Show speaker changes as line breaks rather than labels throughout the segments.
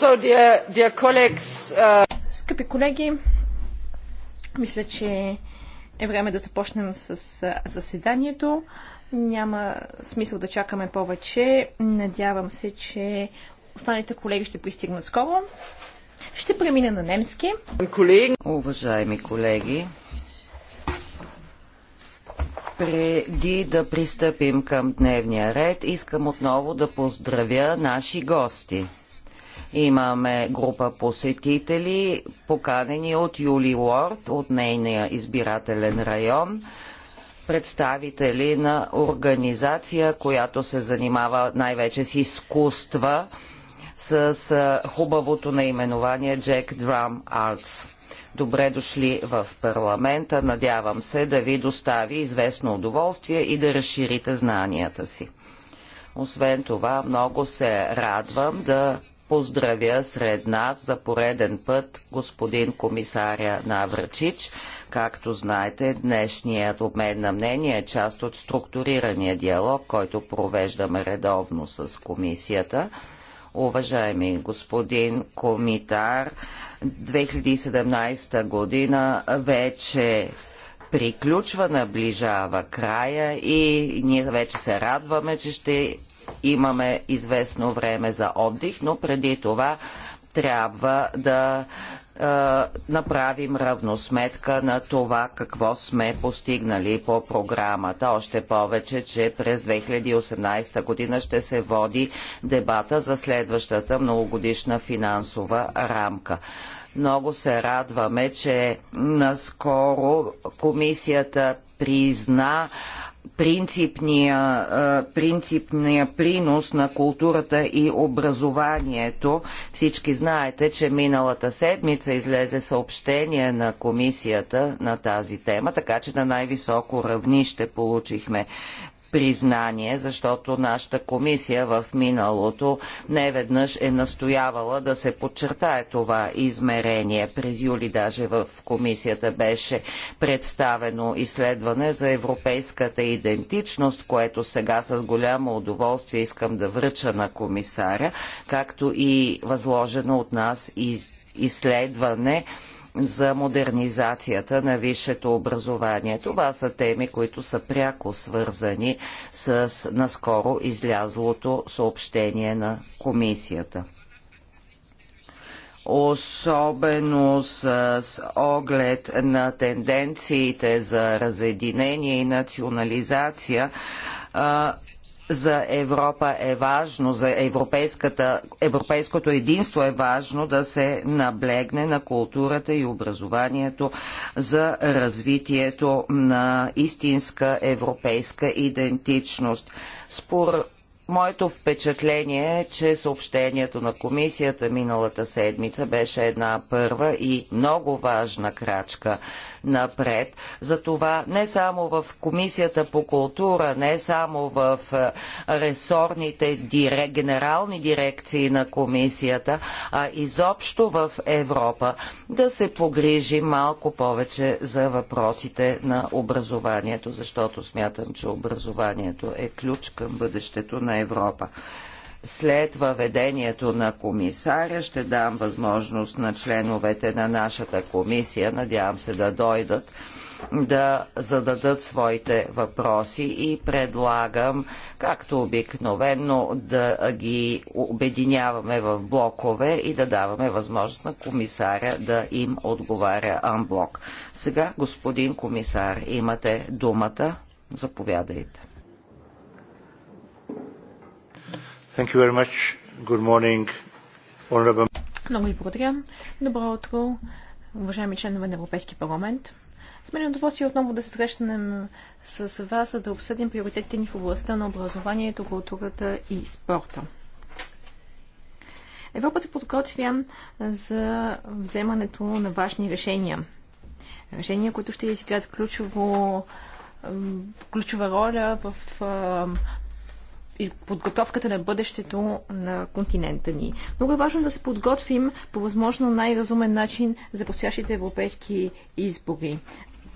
Uh, Скъпи колеги, мисля, че е време да започнем с заседанието. Няма смисъл да чакаме повече. Надявам се, че останалите колеги ще пристигнат скоро. Ще премина на немски.
Колеги... Уважаеми колеги, преди да пристъпим към дневния ред, искам отново да поздравя наши гости – Имаме група посетители, поканени от Юли Уорд, от нейния избирателен район представители на организация, която се занимава най-вече с изкуства, с хубавото наименование Jack Drum Arts. Добре дошли в парламента. Надявам се да ви достави известно удоволствие и да разширите знанията си. Освен това, много се радвам да поздравя сред нас за пореден път господин комисаря Наврачич. Както знаете, днешният обмен на мнение е част от структурирания диалог, който провеждаме редовно с комисията. Уважаеми господин комитар, 2017 година вече приключва, наближава края и ние вече се радваме, че ще имаме известно време за отдих, но преди това трябва да направим равносметка на това какво сме постигнали по програмата. Още повече, че през 2018 година ще се води дебата за следващата многогодишна финансова рамка. Много се радваме, че наскоро комисията призна принципния, принципния принос на културата и образованието. Всички знаете, че миналата седмица излезе съобщение на комисията на тази тема, така че на най-високо равнище получихме признание, защото нашата комисия в миналото не веднъж е настоявала да се подчертае това измерение. През юли даже в комисията беше представено изследване за европейската идентичност, което сега с голямо удоволствие искам да връча на комисаря, както и възложено от нас изследване за модернизацията на висшето образование. Това са теми, които са пряко свързани с наскоро излязлото съобщение на комисията особено с оглед на тенденциите за разединение и национализация, за Европа е важно, за европейското единство е важно да се наблегне на културата и образованието за развитието на истинска европейска идентичност. Според Моето впечатление е, че съобщението на комисията миналата седмица беше една първа и много важна крачка напред. Затова не само в комисията по култура, не само в ресорните дирек, генерални дирекции на комисията, а изобщо в Европа да се погрижи малко повече за въпросите на образованието, защото смятам, че образованието е ключ към бъдещето на на Европа. След въведението на комисаря ще дам възможност на членовете на нашата комисия, надявам се да дойдат, да зададат своите въпроси и предлагам, както обикновено, да ги обединяваме в блокове и да даваме възможност на комисаря да им отговаря анблок. Сега, господин комисар, имате думата. Заповядайте.
Thank you very much. Good morning, honorable...
Много ви благодаря. Добро утро, уважаеми членове на Европейски парламент. С мен е удоволствие отново да се срещнем с вас, за да обсъдим приоритетите ни в областта на образованието, културата и спорта. Европа се подготвя за вземането на важни решения. Решения, които ще изиграят ключово, ключова роля в подготовката на бъдещето на континента ни. Много е важно да се подготвим по възможно най-разумен начин за предстоящите европейски избори.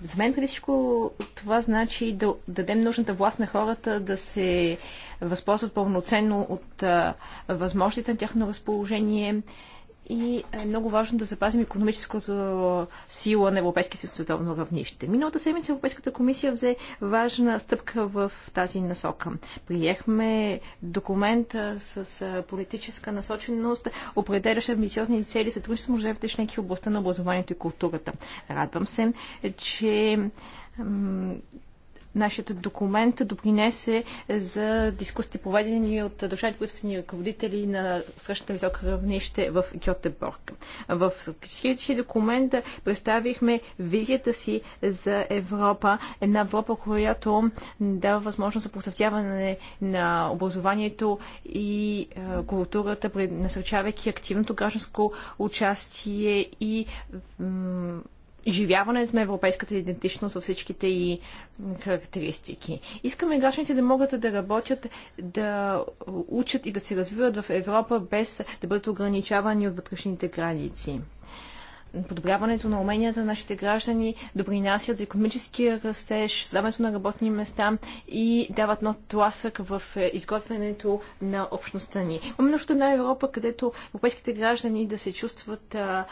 За мен преди всичко това значи да дадем нужната власт на хората да се възползват пълноценно от възможностите на тяхно разположение, и е много важно да запазим економическото е, сила на Европейския съюз световно равнище. Миналата седмица Европейската комисия взе важна стъпка в тази насока. Приехме документ е, с е, политическа насоченост, определящ амбициозни цели сътрудничество с държавите членки в областта на образованието и културата. Радвам се, че Нашият документ допринесе за дискусите поведени от държавите, които ни ръководители на срещата висока равнище в Гьотеборг. В стратегическият си документ представихме визията си за Европа, една Европа, която дава възможност за процъфтяване на образованието и е, културата, насърчавайки активното гражданско участие и изживяването на европейската идентичност във всичките и характеристики. Искаме гражданите да могат да работят, да учат и да се развиват в Европа без да бъдат ограничавани от вътрешните граници. Подобряването на уменията на нашите граждани допринасят за економическия растеж, създаването на работни места и дават нов тласък в е, изготвянето на общността ни. Имаме нужда на Европа, където европейските граждани да се чувстват а,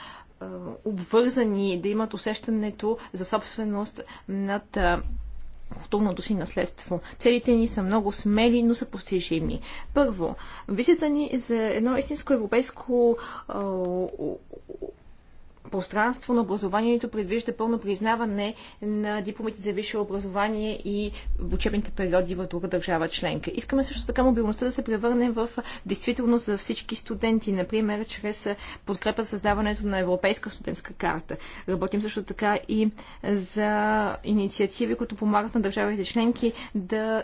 обвързани, да имат усещането за собственост над културното си наследство. Целите ни са много смели, но са постижими. Първо, визията ни за едно истинско европейско пространство на образованието предвижда пълно признаване на дипломите за висше образование и учебните периоди в друга държава членка. Искаме също така мобилността да се превърне в действителност за всички студенти, например, чрез подкрепа създаването на Европейска студентска карта. Работим също така и за инициативи, които помагат на държавите членки да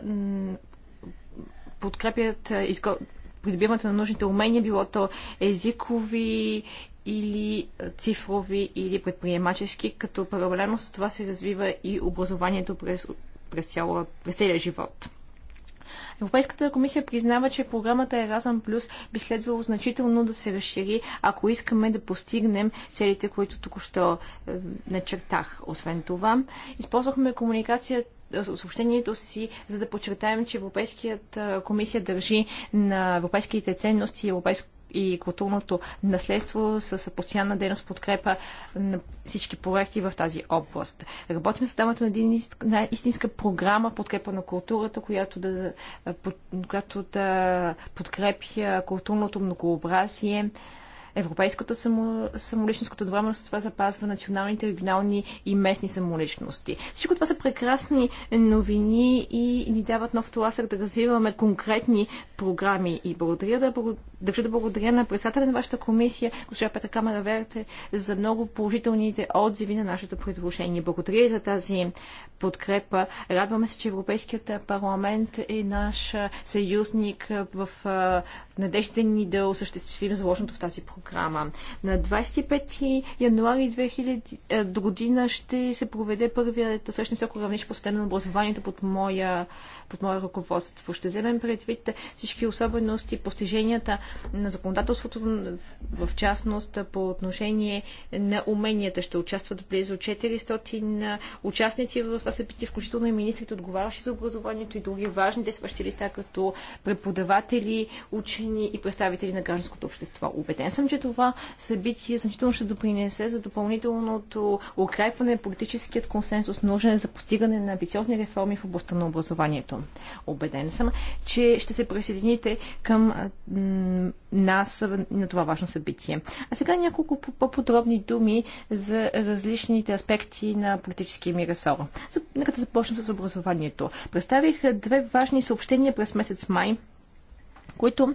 подкрепят изго придобиването на нужните умения, било то езикови или е, цифрови, или предприемачески, като паралелно с това се развива и образованието през, през, цяло, през целия живот. Европейската комисия признава, че програмата Еразъм Плюс би следвало значително да се разшири, ако искаме да постигнем целите, които току-що е, начертах. Освен това, използвахме комуникацията е, съобщението си, за да подчертаем, че Европейският комисия държи на европейските ценности и европейското и културното наследство с постоянна дейност подкрепа на всички проекти в тази област. Работим създаването на един, на истинска програма подкрепа на културата, която да, която да подкрепи културното многообразие, европейската само, самоличност, като едновременно с това запазва националните, регионални и местни самоличности. Всичко това са прекрасни новини и ни дават нов тласък да развиваме конкретни програми. И благодаря да, държа да благодаря на председателя на вашата комисия, госпожа Петра Камера Верте, за много положителните отзиви на нашето предложение. Благодаря и за тази подкрепа. Радваме се, че Европейският парламент е наш съюзник в Надежда ни да осъществим заложеното в тази програма. На 25 януари 2000 е, до година ще се проведе първият същност всяко равнище посветено на образованието под моя, под моя ръководство. Ще вземем предвид всички особености, постиженията на законодателството, в частност по отношение на уменията. Ще участват близо 400 участници в събитие, включително и министрите, отговарящи за образованието и други важни действащи листа, като преподаватели, учени, учени и представители на гражданското общество. Обеден съм, че това събитие значително ще допринесе за допълнителното укрепване на политическият консенсус, нужен за постигане на амбициозни реформи в областта на образованието. Обеден съм, че ще се присъедините към нас на това важно събитие. А сега няколко по-подробни думи за различните аспекти на политическия ми ресор. Нека да започнем с образованието. Представих две важни съобщения през месец май които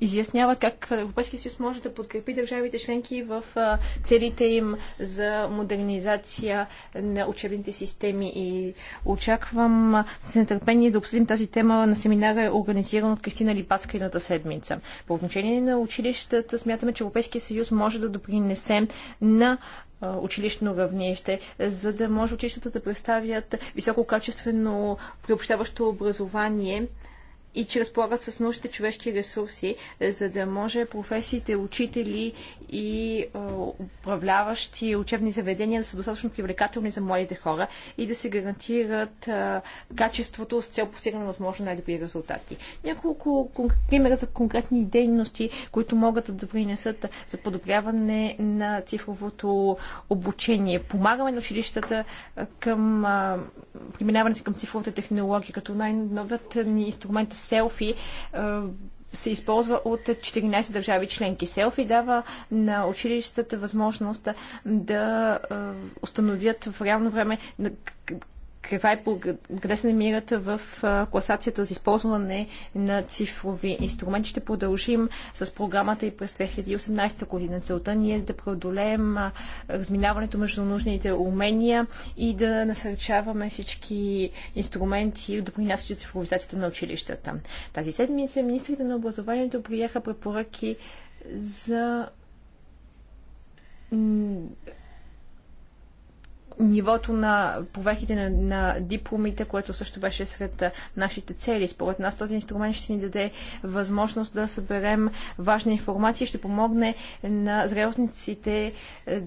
изясняват как Европейския съюз може да подкрепи държавите членки в целите им за модернизация на учебните системи. И очаквам с нетърпение да обсъдим тази тема на семинара, организиран от Кристина Липацка и едната седмица. По отношение на училищата, смятаме, че Европейския съюз може да допринесе на училищно равнище, за да може училищата да представят висококачествено приобщаващо образование и че разполагат с нужните човешки ресурси, за да може професиите учители и управляващи учебни заведения да са достатъчно привлекателни за младите хора и да се гарантират качеството с цел постигане на възможно най-добри резултати. Няколко примера за конкретни дейности, които могат да допринесат за подобряване на цифровото обучение. Помагаме на училищата към преминаването към цифровата технология, като най-новият ни инструмент е селфи се използва от 14 държави членки. Селфи дава на училищата възможност да е, установят в реално време каква е, къде се намират в класацията за използване на цифрови инструменти. Ще продължим с програмата и през 2018 година. Целта ни е да преодолеем разминаването между нужните умения и да насърчаваме всички инструменти и принасят цифровизацията на училищата. Тази седмица министрите на образованието приеха препоръки за нивото на повехите на, на дипломите, което също беше сред нашите цели. Според нас този инструмент ще ни даде възможност да съберем важна информация и ще помогне на зрелостниците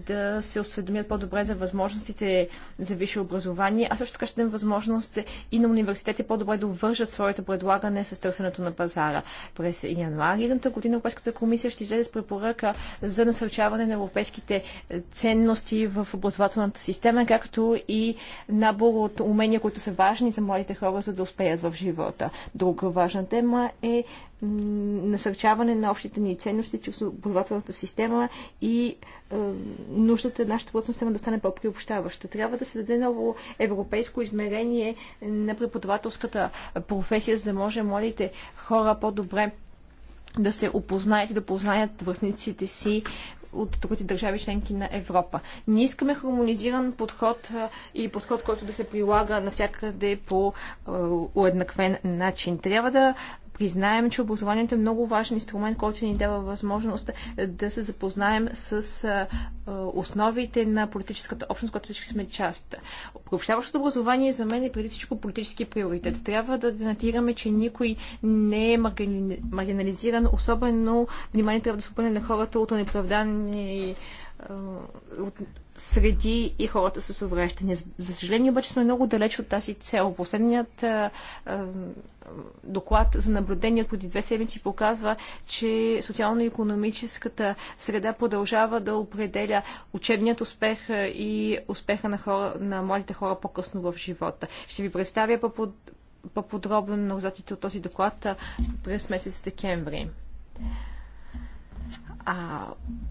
да се осведомят по-добре за възможностите за висше образование, а също така ще дадем възможност и на университетите по-добре да вържат своето предлагане с търсенето на пазара. През януари едната година Европейската комисия ще излезе с препоръка за насърчаване на европейските ценности в образователната система време, както и набор от умения, които са важни за младите хора, за да успеят в живота. Друга важна тема е насърчаване на общите ни ценности чрез образователната система и е, нуждата нашата образователна система да стане по-приобщаваща. Трябва да се даде ново европейско измерение на преподавателската професия, за да може младите хора по-добре да се опознаят и да познаят връзниците си от другите държави членки на Европа. Ние искаме хармонизиран подход и подход, който да се прилага навсякъде по уеднаквен начин. Трябва да и знаем, че образованието е много важен инструмент, който ни дава възможност да се запознаем с основите на политическата общност, която всички сме част. Общаващото образование за мен е преди всичко политически приоритет. Трябва да гарантираме, че никой не е маргинализиран. Особено внимание трябва да се обърне на хората от неправдани от среди и хората с увреждания. За съжаление обаче сме много далеч от тази цел. Последният доклад за наблюдение преди две седмици показва, че социално-економическата среда продължава да определя учебният успех и успеха на, хора, на младите хора по-късно в живота. Ще ви представя по по-подробно на от този доклад през месец декември. А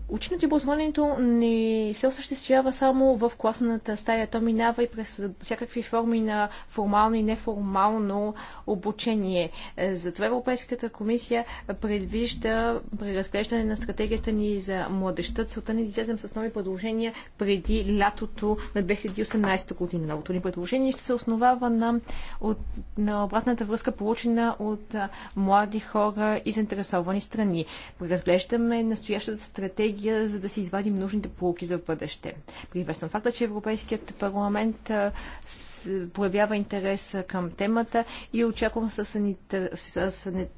ученето и образованието не се осъществява само в класната стая. То минава и през всякакви форми на формално и неформално обучение. Затова Европейската комисия предвижда преразглеждане на стратегията ни за младеща. Целта ни е да излезем с нови предложения преди лятото на 2018 година. Новото ни предложение ще се основава на, от, на обратната връзка, получена от млади хора и заинтересовани страни. Преразглеждаме на настоящата стратегия, за да се извадим нужните полуки за бъдеще. Приветствам факта, е, че Европейският парламент проявява интерес към темата и очаквам с,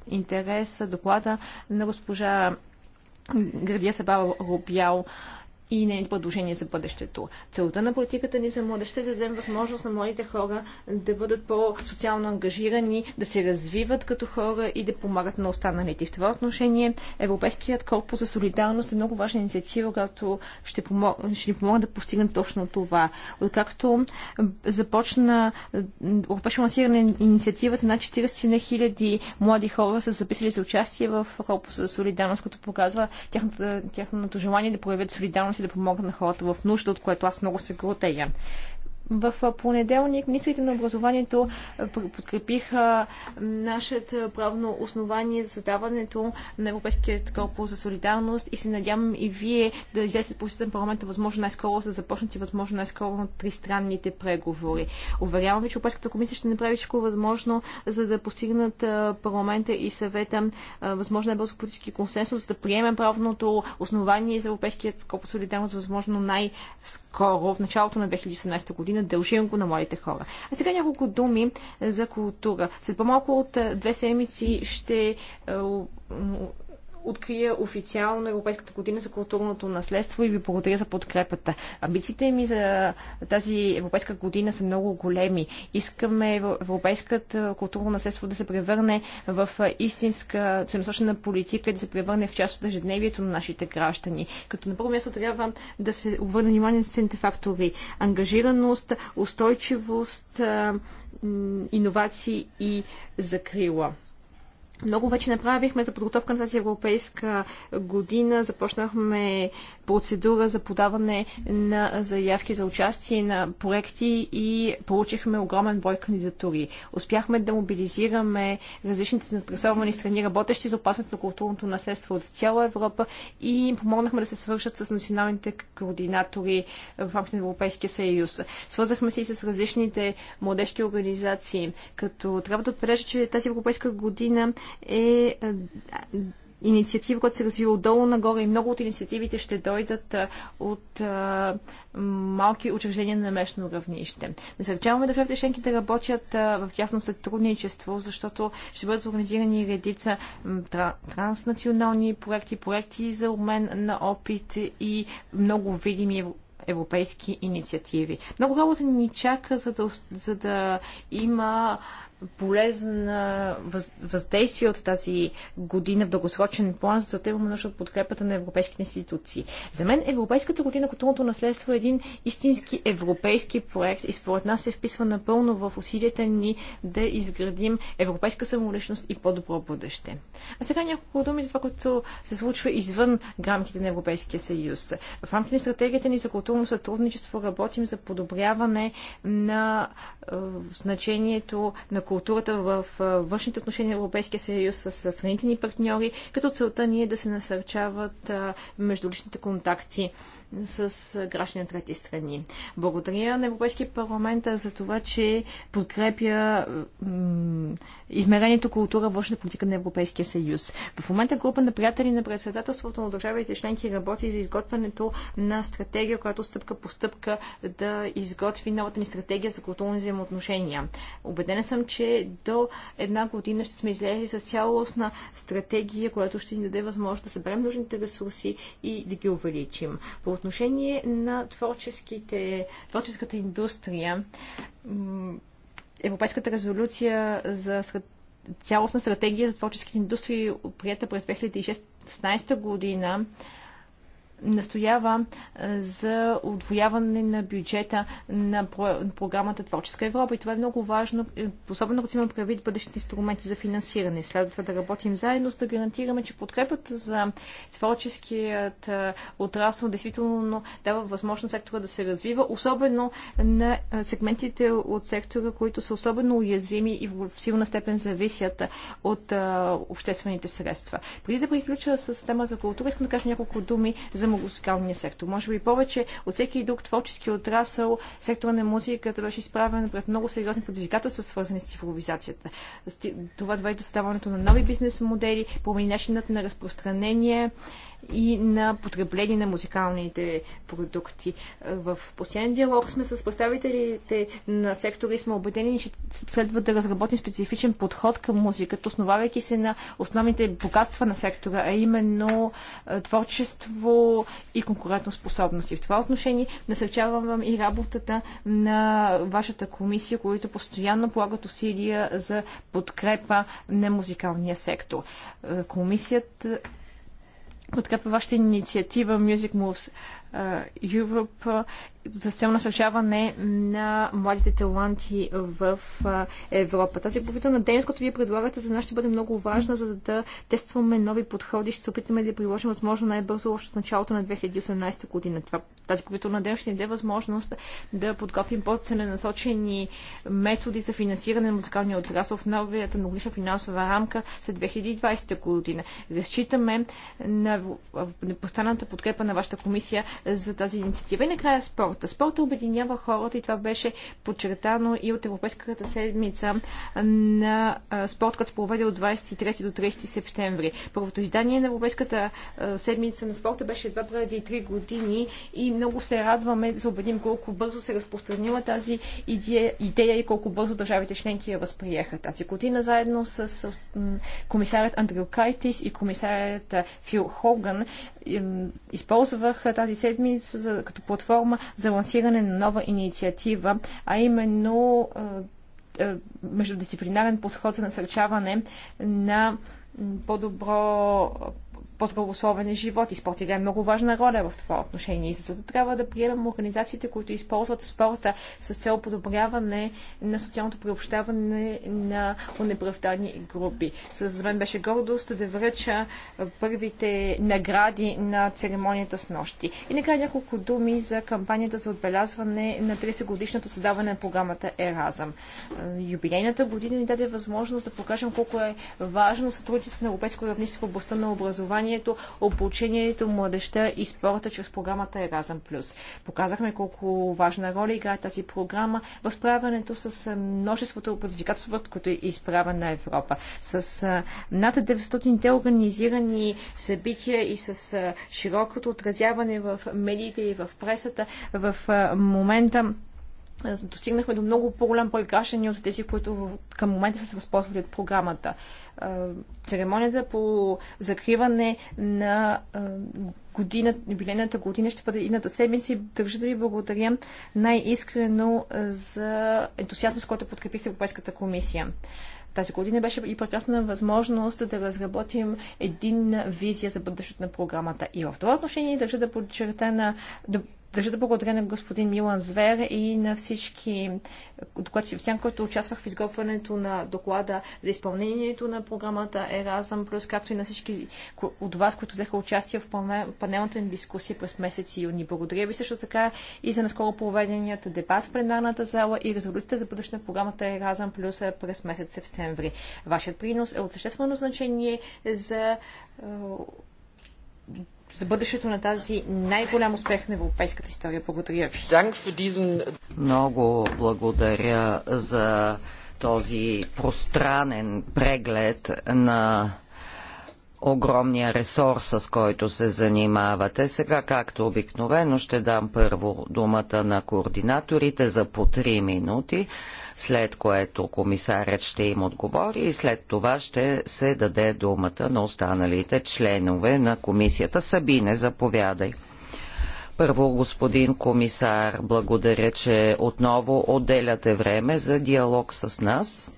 интерес доклада на госпожа Градия Сабава Рубял и е предложение за бъдещето. Целта на политиката ни за младеща е да дадем възможност на младите хора да бъдат по-социално ангажирани, да се развиват като хора и да помагат на останалите. В това отношение Европейският корпус за солидарност е много важна инициатива, която ще, помог... ще ни помогне да постигнем точно това. Откакто започна беше лансиране инициативата, над 40 на хиляди млади хора са записали за участие в корпуса за солидарност, като показва тяхното, тяхното желание да проявят солидарност да помогнат на хората в нужда, от което аз много се гордея. В понеделник министрите на образованието подкрепиха нашето правно основание за създаването на Европейският корпус за солидарност и се надявам и вие да излезете посетен парламента възможно най-скоро, за да започнат и възможно най-скоро на тристранните преговори. Уверявам ви, че Европейската комисия ще направи всичко възможно, за да постигнат парламента и съвета възможно най-бързо политически консенсус, за да приемем правното основание за Европейският корпус за солидарност възможно най-скоро в началото на 2018 година наистина дължим го на младите хора. А сега няколко думи за култура. След по-малко от две седмици ще открия официално Европейската година за културното наследство и ви благодаря за подкрепата. Амбициите ми за тази Европейска година са много големи. Искаме Европейската културно наследство да се превърне в истинска целенасочена политика и да се превърне в част от ежедневието на нашите граждани. Като на първо място трябва да се обърне внимание на следните фактори. Ангажираност, устойчивост, иновации и закрила. Много вече направихме за подготовка на тази европейска година. Започнахме процедура за подаване на заявки за участие на проекти и получихме огромен брой кандидатури. Успяхме да мобилизираме различните заинтересовани страни, работещи за опасност на културното наследство от цяла Европа и им помогнахме да се свършат с националните координатори в рамките на Европейския съюз. Свързахме се и с различните младежки организации, като трябва да отбележа, че тази Европейска година е инициатива, която се развива отдолу нагоре и много от инициативите ще дойдат от малки учреждения на местно равнище. Насърчаваме държавите шенки да работят в тясно сътрудничество, защото ще бъдат организирани редица транснационални проекти, проекти за обмен на опит и много видими европейски инициативи. Много работа ни чака, за да, за да има полезна въздействие от тази година в дългосрочен план, за да имаме нужда от подкрепата на европейските институции. За мен Европейската година културното наследство е един истински европейски проект и според нас се вписва напълно в усилията ни да изградим европейска самоличност и по-добро бъдеще. А сега няколко думи за това, което се случва извън рамките на Европейския съюз. В рамките на стратегията ни за културно сътрудничество работим за подобряване на е, значението на културата в външните отношения на Европейския съюз с страните ни партньори, като целта ни е да се насърчават междуличните контакти с граждани на трети страни. Благодаря на Европейския парламент за това, че подкрепя измерението култура външна политика на Европейския съюз. В момента група на приятели на председателството на държавите членки работи за изготвянето на стратегия, която стъпка по стъпка да изготви новата ни стратегия за културни взаимоотношения. Обедена съм, че до една година ще сме излезли с цялостна стратегия, която ще ни даде възможност да съберем нужните ресурси и да ги увеличим. По отношение на творческите, творческата индустрия, Европейската резолюция за цялостна стратегия за творческите индустрии, прията през 2016 година, настоява за отвояване на бюджета на програмата Творческа Европа. И това е много важно, е, особено като имам предвид бъдещите инструменти за финансиране. Следва да работим заедно, за да гарантираме, че подкрепата за творческият отрасъл действително дава възможност сектора да се развива, особено на сегментите от сектора, които са особено уязвими и в силна степен зависят от обществените средства. Преди да приключа с темата култура, искам да кажа няколко думи за музикалния сектор. Може би повече от всеки друг творчески отрасъл, сектора на музиката беше изправен пред много сериозни предизвикателства, свързани с цифровизацията. Това доведе до ставането на нови бизнес модели, промени начинът на разпространение и на потребление на музикалните продукти. В последния диалог сме с представителите на сектора и сме убедени, че следва да разработим специфичен подход към музиката, основавайки се на основните богатства на сектора, а именно е, творчество и конкурентоспособност. в това отношение насърчавам и работата на вашата комисия, които постоянно полагат усилия за подкрепа на музикалния сектор. Е, комисията подкрепя вашата инициатива Music Moves Europe за цел насърчаване на младите таланти в Европа. Тази повителна дейност, която вие предлагате за нас, ще бъде много важна, за да тестваме нови подходи. Ще се опитаме да приложим възможно най-бързо още от началото на 2018 година. Това, тази повителна дейност ще ни даде възможност да подготвим по-целенасочени методи за финансиране на музикалния отрасъл в новията многолична финансова рамка след 2020 година. Разчитаме на непостаната подкрепа на вашата комисия за тази инициатива. И накрая спор спорта. Спорта обединява хората и това беше подчертано и от Европейската седмица на спорт, като се проведе от 23 до 30 септември. Първото издание на Европейската седмица на спорта беше едва преди 3 години и много се радваме да се убедим колко бързо се разпространила тази идея, и колко бързо държавите членки я възприеха тази година заедно с комисарят Андрю Кайтис и комисарят Фил Хоган използваха тази седмица за, като платформа за лансиране на нова инициатива, а именно е, е, междудисциплинарен подход за насърчаване на по-добро по-здравословен живот и спорт играе много важна роля в това отношение. И защото трябва да приемем организациите, които използват спорта с цел подобряване на социалното приобщаване на неправдани групи. За мен беше гордост да връча първите награди на церемонията с нощи. И накрая няколко думи за кампанията за отбелязване на 30-годишното създаване на програмата Еразъм. Юбилейната година ни даде възможност да покажем колко е важно сътрудничество на европейско равнище в областта на образование образованието, обучението, младеща и спорта чрез програмата Еразъм Плюс. Показахме колко важна роля играе тази програма в справянето с множеството предизвикателства, пред които е изправена Европа. С над 900-те организирани събития и с широкото отразяване в медиите и в пресата в момента достигнахме до много по-голям брой граждани от тези, които към момента са се възползвали от програмата. Церемонията по закриване на година, юбилейната година ще бъде едната седмица и държа да ви благодаря най-искрено за ентусиазма, с който подкрепихте Европейската комисия. Тази година беше и прекрасна възможност да разработим един визия за бъдещето на програмата. И в това отношение държа да подчертая на да Държа да благодаря на господин Милан Звер и на всички докладчици в Сянка, които участвах в изготвянето на доклада за изпълнението на програмата Еразъм, плюс както и на всички от вас, които взеха участие в панелната ни дискусия през месец юни. Благодаря ви също така и за наскоро проведеният дебат в пленарната зала и резолюцията за бъдещето на програмата Еразъм плюс е, през месец септември. Вашият принос е от съществено значение за е, за бъдещето на тази най-голям успех на европейската история. Благодаря ви.
Много благодаря за този пространен преглед на огромния ресор, с който се занимавате. Сега, както обикновено, ще дам първо думата на координаторите за по 3 минути, след което комисарят ще им отговори и след това ще се даде думата на останалите членове на комисията. Сабине, заповядай. Първо, господин комисар, благодаря, че отново отделяте време за диалог с нас.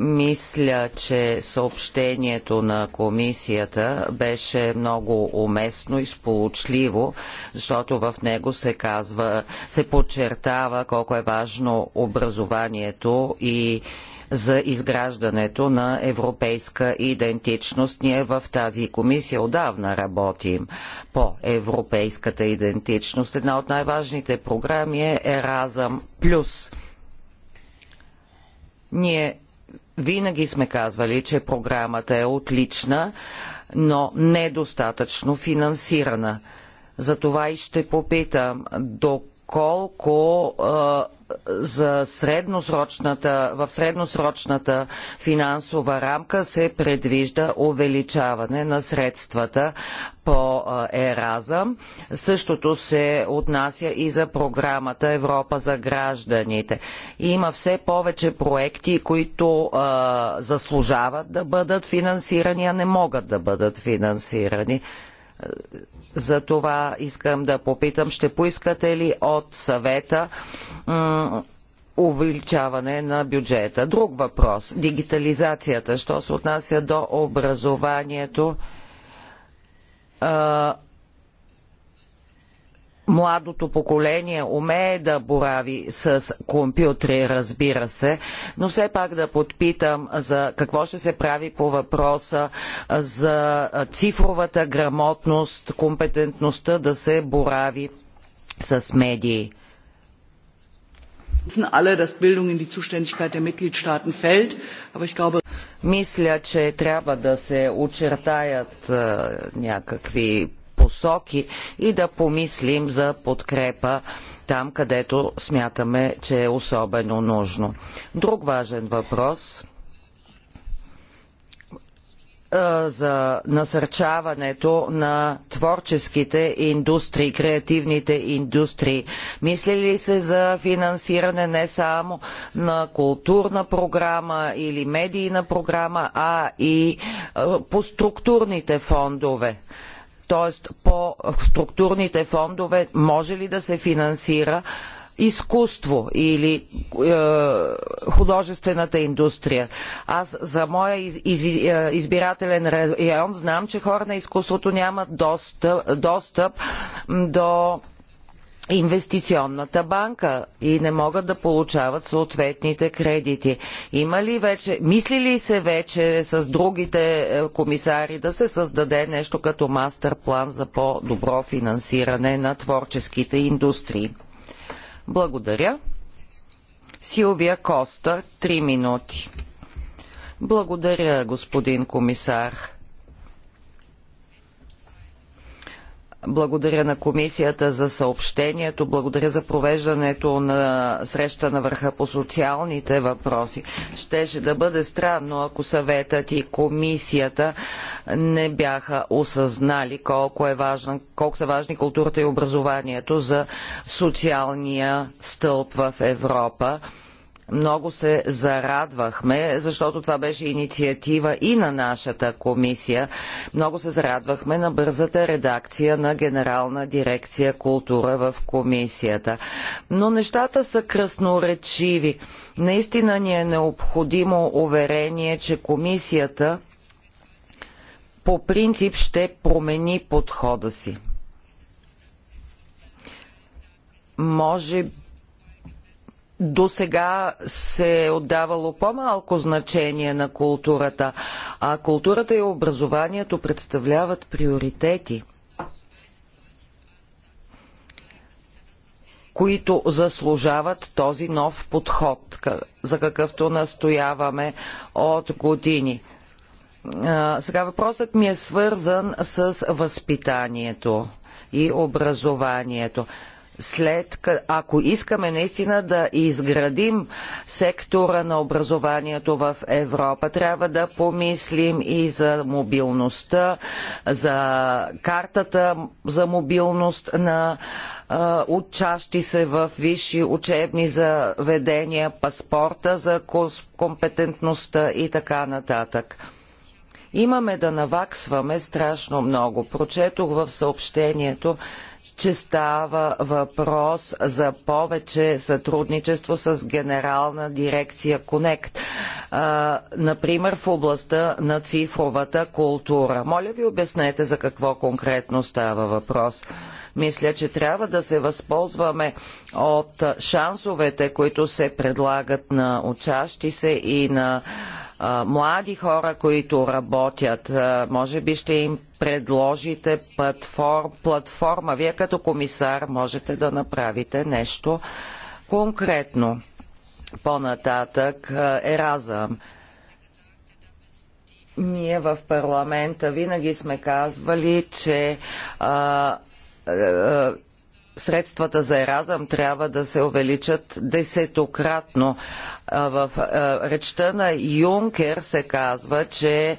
Мисля, че съобщението на комисията беше много уместно и сполучливо, защото в него се казва, се подчертава колко е важно образованието и за изграждането на европейска идентичност. Ние в тази комисия отдавна работим по европейската идентичност. Една от най-важните програми е Еразъм Плюс. Ние винаги сме казвали, че програмата е отлична, но недостатъчно финансирана. Затова и ще попитам доколко за средносрочната, в средносрочната финансова рамка се предвижда увеличаване на средствата по Еразъм. Същото се отнася и за програмата Европа за гражданите. Има все повече проекти, които а, заслужават да бъдат финансирани, а не могат да бъдат финансирани. За това искам да попитам, ще поискате ли от съвета увеличаване на бюджета? Друг въпрос. Дигитализацията. Що се отнася до образованието? младото поколение умее да борави с компютри, разбира се, но все пак да подпитам за какво ще се прави по въпроса за цифровата грамотност, компетентността да се борави с медии. Мисля, че трябва да се очертаят някакви посоки и да помислим за подкрепа там, където смятаме, че е особено нужно. Друг важен въпрос за насърчаването на творческите индустрии, креативните индустрии. Мисли ли се за финансиране не само на културна програма или медийна програма, а и по структурните фондове? т.е. по структурните фондове може ли да се финансира изкуство или е, художествената индустрия. Аз за моя из, из, е, избирателен район знам, че хора на изкуството нямат достъп, достъп до инвестиционната банка и не могат да получават съответните кредити. Има ли вече, мисли ли се вече с другите е, комисари да се създаде нещо като мастер план за по-добро финансиране на творческите индустрии? Благодаря. Силвия Коста, 3 минути. Благодаря, господин комисар. Благодаря на комисията за съобщението, благодаря за провеждането на среща на върха по социалните въпроси. Щеше да бъде странно, ако съветът и комисията не бяха осъзнали колко, е колко са важни културата и образованието за социалния стълб в Европа много се зарадвахме, защото това беше инициатива и на нашата комисия. Много се зарадвахме на бързата редакция на Генерална дирекция култура в комисията. Но нещата са красноречиви. Наистина ни е необходимо уверение, че комисията по принцип ще промени подхода си. Може до сега се е отдавало по-малко значение на културата, а културата и образованието представляват приоритети, които заслужават този нов подход, за какъвто настояваме от години. Сега въпросът ми е свързан с възпитанието и образованието след, ако искаме наистина да изградим сектора на образованието в Европа, трябва да помислим и за мобилността, за картата за мобилност на учащи се в висши учебни заведения, паспорта за компетентността и така нататък. Имаме да наваксваме страшно много. Прочетох в съобщението, че става въпрос за повече сътрудничество с Генерална дирекция Конект. Например, в областта на цифровата култура. Моля ви обяснете за какво конкретно става въпрос. Мисля, че трябва да се възползваме от шансовете, които се предлагат на учащи се и на млади хора, които работят. може би ще им предложите платформа. Вие като комисар можете да направите нещо конкретно. По-нататък Еразъм. Ние в парламента винаги сме казвали, че а, средствата за Еразъм трябва да се увеличат десетократно. В речта на Юнкер се казва, че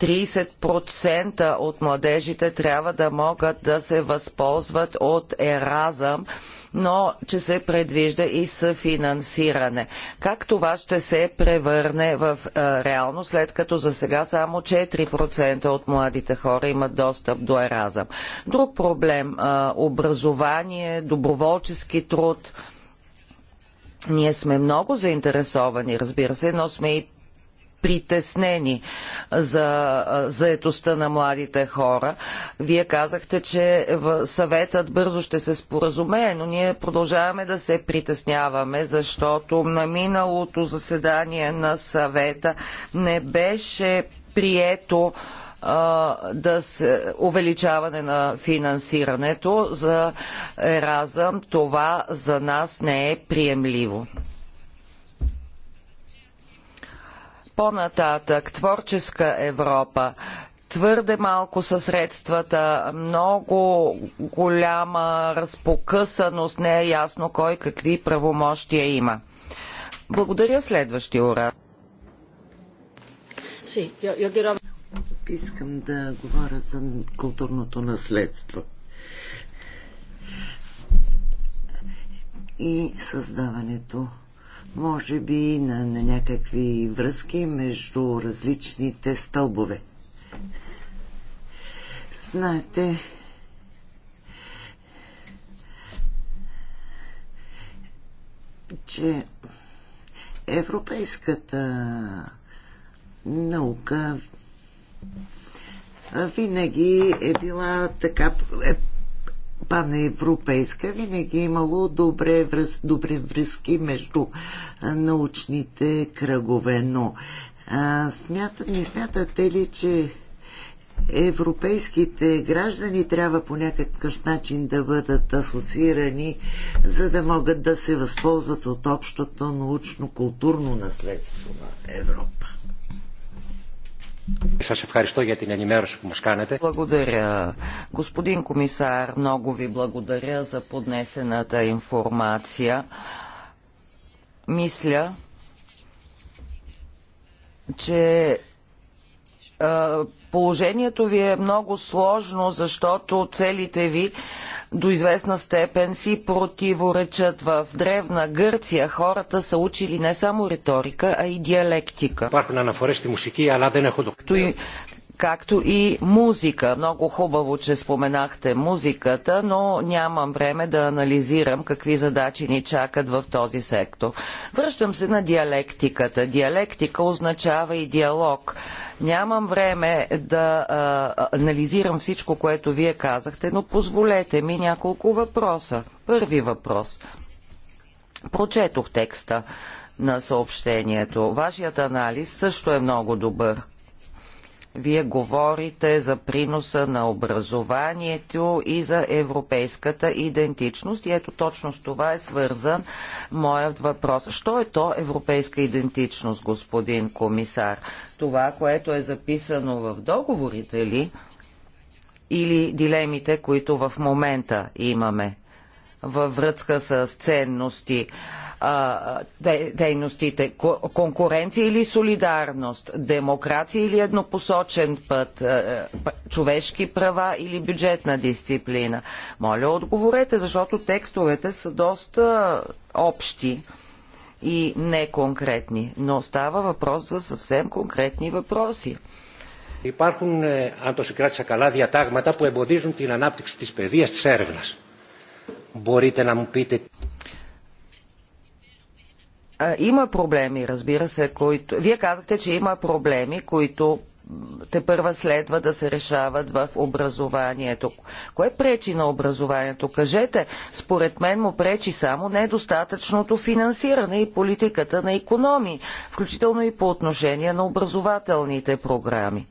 30% от младежите трябва да могат да се възползват от Еразъм но че се предвижда и съфинансиране. Как това ще се превърне в е, реално, след като за сега само 4% от младите хора имат достъп до еразъм? Друг проблем е, образование, доброволчески труд. Ние сме много заинтересовани, разбира се, но сме и притеснени за заетостта на младите хора. Вие казахте, че съветът бързо ще се споразумее, но ние продължаваме да се притесняваме, защото на миналото заседание на съвета не беше прието да се увеличаване на финансирането за Еразъм. Това за нас не е приемливо. По-нататък, творческа Европа твърде малко са средствата, много голяма разпокъсаност, не е ясно кой какви правомощия има. Благодаря следващия урад. Искам да говоря за културното
наследство и създаването може би на, на някакви връзки между различните стълбове. Знаете, че европейската наука винаги е била така е паневропейска, винаги е имало добре връз, добри връзки между научните кръгове. Но а, смятат, не смятате ли, че европейските граждани трябва по някакъв начин да бъдат асоциирани, за да могат да се възползват от общото научно-културно наследство на Европа?
Благодаря. Господин комисар, много ви благодаря за поднесената информация. Мисля, че е, положението ви е много сложно, защото целите ви до известна степен си противоречат. В Древна Гърция хората са учили не само риторика, а и диалектика. Като, както и музика. Много хубаво, че споменахте музиката, но нямам време да анализирам какви задачи ни чакат в този сектор. Връщам се на диалектиката. Диалектика означава и диалог. Нямам време да а, анализирам всичко, което вие казахте, но позволете ми няколко въпроса. Първи въпрос. Прочетох текста на съобщението. Вашият анализ също е много добър. Вие говорите за приноса на образованието и за европейската идентичност. И ето точно с това е свързан моят въпрос. Що е то европейска идентичност, господин комисар? Това, което е записано в договорите ли? Или дилемите, които в момента имаме във връзка с ценности? а, дейностите? Конкуренция или солидарност? Демокрация или еднопосочен път? Е, е, човешки права или бюджетна дисциплина? Моля, отговорете, защото текстовете са доста общи и неконкретни, но става въпрос за съвсем конкретни
въпроси. Υπάρχουν, е, αν το συγκράτησα καλά, διατάγματα που εμποδίζουν την ανάπτυξη της παιδείας της έρευνας. Μπορείτε να μου πείτε
има проблеми, разбира се, които... Вие казахте, че има проблеми, които те първа следва да се решават в образованието. Кое пречи на образованието? Кажете, според мен му пречи само недостатъчното финансиране и политиката на економии, включително и по отношение на образователните програми.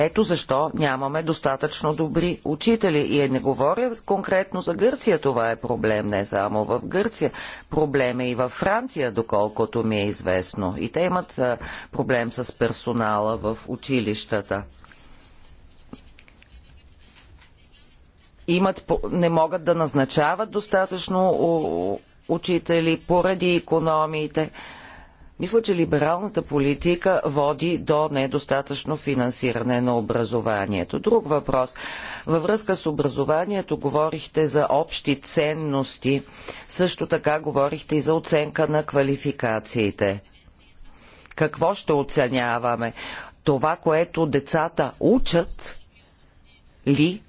Ето защо нямаме достатъчно добри учители. И е, не говоря конкретно за Гърция, това е проблем не само в Гърция. Проблем е и във Франция, доколкото ми е известно. И те имат проблем с персонала в училищата. Имат, не могат да назначават достатъчно учители поради економиите. Мисля, че либералната политика води до недостатъчно финансиране на образованието. Друг въпрос. Във връзка с образованието говорихте за общи ценности. Също така говорихте и за оценка на квалификациите. Какво ще оценяваме? Това, което децата учат ли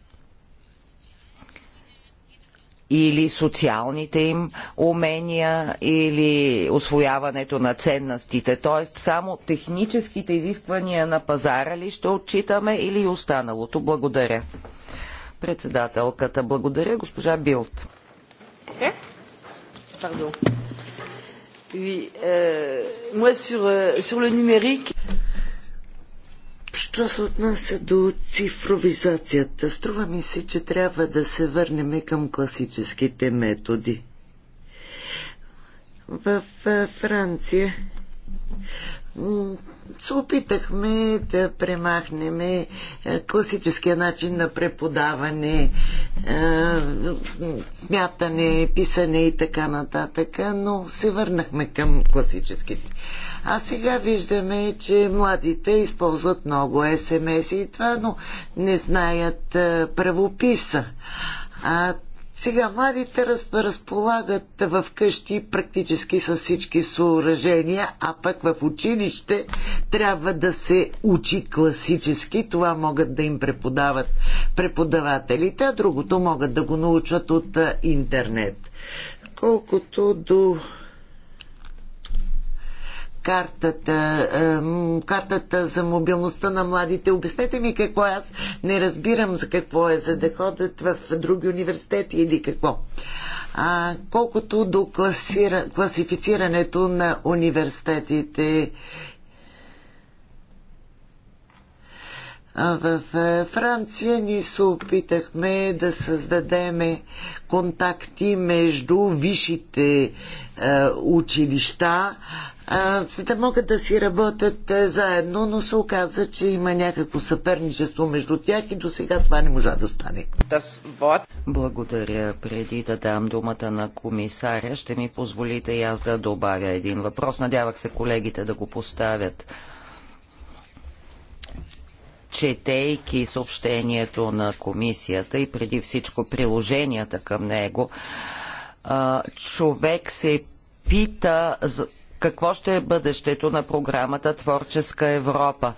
или социалните им умения, или освояването на ценностите. Тоест само техническите изисквания на пазара ли ще отчитаме или останалото? Благодаря. Председателката, благодаря. Госпожа Билт.
Okay. Е?
Pardon. Oui, euh, moi sur, euh, sur le numérique, Що се отнася до цифровизацията, струва ми се, че трябва да се върнем към класическите методи. В Франция се опитахме да премахнеме класическия начин на преподаване, е, смятане, писане и така нататък, но се върнахме към класическите. А сега виждаме, че младите използват много СМС и това, но не знаят е, правописа. А сега младите раз, разполагат в къщи практически с всички съоръжения, а пък в училище трябва да се учи класически. Това могат да им преподават преподавателите, а другото могат да го научат от интернет. Колкото до картата, картата за мобилността на младите. Обяснете ми какво аз не разбирам за какво е, за да ходят в други университети или какво. А, колкото до класира, класифицирането на университетите, в Франция ни се опитахме да създадеме контакти между висшите училища за да могат да си работят е, заедно, но се оказа, че има някакво съперничество между тях и до
сега това не можа да стане. Благодаря. Преди да дам думата на комисаря, ще ми позволите и аз да добавя един въпрос. Надявах се колегите да го поставят четейки съобщението на комисията и преди всичко приложенията към него, човек се пита какво ще е бъдещето на програмата Творческа Европа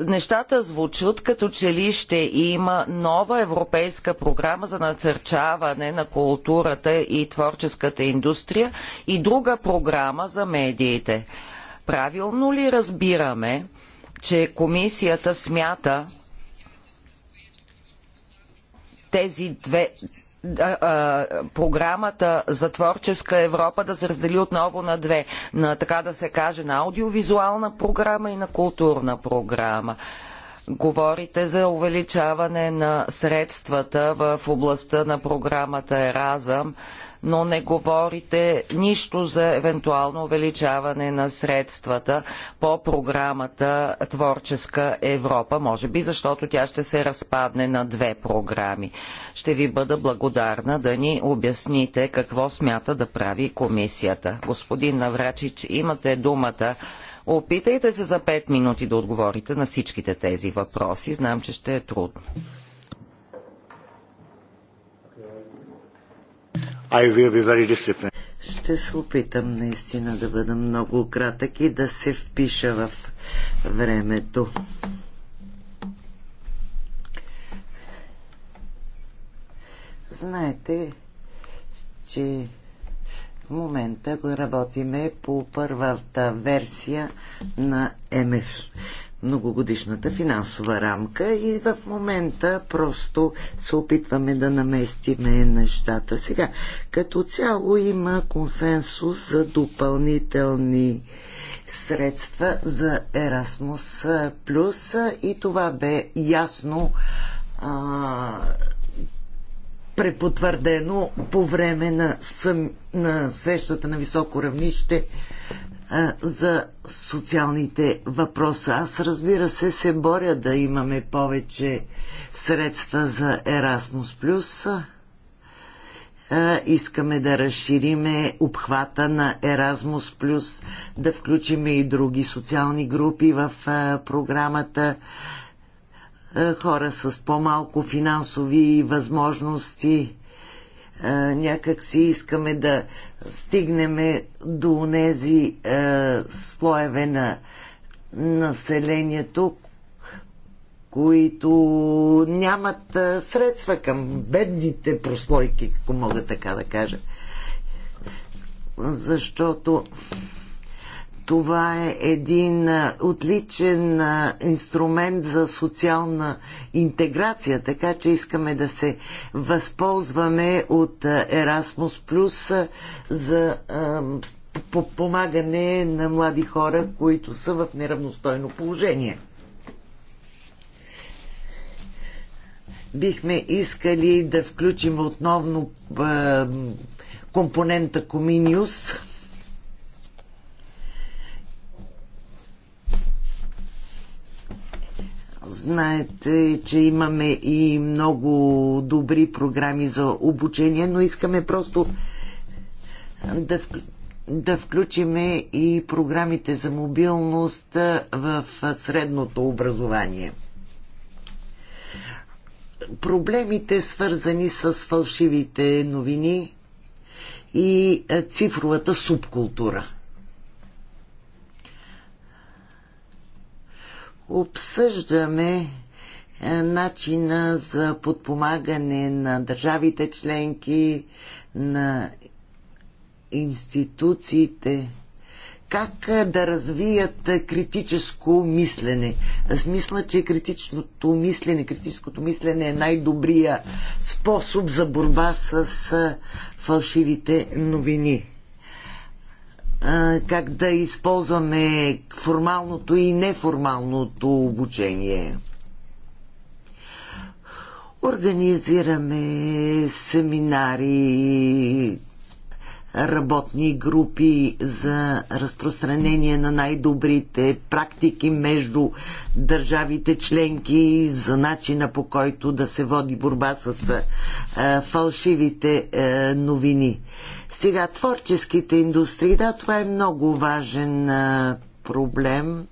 нещата звучат като че ли ще има нова европейска програма за насърчаване на културата и творческата индустрия и друга програма за медиите. Правилно ли разбираме, че комисията смята тези две програмата за творческа Европа да се раздели отново на две, на така да се каже, на аудиовизуална програма и на културна програма. Говорите за увеличаване на средствата в областта на програмата Еразъм но не говорите нищо за евентуално увеличаване на средствата по програмата Творческа Европа, може би защото тя ще се разпадне на две програми. Ще ви бъда благодарна да ни обясните какво смята да прави комисията. Господин Наврачич, имате думата. Опитайте се за 5 минути да отговорите на всичките тези въпроси. Знам, че ще е трудно.
I will be very disciplined.
Ще се опитам наистина да бъда много кратък и да се впиша в времето. Знаете, че в момента работиме по първата версия на МФ многогодишната финансова рамка и в момента просто се опитваме да наместиме нещата. Сега, като цяло има консенсус за допълнителни средства за Erasmus Plus и това бе ясно а, препотвърдено по време на, съм, на срещата на високо равнище за социалните въпроса. Аз разбира се се боря да имаме повече средства за Erasmus+. Искаме да разшириме обхвата на Erasmus+, да включиме и други социални групи в програмата хора с по-малко финансови възможности някак си искаме да стигнем до тези слоеве на населението, които нямат средства към бедните прослойки, ако мога така да кажа. Защото това е един отличен инструмент за социална интеграция, така че искаме да се възползваме от Erasmus Plus за помагане на млади хора, които са в неравностойно положение. Бихме искали да включим отново компонента Comenius Знаете, че имаме и много добри програми за обучение, но искаме просто да, да включиме и програмите за мобилност в средното образование. Проблемите свързани с фалшивите новини и цифровата субкултура – обсъждаме е, начина за подпомагане на държавите членки, на институциите, как е, да развият е, критическо мислене. Аз мисля, че критичното мислене, критическото мислене е най-добрия способ за борба с фалшивите новини как да използваме формалното и неформалното обучение. Организираме семинари, работни групи за разпространение на най-добрите практики между държавите членки за начина по който да се води борба с фалшивите новини. Сега, творческите индустрии, да, това е много важен а, проблем,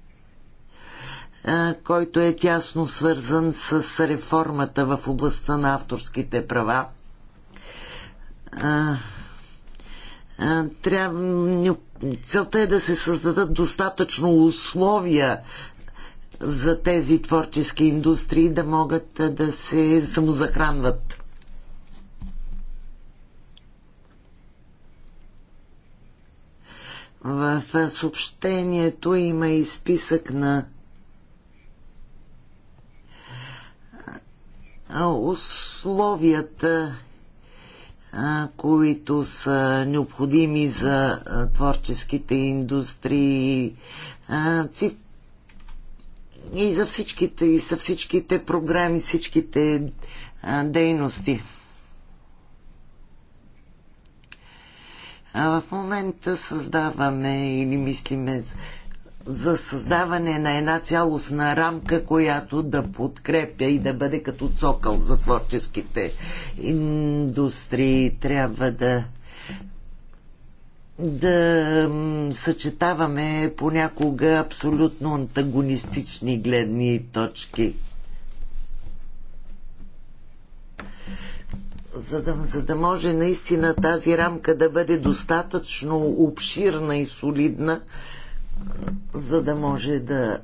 а, който е тясно свързан с реформата в областта на авторските права. А, а, трябва, целта е да се създадат достатъчно условия за тези творчески индустрии да могат да се самозахранват. В съобщението има и списък на условията, които са необходими за творческите индустрии, и за всичките, и за всичките програми, всичките дейности. А в момента създаваме или мислиме за създаване на една цялостна рамка, която да подкрепя и да бъде като цокъл за творческите индустрии. Трябва да да съчетаваме понякога абсолютно антагонистични гледни точки. за да, за да може наистина тази рамка да бъде достатъчно обширна и солидна, за да може да,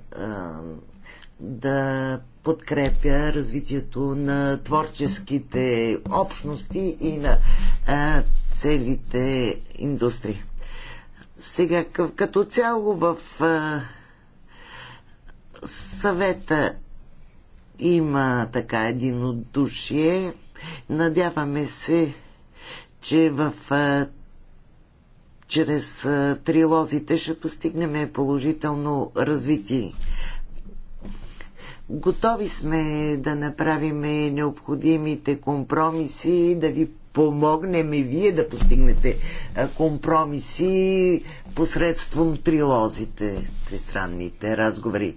да подкрепя развитието на творческите общности и на целите индустрии. Сега, като цяло в съвета има така единодушие Надяваме се, че в чрез трилозите ще постигнем положително развитие. Готови сме да направим необходимите компромиси, да ви помогнем и вие да постигнете компромиси посредством трилозите, тристранните разговори.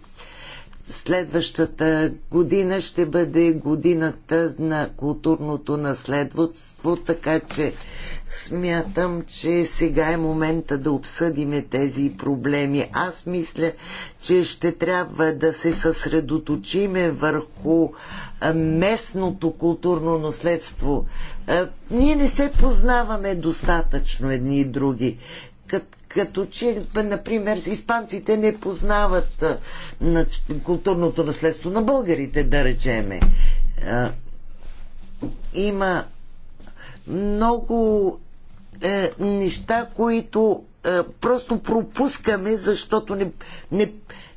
Следващата година ще бъде годината на културното наследство, така че смятам, че сега е момента да обсъдиме тези проблеми. Аз мисля, че ще трябва да се съсредоточиме върху местното културно наследство. Ние не се познаваме достатъчно едни и други като, като че, например, испанците не познават културното наследство на българите, да речеме. Има много е, неща, които е, просто пропускаме, защото не, не,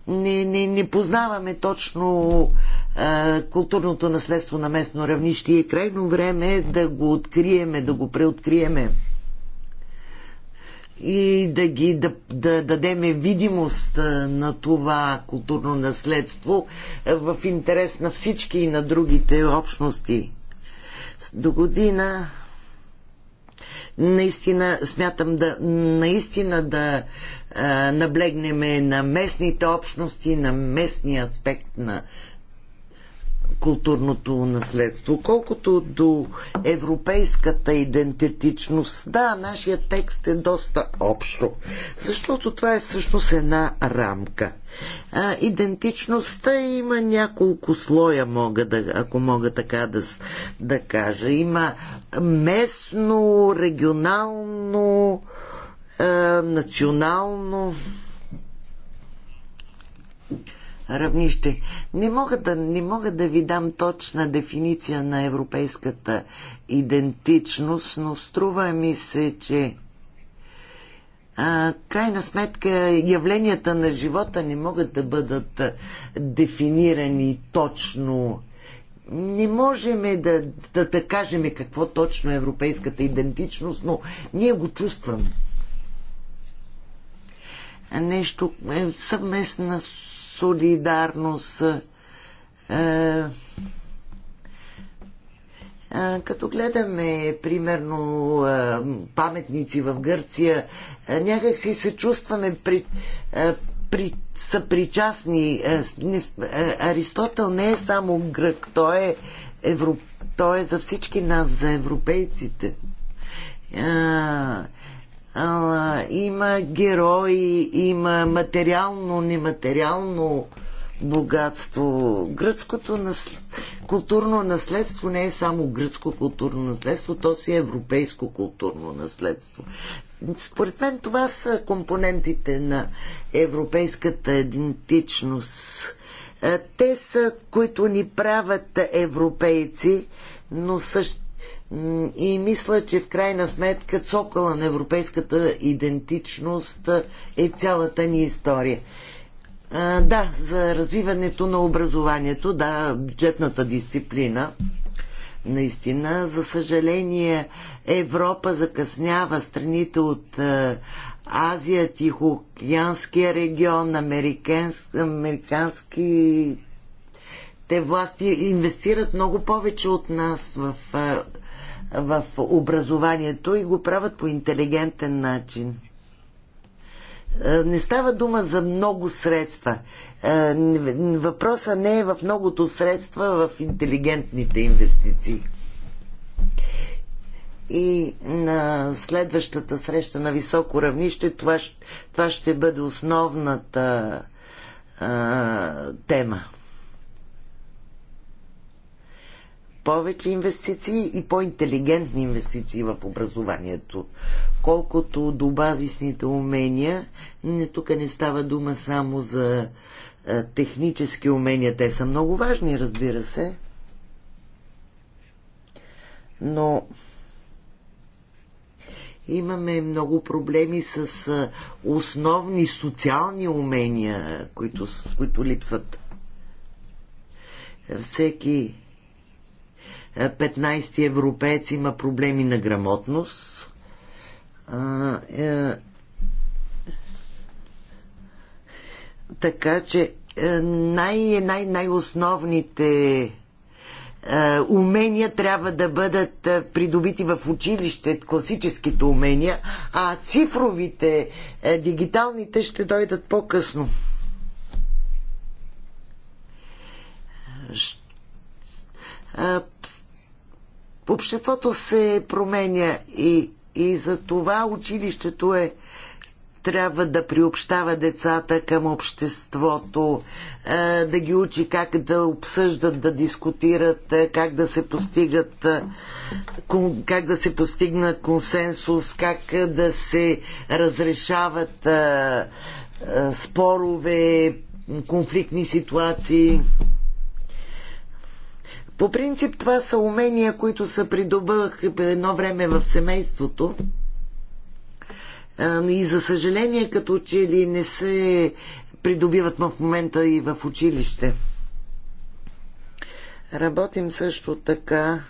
не, не, не познаваме точно е, културното наследство на местно равнище и е крайно време да го откриеме, да го преоткриеме и да ги да, да дадеме видимост на това културно наследство в интерес на всички и на другите общности. До година наистина смятам да наистина да а, наблегнеме на местните общности, на местния аспект на културното наследство. Колкото до европейската идентичност, да, нашия текст е доста общо, защото това е всъщност една рамка. А, идентичността има няколко слоя, мога да, ако мога така да, да кажа. Има местно, регионално, а, национално равнище. Не мога да, не мога да ви дам точна дефиниция на европейската идентичност, но струва ми се, че а, крайна сметка явленията на живота не могат да бъдат дефинирани точно. Не можем да, да, да кажем какво точно е европейската идентичност, но ние го чувстваме нещо, е, съвместна солидарност. Е, е, като гледаме, примерно, е, паметници в Гърция, е, някак си се чувстваме при, при, съпричастни. Аристотел не е само грък, той е, европ, той е за всички нас, за европейците има герои, има материално, нематериално богатство. Гръцкото нас... културно наследство не е само гръцко културно наследство, то си е европейско културно наследство. Според мен това са компонентите на европейската идентичност. Е, те са, които ни правят европейци, но също и мисля, че в крайна сметка цокъла на европейската идентичност е цялата ни история. да, за развиването на образованието, да, бюджетната дисциплина. Наистина, за съжаление, Европа закъснява страните от Азия, Тихоокеанския регион, американски те власти инвестират много повече от нас в в образованието и го правят по интелигентен начин. Е, не става дума за много средства. Е, Въпросът не е в многото средства, в интелигентните инвестиции. И на следващата среща на високо равнище това, това ще бъде основната а, е, тема. повече инвестиции и по-интелигентни инвестиции в образованието. Колкото до базисните умения, не, тук не става дума само за а, е, технически умения. Те са много важни, разбира се. Но имаме много проблеми с а, е, основни социални умения, които, които липсват. Всеки 15 европеец има проблеми на грамотност. А, е, така че е, най, най, най-основните е, умения трябва да бъдат е, придобити в училище, класическите умения, а цифровите, е, дигиталните ще дойдат по-късно. Е, обществото се променя и, и за това училището е трябва да приобщава децата към обществото, е, да ги учи как да обсъждат, да дискутират, е, как да се постигат е, как да се постигна консенсус, как да се разрешават спорове, конфликтни ситуации. По принцип това са умения, които се придобъх едно време в семейството. И за съжаление, като че ли не се придобиват в момента и в училище. Работим също така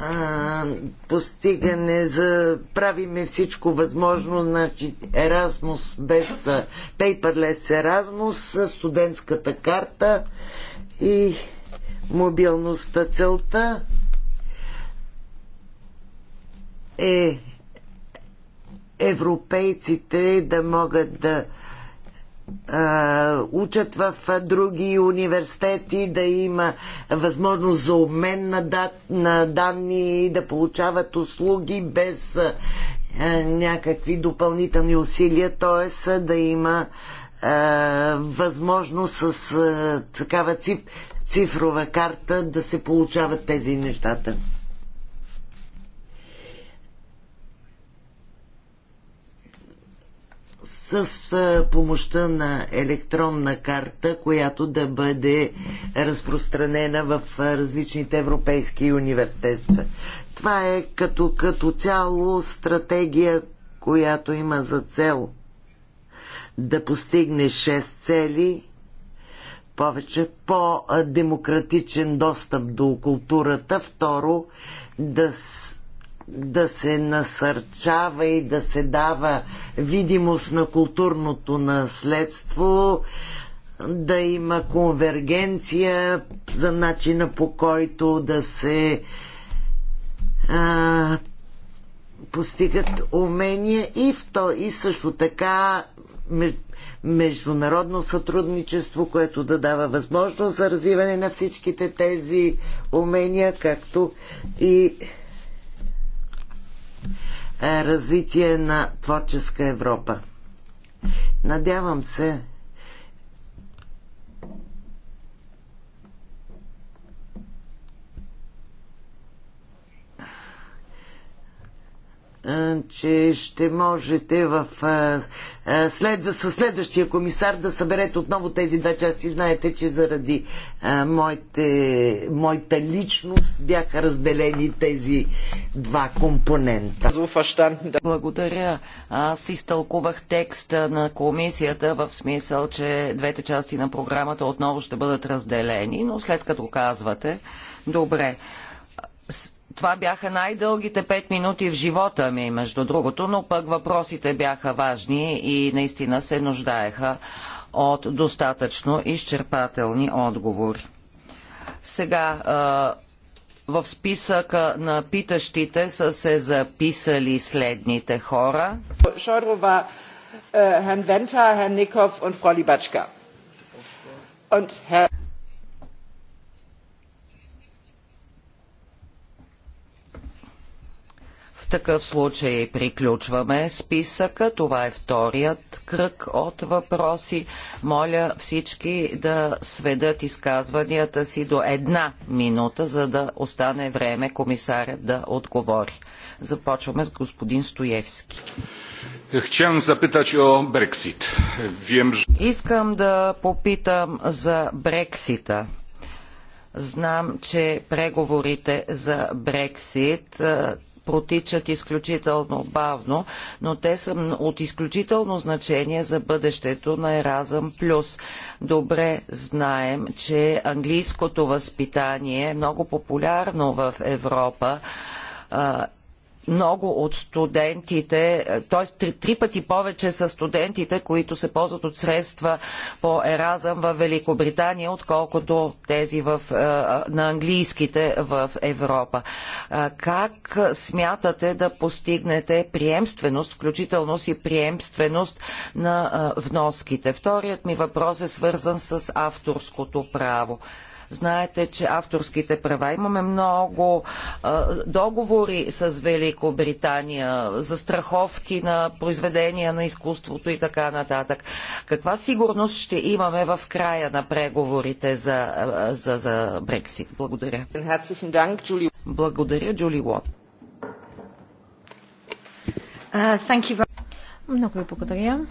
а, постигане, за правиме всичко възможно, значи Еразмус без пейперлес Еразмус, студентската карта и мобилността целта е европейците да могат да учат в други университети, да има възможност за обмен на, дат, на данни, да получават услуги без някакви допълнителни усилия, т.е. да има възможност с такава цифрова карта да се получават тези нещата. с помощта на електронна карта, която да бъде разпространена в различните европейски университетства. Това е като, като цяло стратегия, която има за цел да постигне 6 цели повече по-демократичен достъп до културата, второ да да се насърчава и да се дава видимост на културното наследство, да има конвергенция за начина по който да се а, постигат умения и, в то, и също така международно сътрудничество, което да дава възможност за развиване на всичките тези умения, както и е, развитие на творческа Европа. Надявам се, че ще можете в, следва, с следващия комисар да съберете отново тези два части. Знаете, че заради моите, моята личност бяха
разделени тези два компонента. Благодаря. Аз изтълкувах текста на комисията в смисъл, че двете части на програмата отново ще бъдат разделени, но след като казвате, добре това бяха най-дългите 5 минути в живота ми, между другото, но пък въпросите бяха важни и наистина се нуждаеха от достатъчно изчерпателни отговори. Сега в списъка на питащите са се записали следните хора. Е,
Вента, Ников и
В такъв случай приключваме списъка. Това е вторият кръг от въпроси. Моля всички да сведат изказванията си до една минута, за да остане време комисарят да отговори. Започваме с господин Стоевски. Искам да попитам за Брексита. Знам, че преговорите за Брексит протичат изключително бавно, но те са от изключително значение за бъдещето на Еразъм Плюс. Добре знаем, че английското възпитание е много популярно в Европа много от студентите, т.е. Три, три пъти повече са студентите, които се ползват от средства по Еразъм в Великобритания, отколкото тези в, е, на английските в Европа. Е, как смятате да постигнете приемственост, включително си приемственост на е, вноските? Вторият ми въпрос е свързан с авторското право. Знаете, че авторските права имаме много договори с Великобритания за страховки на произведения на изкуството и така нататък. Каква сигурност ще имаме в края на преговорите за, за, за Брексит? Благодаря. Благодаря, Джули Уот.
Много ви благодаря.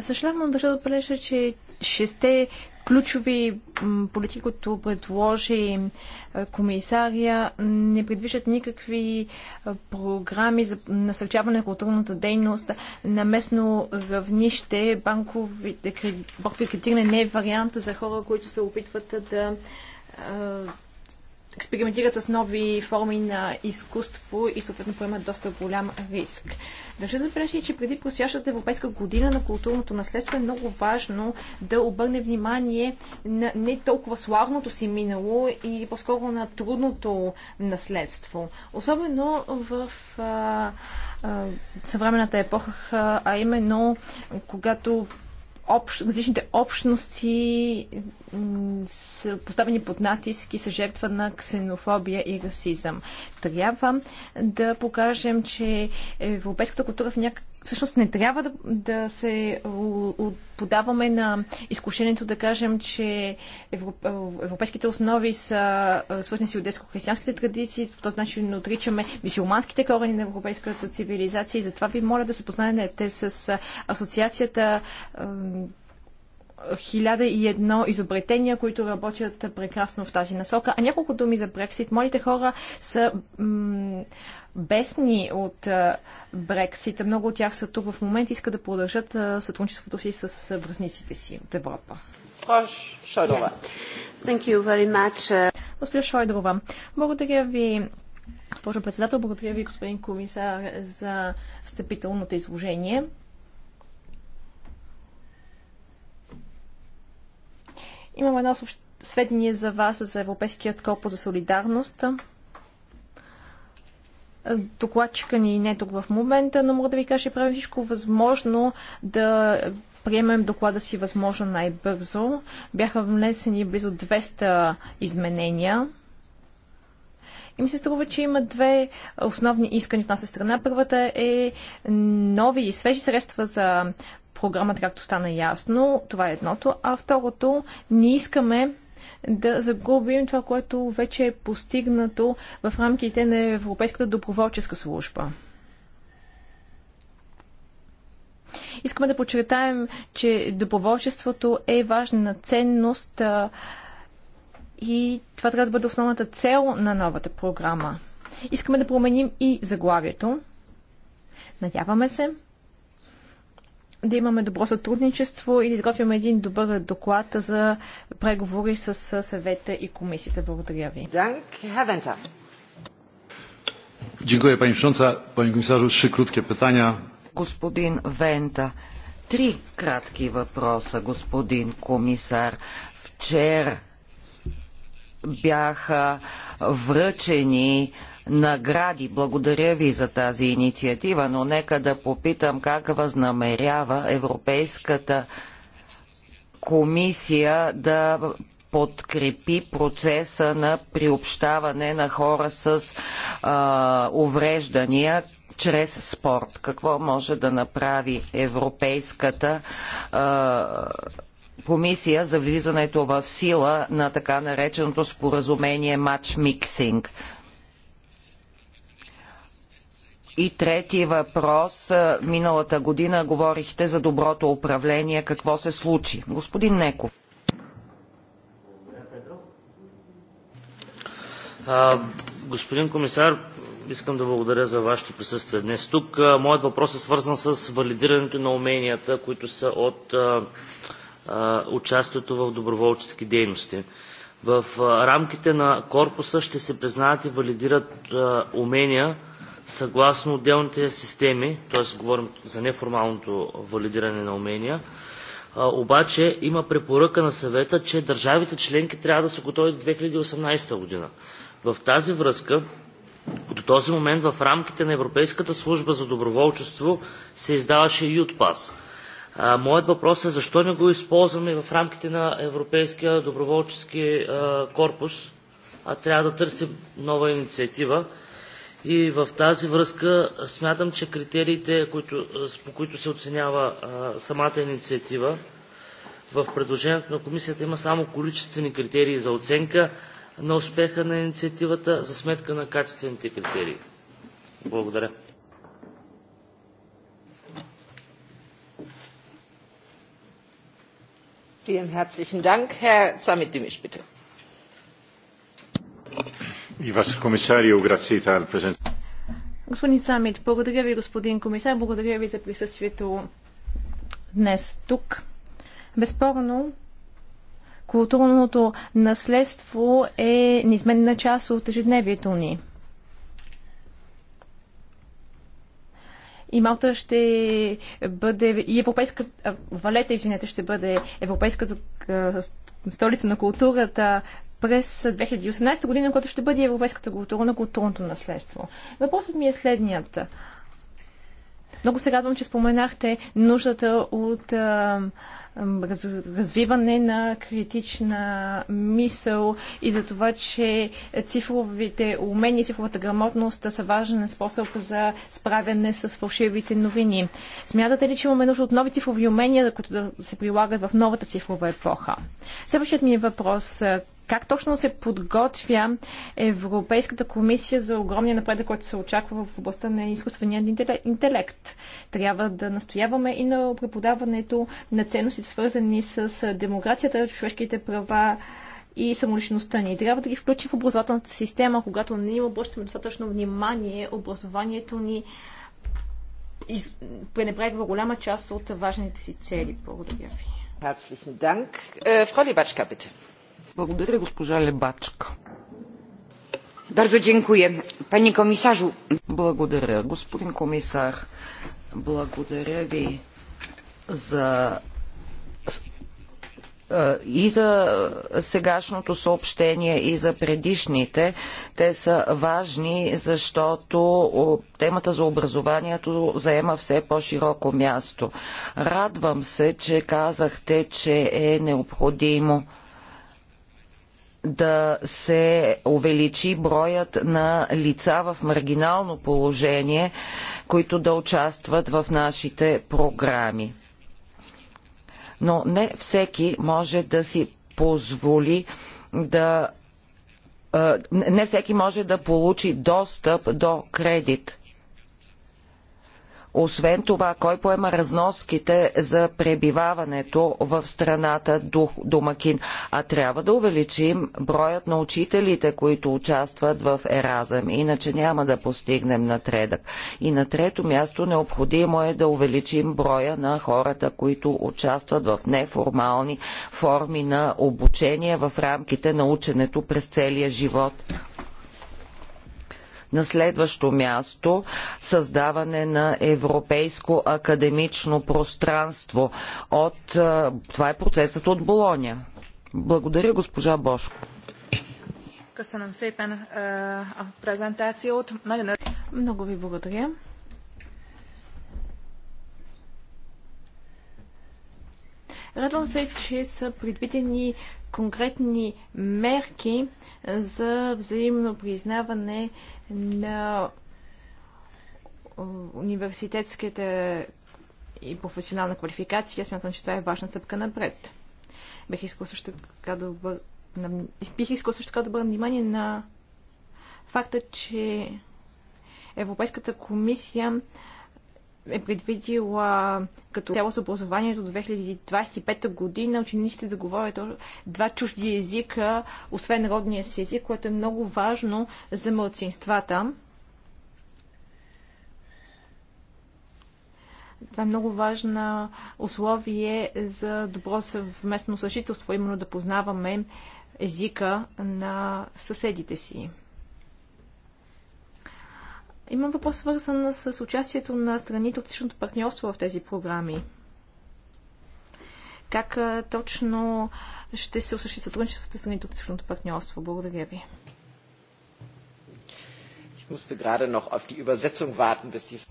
Съжалявам, държа да отбележа, че шесте ключови политики, които предложи комисария, не предвиждат никакви програми за насърчаване на културната дейност на местно равнище. Банковите банкови кредитиране не е варианта за хора, които се опитват да експериментират с нови форми на изкуство и съответно поемат доста голям риск. Държа да отбележа, че преди просящата Европейска година на културното наследство е много важно да обърне внимание на не толкова славното си минало и по-скоро на трудното наследство. Особено в а, а, съвременната епоха, а именно когато общ, различните общности са поставени под натиск и са жертва на ксенофобия и расизъм. Трябва да покажем, че европейската култура в някакъв всъщност не трябва да, да се подаваме на изкушението да кажем, че е, европейските основи са е, свързани с юдейско-християнските традиции, по този начин отричаме мисиоманските корени на европейската цивилизация и затова ви моля да се познаете с е, асоциацията 1001 изобретения, които работят прекрасно в тази насока. А няколко думи за Брексит. молите хора са бесни от Брексита. Много от тях са тук в момента, искат да продължат сътрудничеството си с връзниците си от Европа. Госпожо Шойдрова, благодаря ви, госпожо председател, благодаря ви, господин комисар, за стъпителното изложение. Имам едно сведение за вас за Европейският корпус за солидарност. Докладчика ни не е тук в момента, но мога да ви кажа, че правим всичко възможно да приемем доклада си възможно най-бързо. Бяха внесени близо 200 изменения. И ми се струва, че има две основни искания от наша страна. Първата е нови и свежи средства за програмата, както стана ясно. Това е едното. А второто, не искаме да загубим това, което вече е постигнато в рамките на Европейската доброволческа служба. Искаме да подчертаем, че доброволчеството е важна ценност и това трябва да бъде основната цел на новата програма. Искаме да променим и заглавието. Надяваме се да имаме добро сътрудничество и да изготвим един добър доклад за преговори с съвета и комисията. Благодаря ви.
Dziękuję Pani Przewodnicząca. Panie Komisarzu, trzy krótkie pytania.
Господин Вента, три кратки въпроса, господин комисар. Вчера бяха връчени награди. Благодаря ви за тази инициатива, но нека да попитам как възнамерява Европейската комисия да подкрепи процеса на приобщаване на хора с а, увреждания чрез спорт. Какво може да направи Европейската а, комисия за влизането в сила на така нареченото споразумение матчмиксинг. миксинг? И трети въпрос. Е, миналата година говорихте за доброто управление. Какво се случи? Господин Неков.
А, господин комисар, искам да благодаря за вашето присъствие днес тук. Моят въпрос е свързан с валидирането на уменията, които са от а, а, участието в доброволчески дейности. В рамките на корпуса ще се признаят и валидират умения, съгласно отделните системи, т.е. говорим за неформалното валидиране на умения, обаче има препоръка на съвета, че държавите членки трябва да са готови до 2018 година. В тази връзка до този момент в рамките на Европейската служба за доброволчество се издаваше ЮТПАС. Моят въпрос е защо не го използваме в рамките на Европейския доброволчески корпус, а трябва да търсим нова инициатива. И в тази връзка смятам, че критериите, които, по които се оценява а, самата инициатива, в предложението на комисията има само количествени критерии за оценка на успеха на инициативата за сметка на качествените критерии. Благодаря.
Vielen herzlichen Dank.
Herr Samitimis, bitte комисарио, Господин Самит, благодаря ви, господин комисар, благодаря ви за присъствието днес тук. Безспорно, културното наследство е неизменна част от ежедневието ни. и Малта ще бъде и европейска Валета, извинете, ще бъде европейската столица на културата през 2018 година, което ще бъде Европейската култура на културното наследство. Въпросът ми е следният. Много се радвам, че споменахте нуждата от а, раз, развиване на критична мисъл и за това, че цифровите умения, цифровата грамотност са важен способ за справяне с фалшивите новини. Смятате ли, че имаме нужда от нови цифрови умения, които да се прилагат в новата цифрова епоха? Следващият ми е въпрос как точно се подготвя Европейската комисия за огромния напредък, който се очаква в областта на изкуствения интелект? Трябва да настояваме и на преподаването на ценностите, свързани с демокрацията, човешките права, и самоличността ни. Трябва да ги включим в образователната система, когато не има обръщаме достатъчно внимание, образованието ни из... пренебрегва голяма част от важните си цели. Благодаря ви. Herzlichen Dank. Äh, Frau
Libatschka, bitte. Благодаря, госпожа
Лебачка.
Бързо dziękuję. пани komisarzu. Благодаря, господин комисар. Благодаря ви за и за сегашното съобщение, и за предишните. Те са важни, защото темата за образованието заема все по-широко място. Радвам се, че казахте, че е необходимо да се увеличи броят на лица в маргинално положение, които да участват в нашите програми. Но не всеки може да си позволи да. Не всеки може да получи достъп до кредит. Освен това, кой поема разноските за пребиваването в страната домакин? А трябва да увеличим броят на учителите, които участват в Еразъм. Иначе няма да постигнем натредък. И на трето място необходимо е да увеличим броя на хората, които участват в неформални форми на обучение в рамките на ученето през целия живот. На следващо място създаване на европейско академично пространство. От, това е процесът от Болония. Благодаря, госпожа Бошко.
Много ви благодаря. Радвам се, че са предвидени конкретни мерки за взаимно признаване на университетската и професионална квалификация. Смятам, че това е важна стъпка напред. Бих искал също така да обърна, Бих искал също така да обърна внимание на факта, че Европейската комисия е предвидила като цяло с образованието до 2025 година учениците да говорят два чужди езика, освен родния си език, което е много важно за младсинствата. Това е много важно условие за добро съвместно съжителство, именно да познаваме езика на съседите си. Имам въпрос свързан с участието на страните оптичното партньорство в тези програми. Как точно ще се осъществи сътрудничеството с страните оптичното партньорство? Благодаря ви.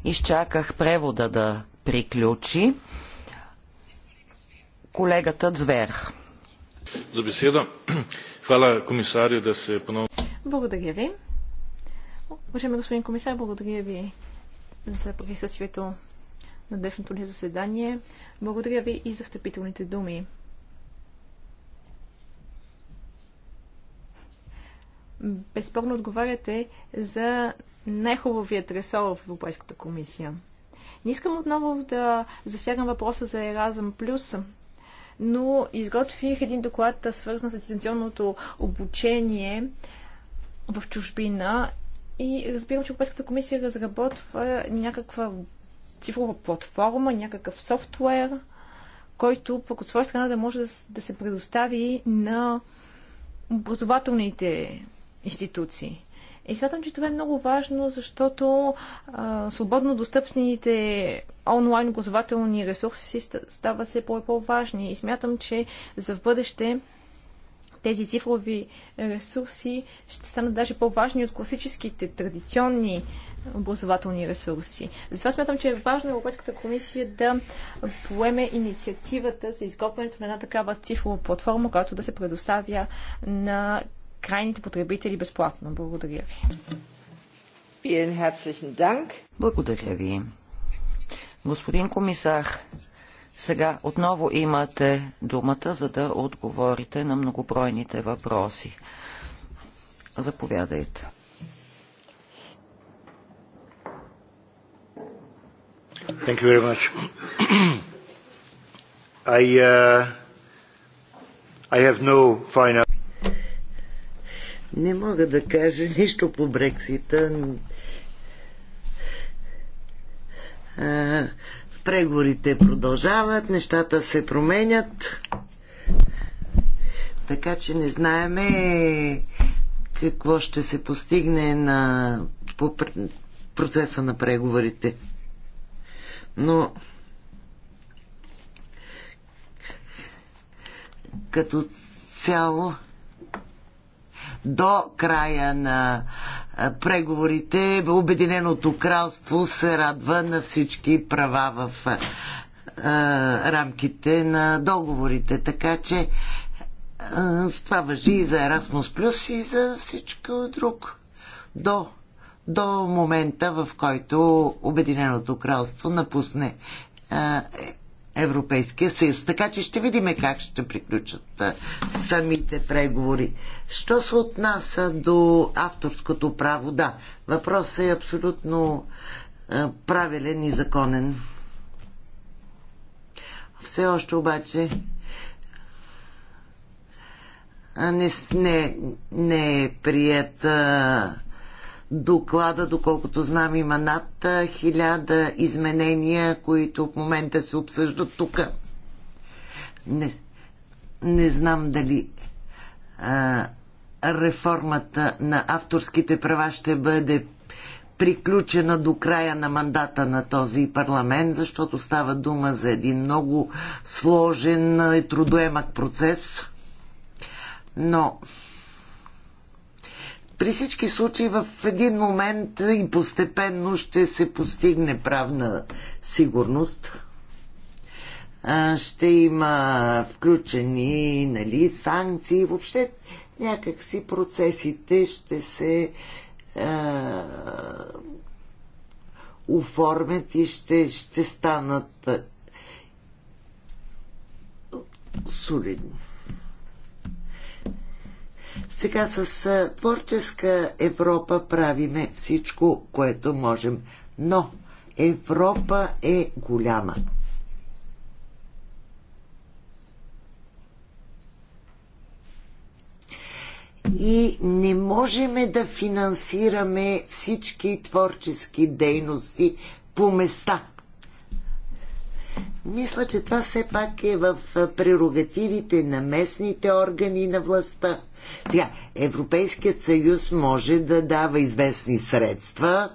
Изчаках
превода да
приключи.
Колегата Зверх.
За беседа. Хвала комисарю да се
Благодаря ви. Уважаеми господин комисар, благодаря ви за присъствието на днешното ни заседание. Благодаря ви и за встъпителните думи. Безспорно отговаряте за най-хубавият ресор в Европейската комисия. Не искам отново да засягам въпроса за Еразъм Плюс, но изготвих един доклад, свързан с дистанционното обучение в чужбина и разбирам, че Европейската комисия разработва някаква цифрова платформа, някакъв софтуер, който пък от своя страна да може да, да се предостави на образователните институции. И смятам, че това е много важно, защото а, свободно достъпните онлайн образователни ресурси стават все по-важни. И, и смятам, че за в бъдеще тези цифрови ресурси ще станат даже по-важни от класическите традиционни образователни ресурси. Затова смятам, че е важно Европейската комисия да поеме инициативата за изготвянето на една такава цифрова платформа, която да се предоставя на крайните потребители безплатно. Благодаря
ви.
Благодаря ви. Господин комисар, сега отново имате думата, за да отговорите на многобройните въпроси. Заповядайте.
Thank you very much.
I, uh, I have
no final... Не мога да кажа нищо по Брексита. А, преговорите продължават, нещата се променят, така че не знаеме какво ще се постигне на, по процеса на преговорите. Но като цяло до края на преговорите Обединеното кралство се радва на всички права в рамките на договорите. Така че това въжи и за Erasmus Plus и за всичко друго. До, до момента, в който Обединеното кралство напусне е, Европейския съюз. Така че ще видим как ще приключат самите преговори. Що се отнася до авторското право? Да, въпросът е абсолютно правилен и законен. Все още обаче не, не, не е прият доклада, доколкото знам, има над хиляда изменения, които в момента се обсъждат тук. Не, не знам дали а, реформата на авторските права ще бъде приключена до края на мандата на този парламент, защото става дума за един много сложен и трудоемък процес. Но при всички случаи в един момент и постепенно ще се постигне правна сигурност. Ще има включени нали, санкции, въобще някакси процесите ще се е, оформят и ще, ще станат солидни. Сега с творческа Европа правиме всичко, което можем. Но Европа е голяма. и не можем да финансираме всички творчески дейности по места. Мисля, че това все пак е в прерогативите на местните органи на властта. Сега, Европейският съюз може да дава известни средства,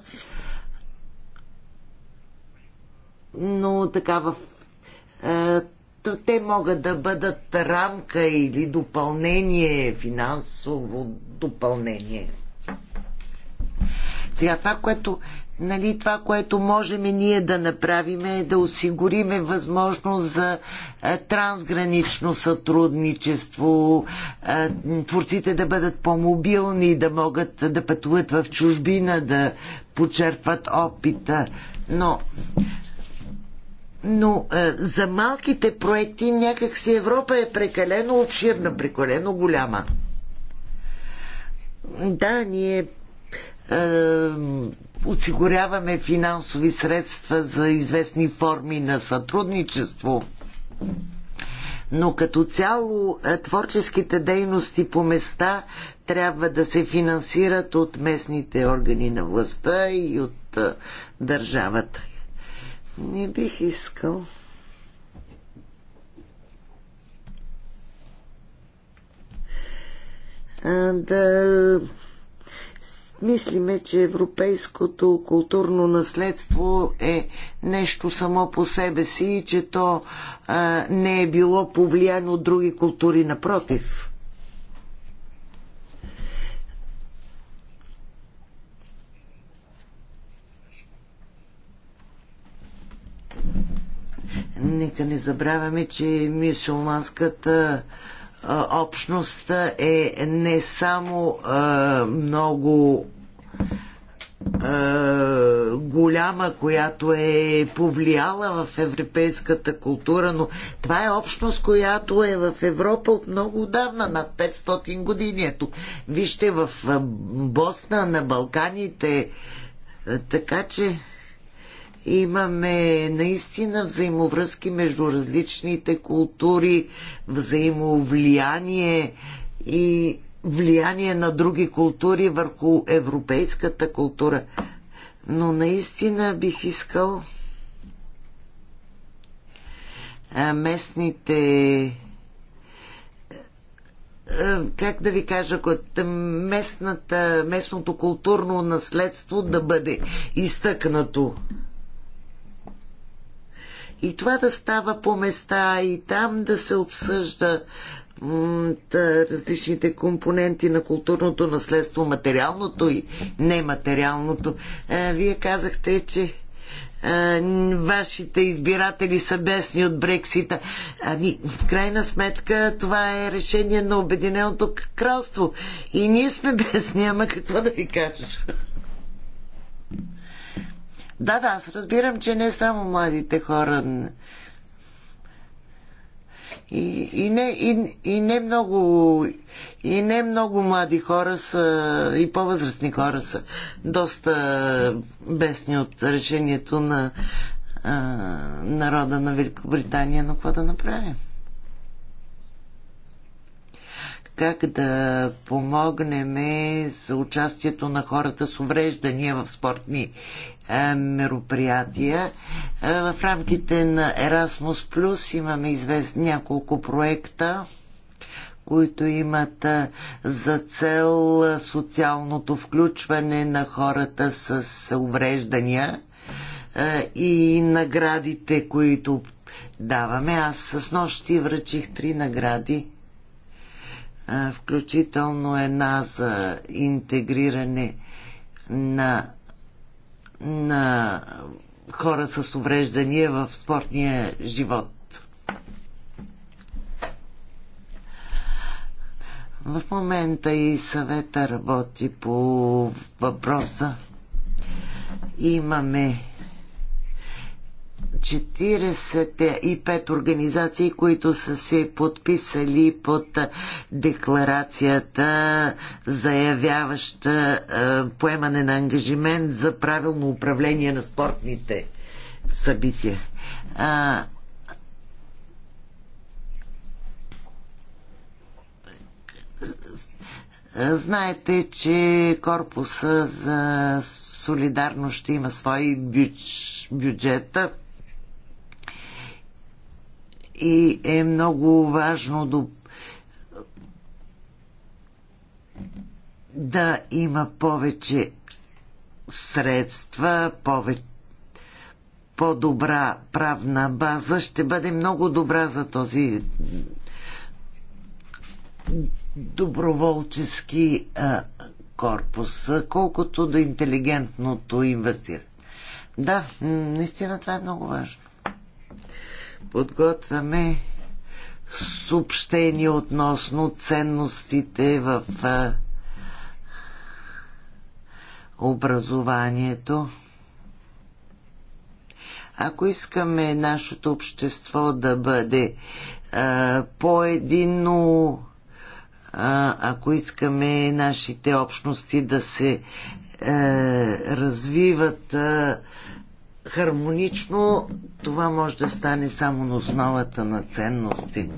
но така в Е, те могат да бъдат рамка или допълнение, финансово допълнение. Сега това, което нали, това, което можем ние да направим е да осигуриме възможност за трансгранично сътрудничество, творците да бъдат по-мобилни, да могат да пътуват в чужбина, да почерпват опита. Но но за малките проекти някакси Европа е прекалено обширна, прекалено голяма. Да, ние е, осигуряваме финансови средства за известни форми на сътрудничество. Но като цяло е, творческите дейности по места трябва да се финансират от местните органи на властта и от е, държавата. Не бих искал. да мислиме, че европейското културно наследство е нещо само по себе си и че то а, не е било повлияно от други култури. Напротив. Нека не забравяме, че мюсюлманската а, общност е не само много голяма, която е повлияла в европейската култура, но това е общност, която е в Европа от много давна, над 500 години. Ето, вижте в Босна, на Балканите, така че имаме наистина взаимовръзки между различните култури, взаимовлияние и влияние на други култури върху европейската култура. Но наистина бих искал местните как да ви кажа, местната, местното културно наследство да бъде изтъкнато и това да става по места и там да се обсъжда различните компоненти на културното наследство, материалното и нематериалното. Вие казахте, че вашите избиратели са бесни от Брексита. Ами, в крайна сметка, това е решение на Обединеното кралство. И ние сме бесни, ама какво да ви кажа? Да, да, аз разбирам, че не само младите хора. И, и, не, и, и не много и не много млади хора са и по-възрастни хора са доста бесни от решението на а, народа на Великобритания, но какво да направим? как да помогнем за участието на хората с увреждания в спортни е, мероприятия. Е, в рамките на Erasmus Plus имаме извест няколко проекта, които имат е, за цел социалното включване на хората с увреждания и наградите, които даваме. Аз с нощи връчих три награди включително една за интегриране на, на хора с увреждания в спортния живот. В момента и съвета работи по въпроса. Имаме 45 организации, които са се подписали под декларацията, заявяваща е, поемане на ангажимент за правилно управление на спортните събития. Знаете, че корпуса за солидарност ще има свой бюдж, и е много важно да, да има повече средства, повече по-добра правна база ще бъде много добра за този доброволчески а, корпус, колкото да интелигентното инвестира. Да, наистина това е много важно подготвяме съобщение относно ценностите в образованието. Ако искаме нашето общество да бъде по-единно, ако искаме нашите общности да се а, е, развиват, а, хармонично, това може да стане само на основата на ценности.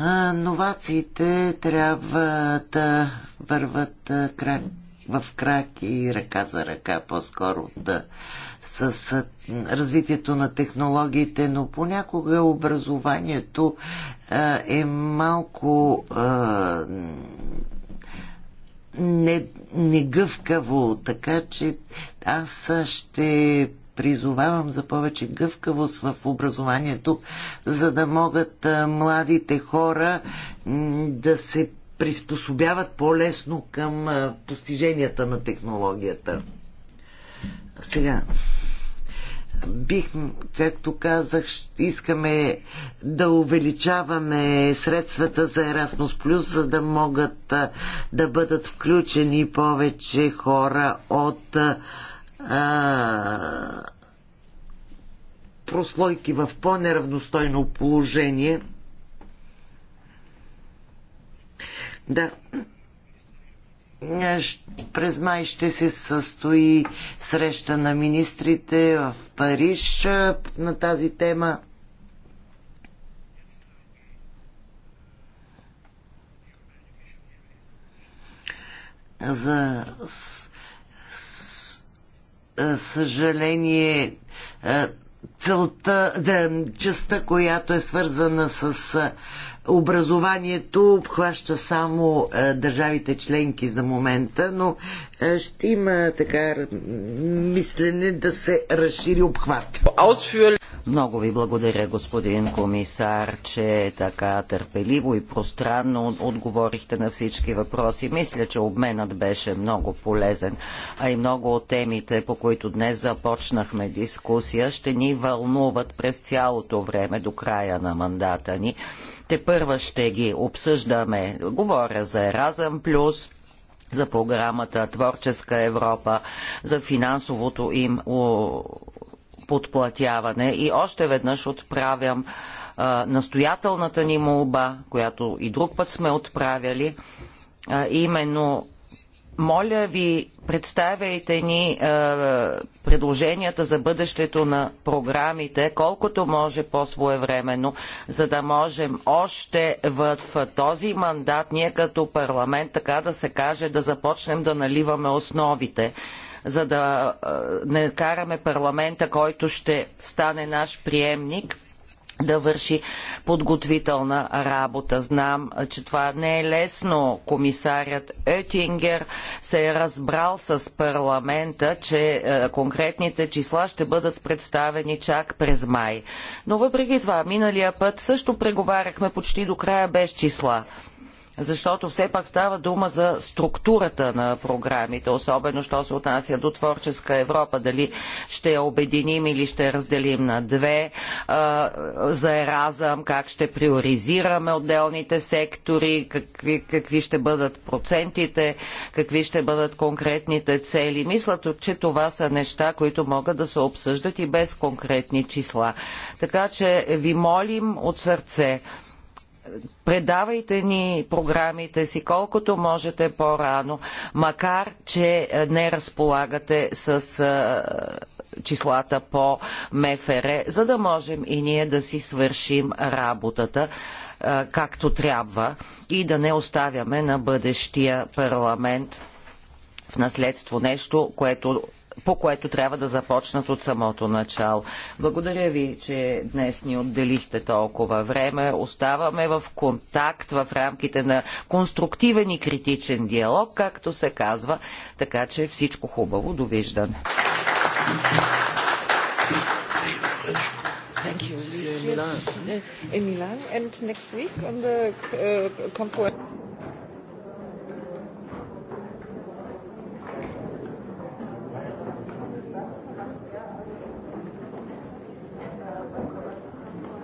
А, новациите трябва да върват крак, в крак и ръка за ръка по-скоро да, с, с развитието на технологиите, но понякога образованието а, е малко а, не не така че аз ще призовавам за повече гъвкавост в образованието, за да могат младите хора да се приспособяват по-лесно към постиженията на технологията. Сега, бих, както казах, искаме да увеличаваме средствата за Erasmus Plus, за да могат да бъдат включени повече хора от а, прослойки в по-неравностойно положение. Да, през май ще се състои среща на министрите в Париж на тази тема. За съжаление, целта, да, частта, която е свързана с образованието, обхваща само държавите членки за момента, но ще има
така мислене да се разшири обхват. Много ви благодаря, господин комисар, че така търпеливо и пространно отговорихте на всички въпроси. Мисля, че обменът беше много полезен, а и много от темите, по които днес започнахме дискусия, ще ни върнат вълнуват през цялото време до края на мандата ни. Те първа ще ги обсъждаме. Говоря за Еразъм Плюс, за програмата Творческа Европа, за финансовото им подплатяване и още веднъж отправям настоятелната ни молба, която и друг път сме отправяли, именно моля ви, представяйте ни е, предложенията за бъдещето на програмите, колкото може по-своевременно, за да можем още в, в този мандат ние като парламент, така да се каже, да започнем да наливаме основите за да е, не караме парламента, който ще стане наш приемник, да върши подготвителна работа. Знам, че това не е лесно. Комисарят Етингер се е разбрал с парламента, че е, конкретните числа ще бъдат представени чак през май. Но въпреки това, миналия път също преговаряхме почти до края без числа защото все пак става дума за структурата на програмите, особено що се отнася до творческа Европа, дали ще я обединим или ще я разделим на две, за Еразъм, как ще приоризираме отделните сектори, какви, какви ще бъдат процентите, какви ще бъдат конкретните цели. Мисля, че това са неща, които могат да се обсъждат и без конкретни числа. Така че ви молим от сърце, предавайте ни програмите си колкото можете по-рано, макар че е, не разполагате с е, числата по МФР, за да можем и ние да си свършим работата е, както трябва и да не оставяме на бъдещия парламент в наследство нещо, което по което трябва да започнат от самото начало. Благодаря ви, че днес ни отделихте толкова време. Оставаме в контакт в рамките на конструктивен и критичен диалог, както се казва. Така че всичко хубаво. Довиждане. Thank
you. See you in Milan. In Milan and next week on the uh, conference.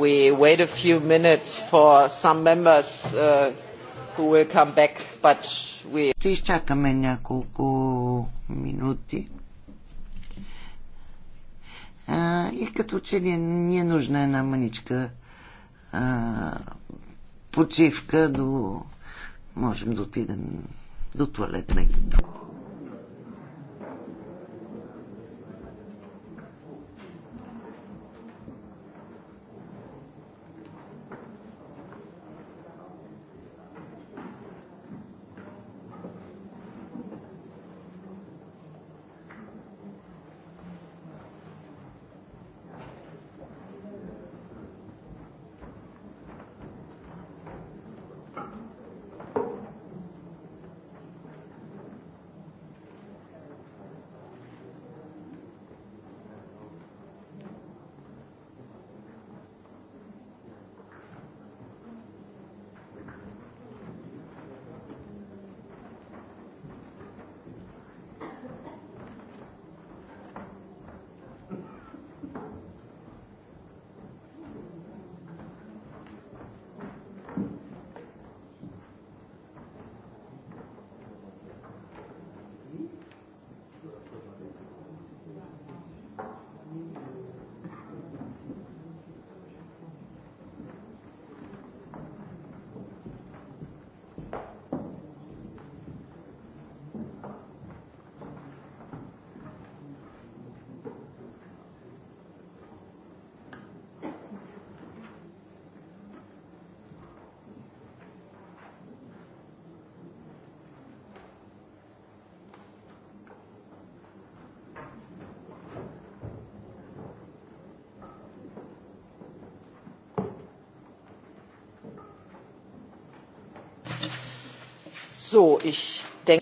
we wait a few minutes for some members uh, who will come back, but we... Ще
изчакаме няколко минути. А, и като че ли ни е нужна една маничка а, почивка до... можем да отидем до туалетна и друго.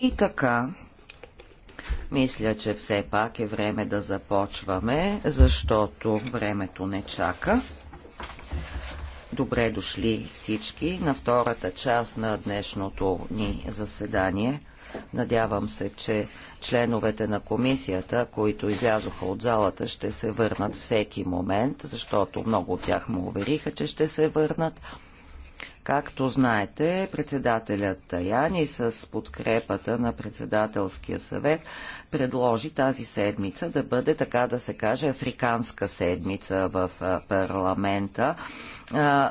И така, мисля, че все пак е време да започваме, защото времето не чака. Добре дошли всички на втората част на днешното ни заседание. Надявам се, че членовете на комисията, които излязоха от залата, ще се върнат всеки момент, защото много от тях му увериха, че ще се върнат. Както знаете, председателят Таяни с подкрепата на председателския съвет предложи тази седмица да бъде, така да се каже, африканска седмица в парламента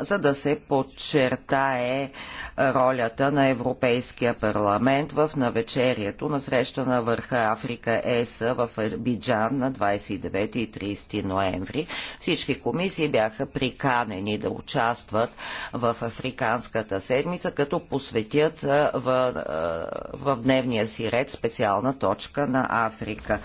за да се подчертае ролята на Европейския парламент в навечерието на среща на върха Африка ЕС в Абиджан на 29 и 30 ноември. Всички комисии бяха приканени да участват в Африканската седмица, като посветят в, в дневния си ред специална точка на Африка.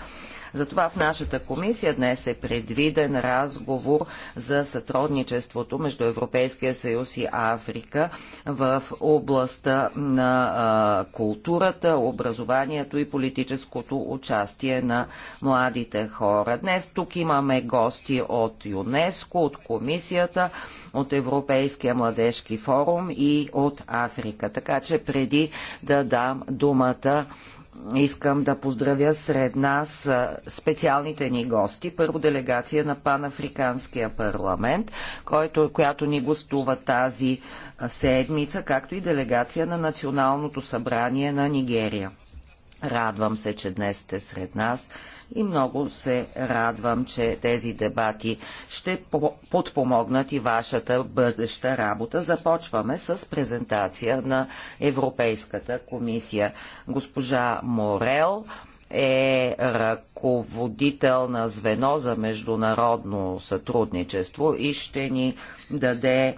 Затова в нашата комисия днес е предвиден разговор за сътрудничеството между Европейския съюз и Африка в областта на културата, образованието и политическото участие на младите хора. Днес тук имаме гости от ЮНЕСКО, от комисията, от Европейския младежки форум и от Африка. Така че преди да дам думата искам да поздравя сред нас специалните ни гости. Първо делегация на Панафриканския парламент, който, която ни гостува тази седмица, както и делегация на Националното събрание на Нигерия. Радвам се, че днес сте сред нас и много се радвам, че тези дебати ще подпомогнат и вашата бъдеща работа. Започваме с презентация на Европейската комисия. Госпожа Морел е ръководител на звено за международно сътрудничество и ще ни даде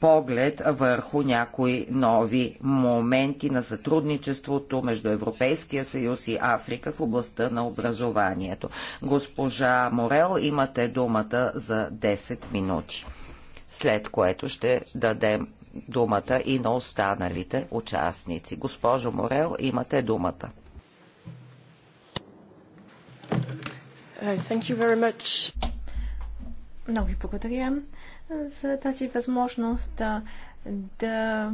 поглед върху някои нови моменти на сътрудничеството между Европейския съюз и Африка в областта на образованието. Госпожа Морел, имате думата за 10 минути, след което ще дадем думата и на останалите участници. Госпожо Морел, имате думата.
Много ви благодаря за тази възможност да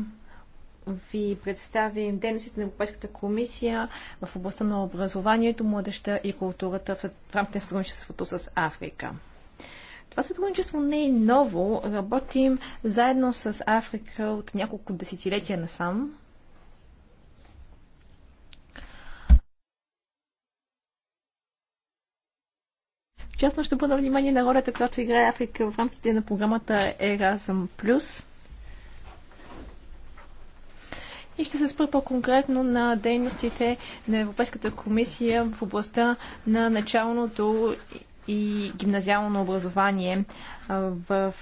ви представим дейностите на Европейската комисия в областта на образованието, младеща и културата в рамките на сътрудничеството с Африка. Това сътрудничество не е ново. Работим заедно с Африка от няколко десетилетия насам. В ще бъда внимание на ролята, която играе Африка в рамките на програмата Erasm+. И ще се спра по-конкретно на дейностите на Европейската комисия в областта на началното и гимназиално образование в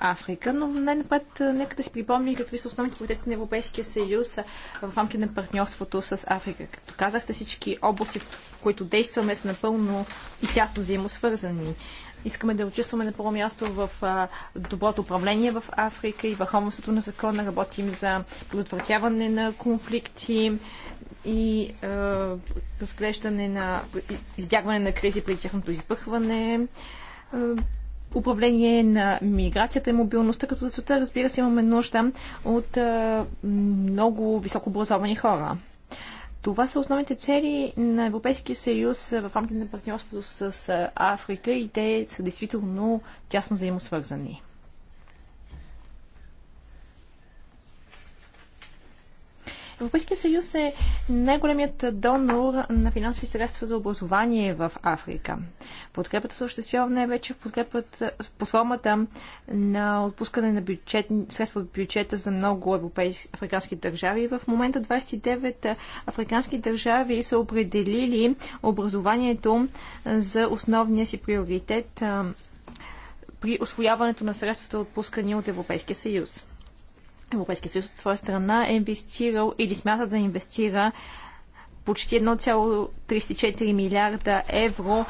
Африка. Но най-напред нека да си припомним какви са основните приоритети на Европейския съюз в рамките на партньорството с Африка. Както казахте, всички области, в които действаме, са напълно и тясно взаимосвързани искаме да участваме на първо място в доброто управление в Африка и върховенството на закона, работим за предотвратяване на конфликти, и е, разглеждане на избягване на кризи при тяхното избъхване, управление на миграцията и мобилността, като за целта, разбира се, имаме нужда от е, много високообразовани хора. Това са основните цели на Европейския съюз в рамките на партньорството с Африка и те са действително тясно взаимосвързани. Европейския съюз е най-големият донор на финансови средства за образование в Африка. Подкрепата се осъществява най-вече под формата на отпускане на бюджет, средства от бюджета за много европейски, африкански държави. В момента 29 африкански държави са определили образованието за основния си приоритет при освояването на средствата, отпускани от Европейския съюз. Европейския съюз от своя страна е инвестирал или смята да инвестира почти 1,34 милиарда евро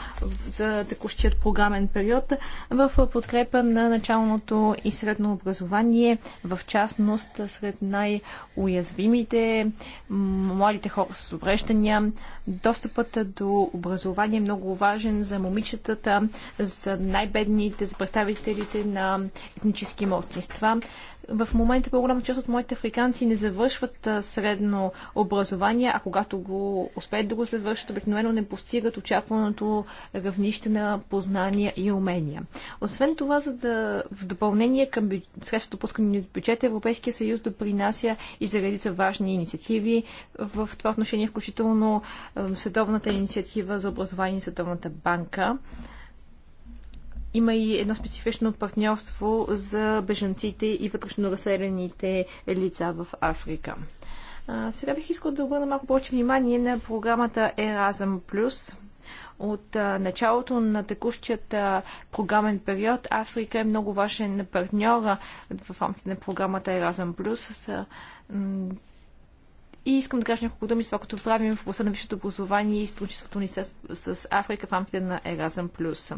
за текущият програмен период в подкрепа на началното и средно образование, в частност сред най-уязвимите, младите хора с увреждания. Достъпът до образование е много важен за момичетата, за най-бедните, за представителите на етнически младсинства в момента по-голяма част от моите африканци не завършват средно образование, а когато го успеят да го завършат, обикновено не постигат очакваното равнище на познания и умения. Освен това, за да в допълнение към бю... средството пускане от бюджета, Европейския съюз допринася и за редица важни инициативи в това отношение, включително Световната инициатива за образование и Световната банка. Има и едно специфично партньорство за бежанците и вътрешно разселените лица в Африка. А, сега бих искал да обърна малко повече внимание на програмата Erasm+ от началото на текущият програмен период Африка е много важен партньор в рамките на програмата Erasmus Plus. И искам да кажа няколко думи с това, като правим в областта на висшето образование и сътрудничеството ни с, Африка в рамките на Erasmus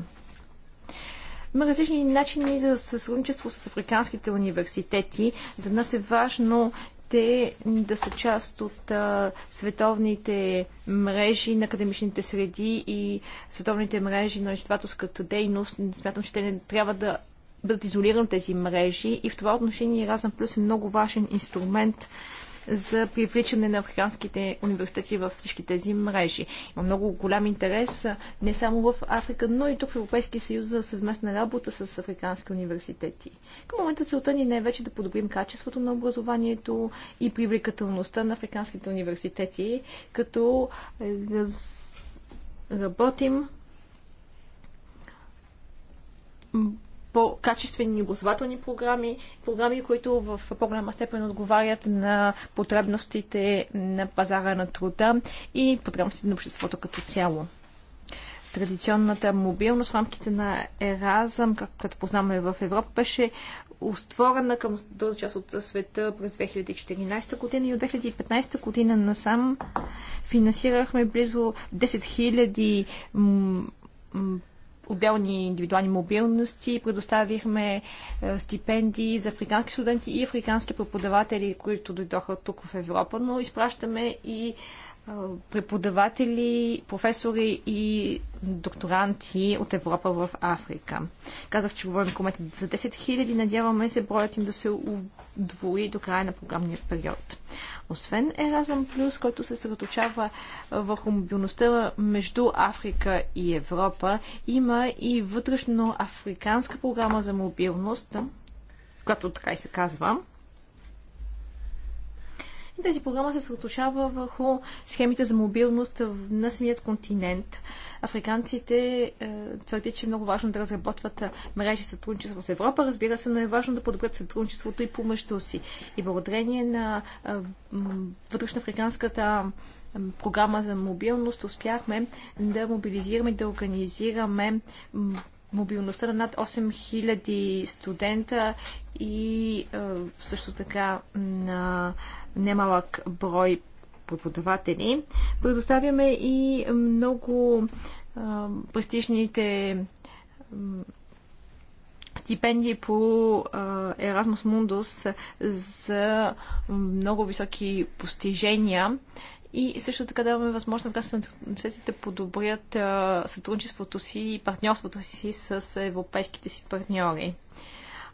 има различни начини за сътрудничество с африканските университети. За нас е важно те да са част от а, световните мрежи на академичните среди и световните мрежи на изследователската дейност. Смятам, че те не трябва да бъдат изолирани от тези мрежи и в това отношение Erasmus Плюс е много важен инструмент за привличане на африканските университети във всички тези мрежи. Има много голям интерес не само в Африка, но и тук в Европейския съюз за съвместна работа с африкански университети. Към момента целта ни не е вече да подобрим качеството на образованието и привлекателността на африканските университети, като е, раз... работим по-качествени образователни програми, програми, които в по-голяма степен отговарят на потребностите на пазара на труда и потребностите на обществото като цяло традиционната мобилност в рамките на Еразъм, както познаваме в Европа, беше отворена към дълга част от света през 2014 година и от 2015 година насам финансирахме близо 10 000 отделни индивидуални мобилности, предоставихме е, стипендии за африкански студенти и африкански преподаватели, които дойдоха тук в Европа, но изпращаме и преподаватели, професори и докторанти от Европа в Африка. Казах, че говорим към за 10 000. Надяваме се броят им да се удвои до края на програмния период. Освен Еразъм Плюс, който се съсредоточава върху мобилността между Африка и Европа, има и вътрешно африканска програма за мобилност, която така и се казва, тази програма се съотношава върху схемите за мобилност на самият континент. Африканците е, твърдят, че е много важно да разработват е, мрежи сътрудничество с Европа, разбира се, но е важно да подобрят сътрудничеството и помежду си. И благодарение на е, вътрешноафриканската е, програма за мобилност успяхме да мобилизираме, да организираме мобилността на над 8000 студента и е, също така на е, немалък брой преподаватели. Предоставяме и много а, престижните стипендии по Erasmus Mundus за много високи постижения. И също така даваме възможност на качеството на университетите да подобрят сътрудничеството си и партньорството си с европейските си партньори.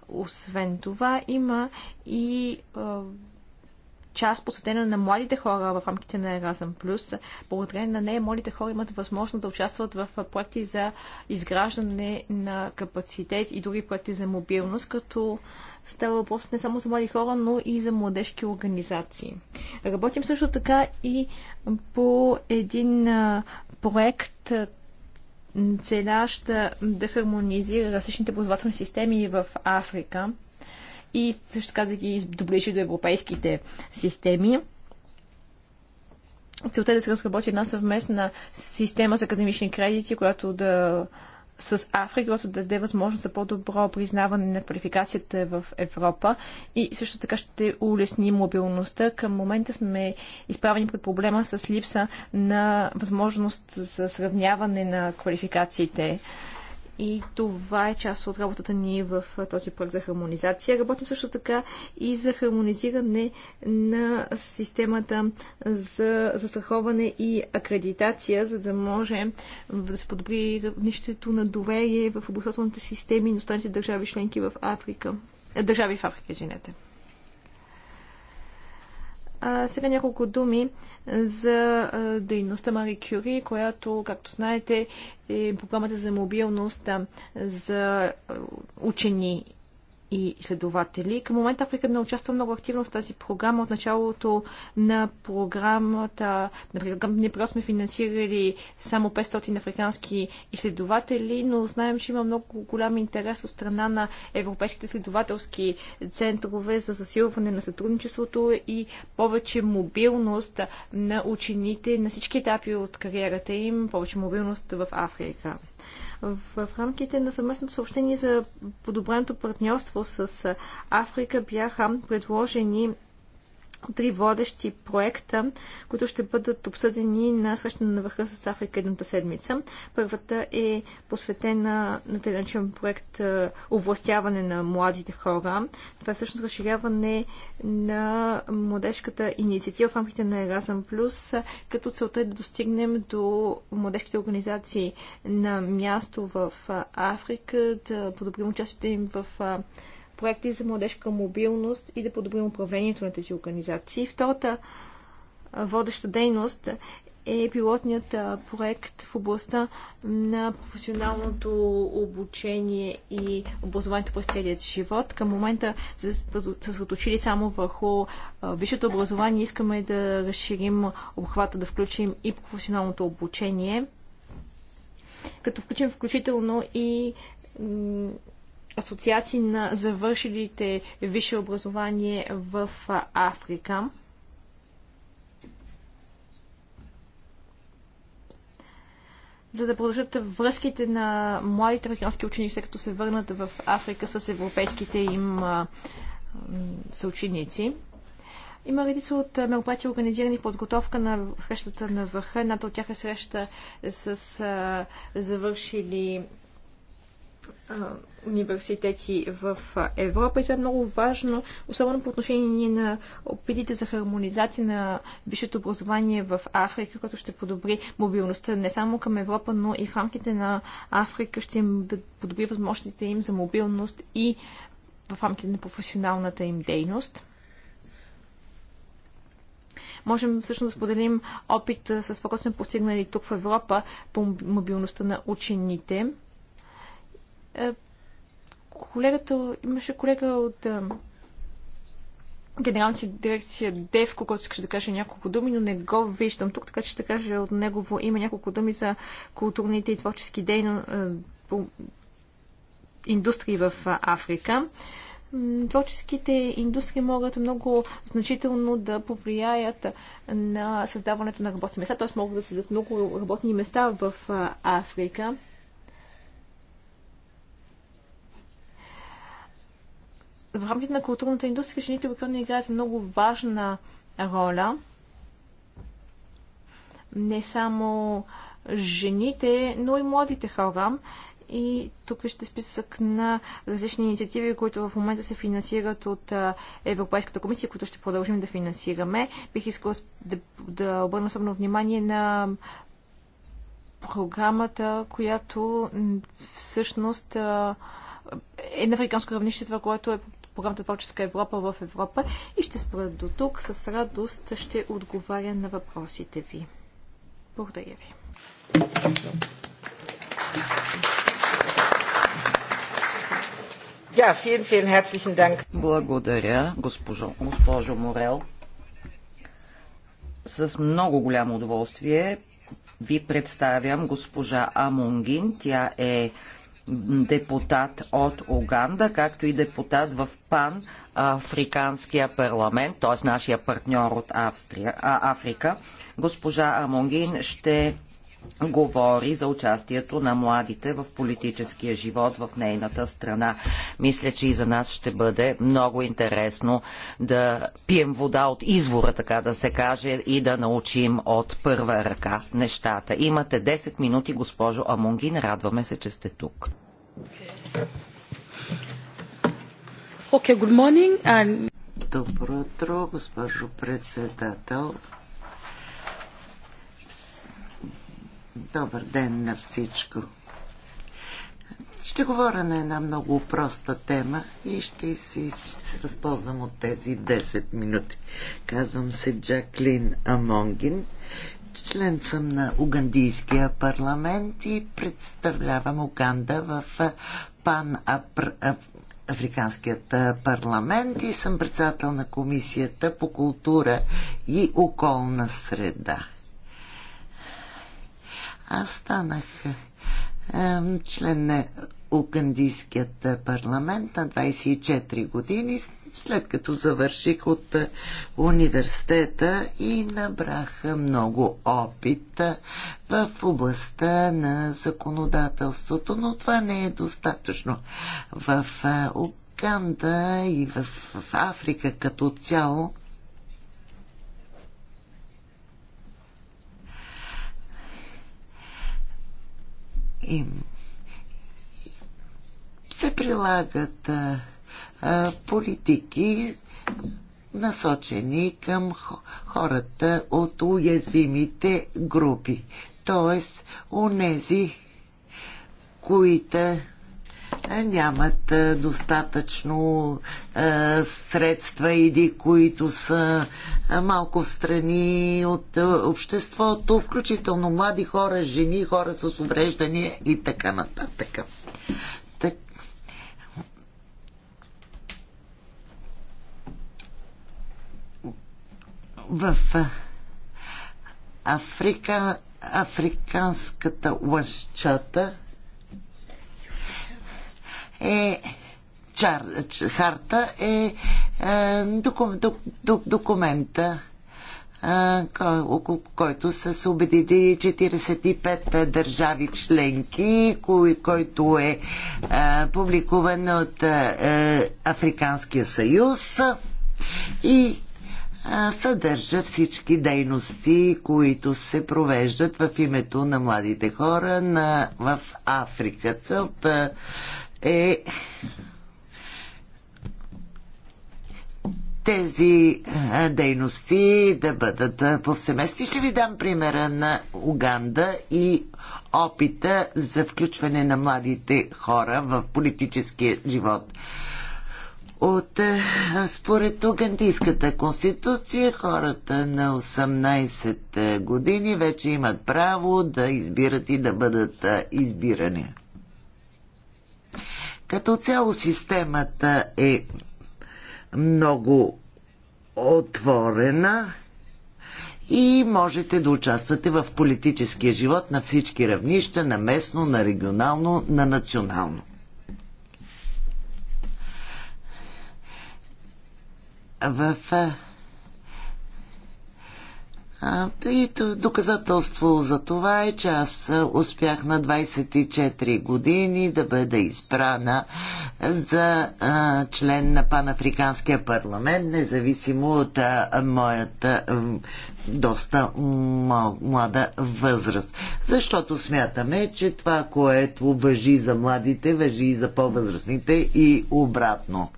Освен това има и част посветена на младите хора в рамките на Erasmus+. Благодарение на нея младите хора имат възможност да участват в проекти за изграждане на капацитет и други проекти за мобилност, като става въпрос не само за млади хора, но и за младежки организации. Работим също така и по един проект, целящ да хармонизира различните ползвателни системи в Африка и също така да ги доближи до европейските системи. Целта е да се разработи една съвместна система за академични кредити, която да с Африка, която да даде възможност за по-добро признаване на квалификацията в Европа и също така ще улесни мобилността. Към момента сме изправени пред проблема с липса на възможност за сравняване на квалификациите и това е част от работата ни в този проект за хармонизация. Работим също така и за хармонизиране на системата за застраховане и акредитация, за да може да се подобри равнището на доверие в образователните системи на останалите държави членки в Африка. Държави в Африка, извинете. А сега няколко думи за дейността Мари Кюри, която, както знаете, е програмата за мобилност за учени и следователи. Към момента Африка не участва много активно в тази програма. От началото на програмата, на програмния просто сме финансирали само 500 африкански изследователи, но знаем, че има много голям интерес от страна на европейските следователски центрове за засилване на сътрудничеството и повече мобилност на учените на всички етапи от кариерата им, повече мобилност в Африка. В рамките на съвместното съобщение за подобреното партньорство с Африка бяха предложени три водещи проекта, които ще бъдат обсъдени на срещане на върха с Африка едната седмица. Първата е посветена на тенечен проект е, овластяване на младите хора. Това е всъщност разширяване на младежката инициатива в рамките на Еразъм Плюс, като целта е да достигнем до младежките организации на място в е, Африка, да подобрим участието им в е, проекти за младежка мобилност и да подобрим управлението на тези организации. Втората водеща дейност е пилотният проект в областта на професионалното обучение и образованието през целият живот. Към момента се съсредоточили само върху висшето образование. Искаме да разширим обхвата, да включим и професионалното обучение, като включим включително и асоциации на завършилите висше образование в Африка. за да продължат връзките на младите африкански учени, след като се върнат в Африка с европейските им съученици. Има редица от мероприятия, организирани в подготовка на срещата на върха. Едната от тях е среща с завършили университети в Европа и това е много важно, особено по отношение на опитите за хармонизация на висшето образование в Африка, което ще подобри мобилността не само към Европа, но и в рамките на Африка ще им да подобри възможностите им за мобилност и в рамките на професионалната им дейност можем всъщност да споделим опит с това, което сме постигнали тук в Европа по мобилността на учените. Е, колегата, имаше колега от е, генералната дирекция Девко, който искаше да каже няколко думи, но не го виждам тук, така че ще кажа от негово име няколко думи за културните и творчески дейно, е, по индустрии в Африка. Творческите индустрии могат много значително да повлияят на създаването на работни места, т.е. могат да създадат много работни места в Африка. в рамките на културната индустрия жените обикновено играят много важна роля. Не само жените, но и младите хора. И тук вижте списък на различни инициативи, които в момента се финансират от Европейската комисия, които ще продължим да финансираме. Бих искала да, да обърна особено внимание на програмата, която всъщност е на африканско равнище това, което е програмата Творческа Европа в Европа и ще спра до тук. С радост ще отговаря на въпросите ви. Благодаря ви. Ja, vielen, vielen herzlichen Dank.
Благодаря, госпожо, госпожо Морел. С много голямо удоволствие ви представям госпожа Амунгин. Тя е депутат от Уганда, както и депутат в ПАН Африканския парламент, т.е. нашия партньор от Австрия, а, Африка. Госпожа Амонгин ще говори за участието на младите в политическия живот в нейната страна. Мисля, че и за нас ще бъде много интересно да пием вода от извора, така да се каже, и да научим от първа ръка нещата. Имате 10 минути, госпожо Амунгин. Радваме се, че сте тук.
Okay, good morning and...
Добро утро, госпожо председател. Добър ден на всичко. Ще говоря на една много проста тема и ще, си, ще се възползвам от тези 10 минути. Казвам се Джаклин Амонгин. Член съм на Угандийския парламент и представлявам Уганда в пан Африканският парламент и съм председател на Комисията по култура и околна среда. Аз станах член на Угандийският парламент на 24 години, след като завърших от е, университета и набрах много опит е, в областта на законодателството, но това не е достатъчно. В е, Уганда и в Африка като цяло им се прилагат а, а, политики насочени към хората от уязвимите групи, т.е. нези, които нямат е, достатъчно е, средства или които са е, малко в страни от обществото, включително млади хора, жени, хора с увреждания и така нататък. В Африка, африканската лъщата е чар, харта е, е докум, док, док, документа, е, около който са се убедили 45 държави членки, кой, който е, е публикуван от е, е Африканския съюз и е, съдържа всички дейности, които се провеждат в името на младите хора на, в Африка. Целта е тези дейности да бъдат повсеместни. Ще ви дам примера на Уганда и опита за включване на младите хора в политическия живот. От според Угандийската конституция хората на 18 години вече имат право да избират и да бъдат избирани. Като цяло системата е много отворена и можете да участвате в политическия живот на всички равнища, на местно, на регионално, на национално. В и доказателство за това е, че аз успях на 24 години да бъда избрана за член на Панафриканския парламент, независимо от моята доста млада възраст. Защото смятаме, че това, което въжи за младите, въжи и за по-възрастните и обратно.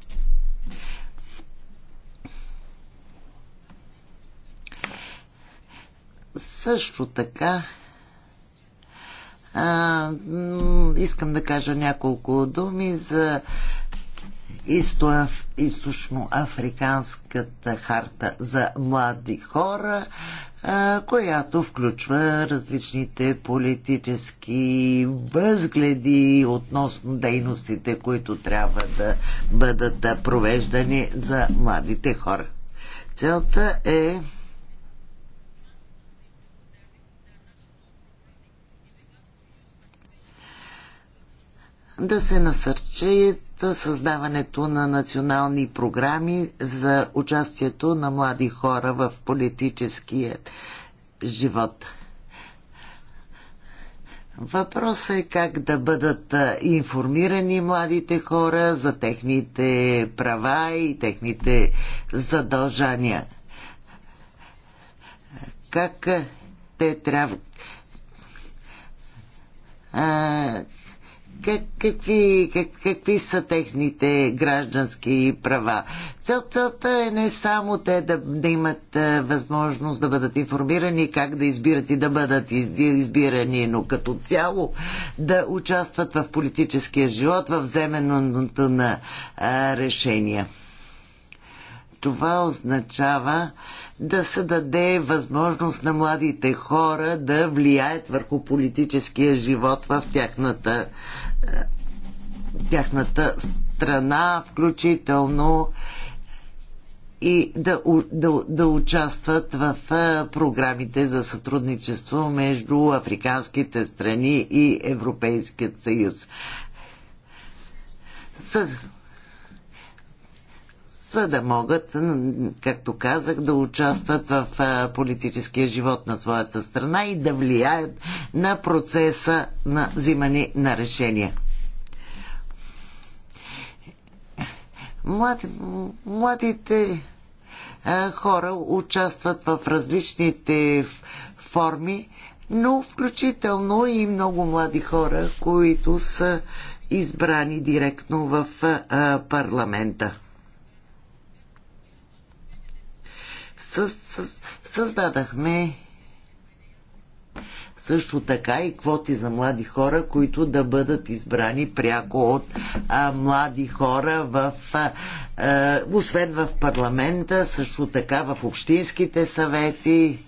Също така а, искам да кажа няколко думи за източноафриканската харта за млади хора, която включва различните политически възгледи относно дейностите, които трябва да бъдат провеждани за младите хора. Целта е да се насърчи създаването на национални програми за участието на млади хора в политическия живот. Въпросът е как да бъдат информирани младите хора за техните права и техните задължания. Как те трябва как, какви, как, какви са техните граждански права. Цел, целта е не само те да, да имат е, възможност да бъдат информирани как да избират и да бъдат избирани, но като цяло да участват в политическия живот, в вземеното на а, е, решения това означава да се даде възможност на младите хора да влияят върху политическия живот в тяхната, е, тяхната страна, включително и да, да, да участват в е, програмите за сътрудничество между африканските страни и Европейският съюз за да могат, както казах, да участват в политическия живот на своята страна и да влияят на процеса на взимане на решения. Млад, младите хора участват в различните форми, но включително и много млади хора, които са избрани директно в парламента. създадахме също така и квоти за млади хора, които да бъдат избрани пряко от а, млади хора в, а, а, освен в парламента, също така в общинските съвети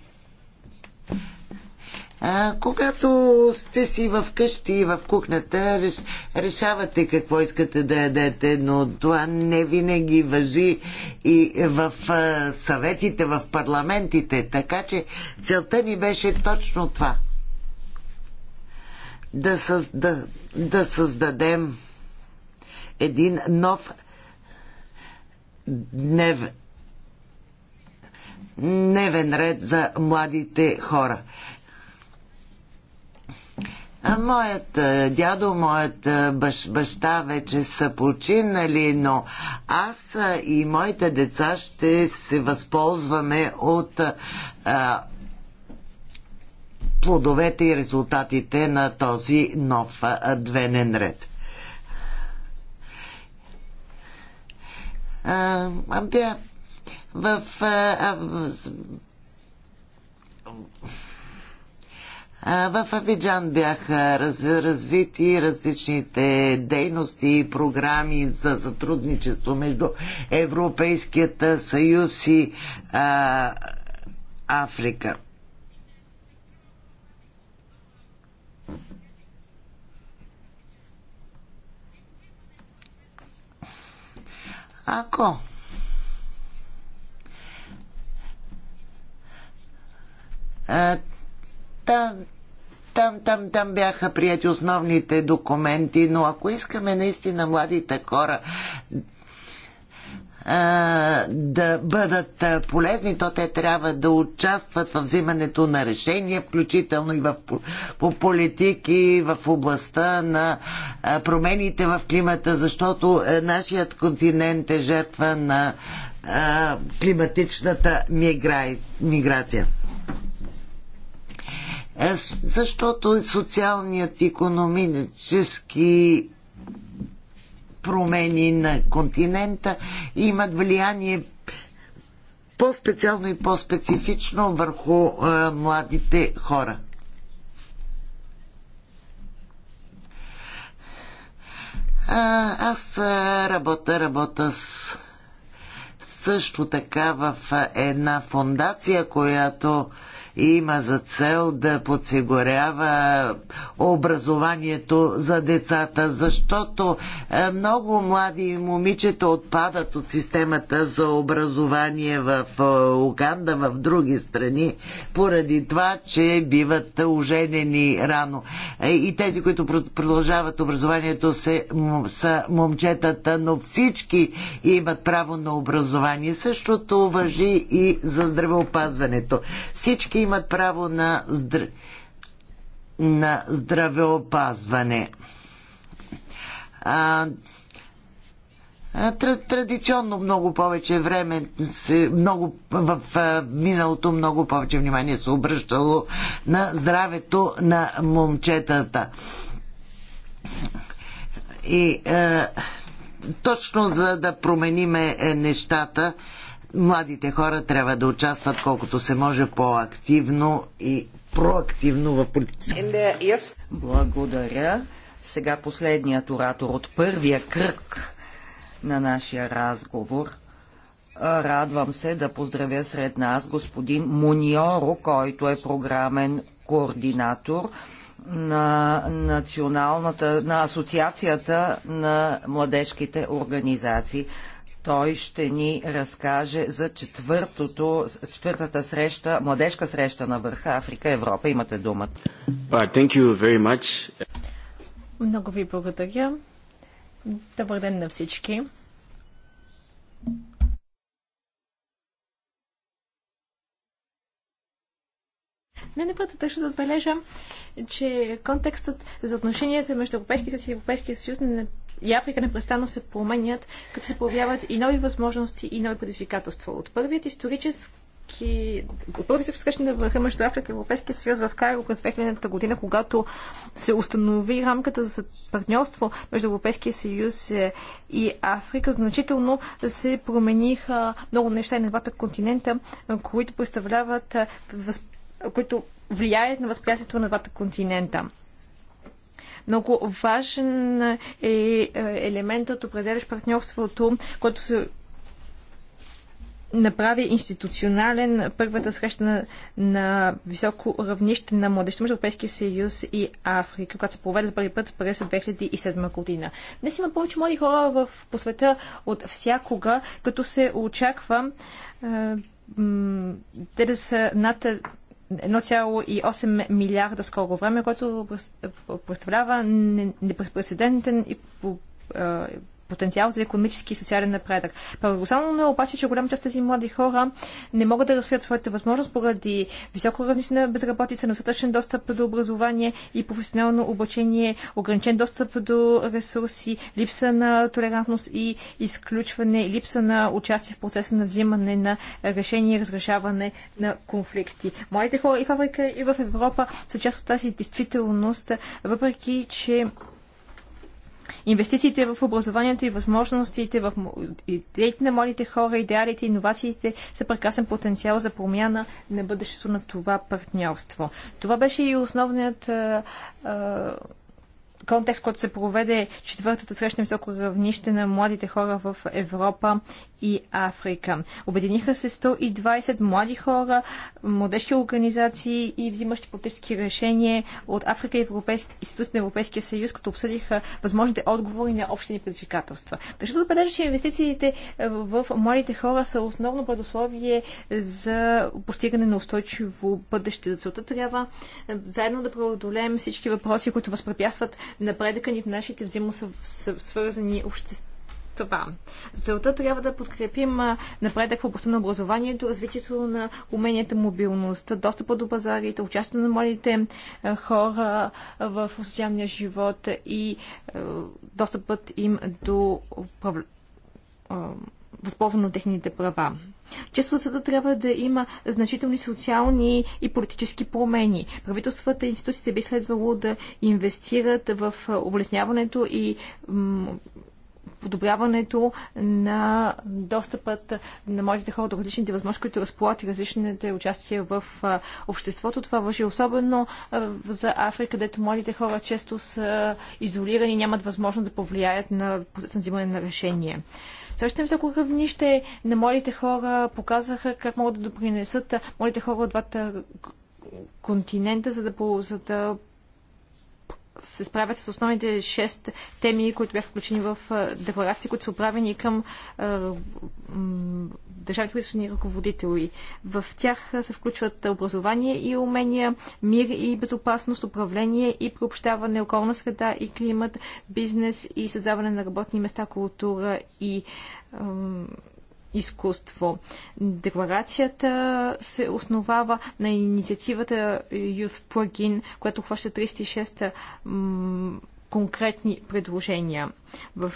а, когато сте си в къщи, в кухнята, реш, решавате какво искате да ядете, но това не винаги въжи и в а, съветите, в парламентите. Така че целта ни беше точно това. Да, създа, да създадем един нов днев, дневен ред за младите хора. А Моят дядо, моят баш, баща вече са починали, но аз и моите деца ще се възползваме от а, плодовете и резултатите на този нов двенен ред. А, бе, в а, в, в Абиджан бяха развити различните дейности и програми за сътрудничество между Европейският съюз и а, Африка. Ако а, Та, там, там, там бяха прияти основните документи, но ако искаме наистина младите хора да бъдат полезни, то те трябва да участват в взимането на решения, включително и в, по политики в областта на промените в климата, защото нашият континент е жертва на климатичната миграция. Е, защото социалният, економически промени на континента имат влияние по-специално и по-специфично върху а, е, младите хора. А, аз е, а, работя, работя с също така в една фундация, която има за цел да подсигурява образованието за децата, защото е, много млади момичета отпадат от системата за образование в е, Уганда, в други страни, поради това, че биват оженени рано. Е, и тези, които продължават образованието, са момчетата, но всички имат право на образование. Същото въжи и за здравеопазването. Всички имат право на, здр... на здравеопазване. А, Традиционно много повече време, много, в миналото много повече внимание се обръщало на здравето на момчетата. И е, точно за да промениме е, нещата, е, младите хора трябва да участват колкото се може по-активно и проактивно в политиката.
Uh, yes. Благодаря. Сега последният оратор от първия кръг на нашия разговор. Радвам се да поздравя сред нас господин Муниоро, който е програмен координатор на националната, на асоциацията на младежките организации. Той ще ни разкаже за четвъртата среща, младежка среща на върха Африка Европа. Имате думата.
Много ви благодаря. Добър ден на всички. Не, не бъде тъжно да отбележа, че контекстът за отношенията между Европейския съюз и Европейския съюз не и Африка непрестанно се променят, като се появяват и нови възможности и нови предизвикателства. От първият исторически от първото се срещи на върха между Африка и Европейския съюз в Кайро през 2000-та година, когато се установи рамката за партньорство между Европейския съюз и Африка, значително се промениха много неща и на двата континента, които представляват, които влияят на възприятието на двата континента. Много важен е, е от определящ партньорството, което се направи институционален първата среща на, на високо равнище на младеща между Европейския съюз и Африка, която се проведе за първи път през 2007 година. Днес има повече млади хора в, посвета от всякога, като се очаква е, те да са над 1,8 милиарда скоро време, което представлява непрецедентен и потенциал за економически и социален напредък. Парадоксално е обаче, че голяма част тези млади хора не могат да разкрият своите възможности поради високо равнище на безработица, недостатъчен достъп до образование и професионално обучение, ограничен достъп до ресурси, липса на толерантност и изключване, липса на участие в процеса на взимане на решение и разрешаване на конфликти. Младите хора и в Африка, и в Европа са част от тази действителност, въпреки че Инвестициите в образованието и възможностите в идеите на младите хора, идеалите, иновациите са прекрасен потенциал за промяна на бъдещето на това партньорство. Това беше и основният а, а, контекст, който се проведе четвъртата среща високо равнище на младите хора в Европа и Африка. Обединиха се 120 млади хора, младежки организации и взимащи политически решения от Африка и Европейски, Институт на Европейския съюз, като обсъдиха възможните отговори на общини предизвикателства. Държа да отбележа, че инвестициите в младите хора са основно предусловие за постигане на устойчиво бъдеще. За целта трябва заедно да преодолеем всички въпроси, които възпрепятстват напредъка ни в нашите взаимосвързани общества това. За целта трябва да подкрепим напредък в областта на образованието, развитието на уменията, мобилността, достъпа до пазарите, участието на младите хора в социалния живот и достъпът им до възползване на техните права. Често съда трябва да има значителни социални и политически промени. Правителствата и институциите би следвало да инвестират в облесняването и подобряването на достъпът на младите хора до различните възможности, които разполагат и различните участия в обществото. Това въжи особено за Африка, където младите хора често са изолирани, и нямат възможност да повлияят на процес на взимане на решение. Срещам високо равнище на младите хора показаха как могат да допринесат младите хора от двата континента, за да, за да се справят с основните шест теми, които бяха включени в декларации, които са отправени към държавите, които са ни ръководители. В тях се включват образование и умения, мир и безопасност, управление и приобщаване, околна среда и климат, бизнес и създаване на работни места, култура и изкуство. Декларацията се основава на инициативата Youth Plugin, която хваща 36 конкретни предложения. В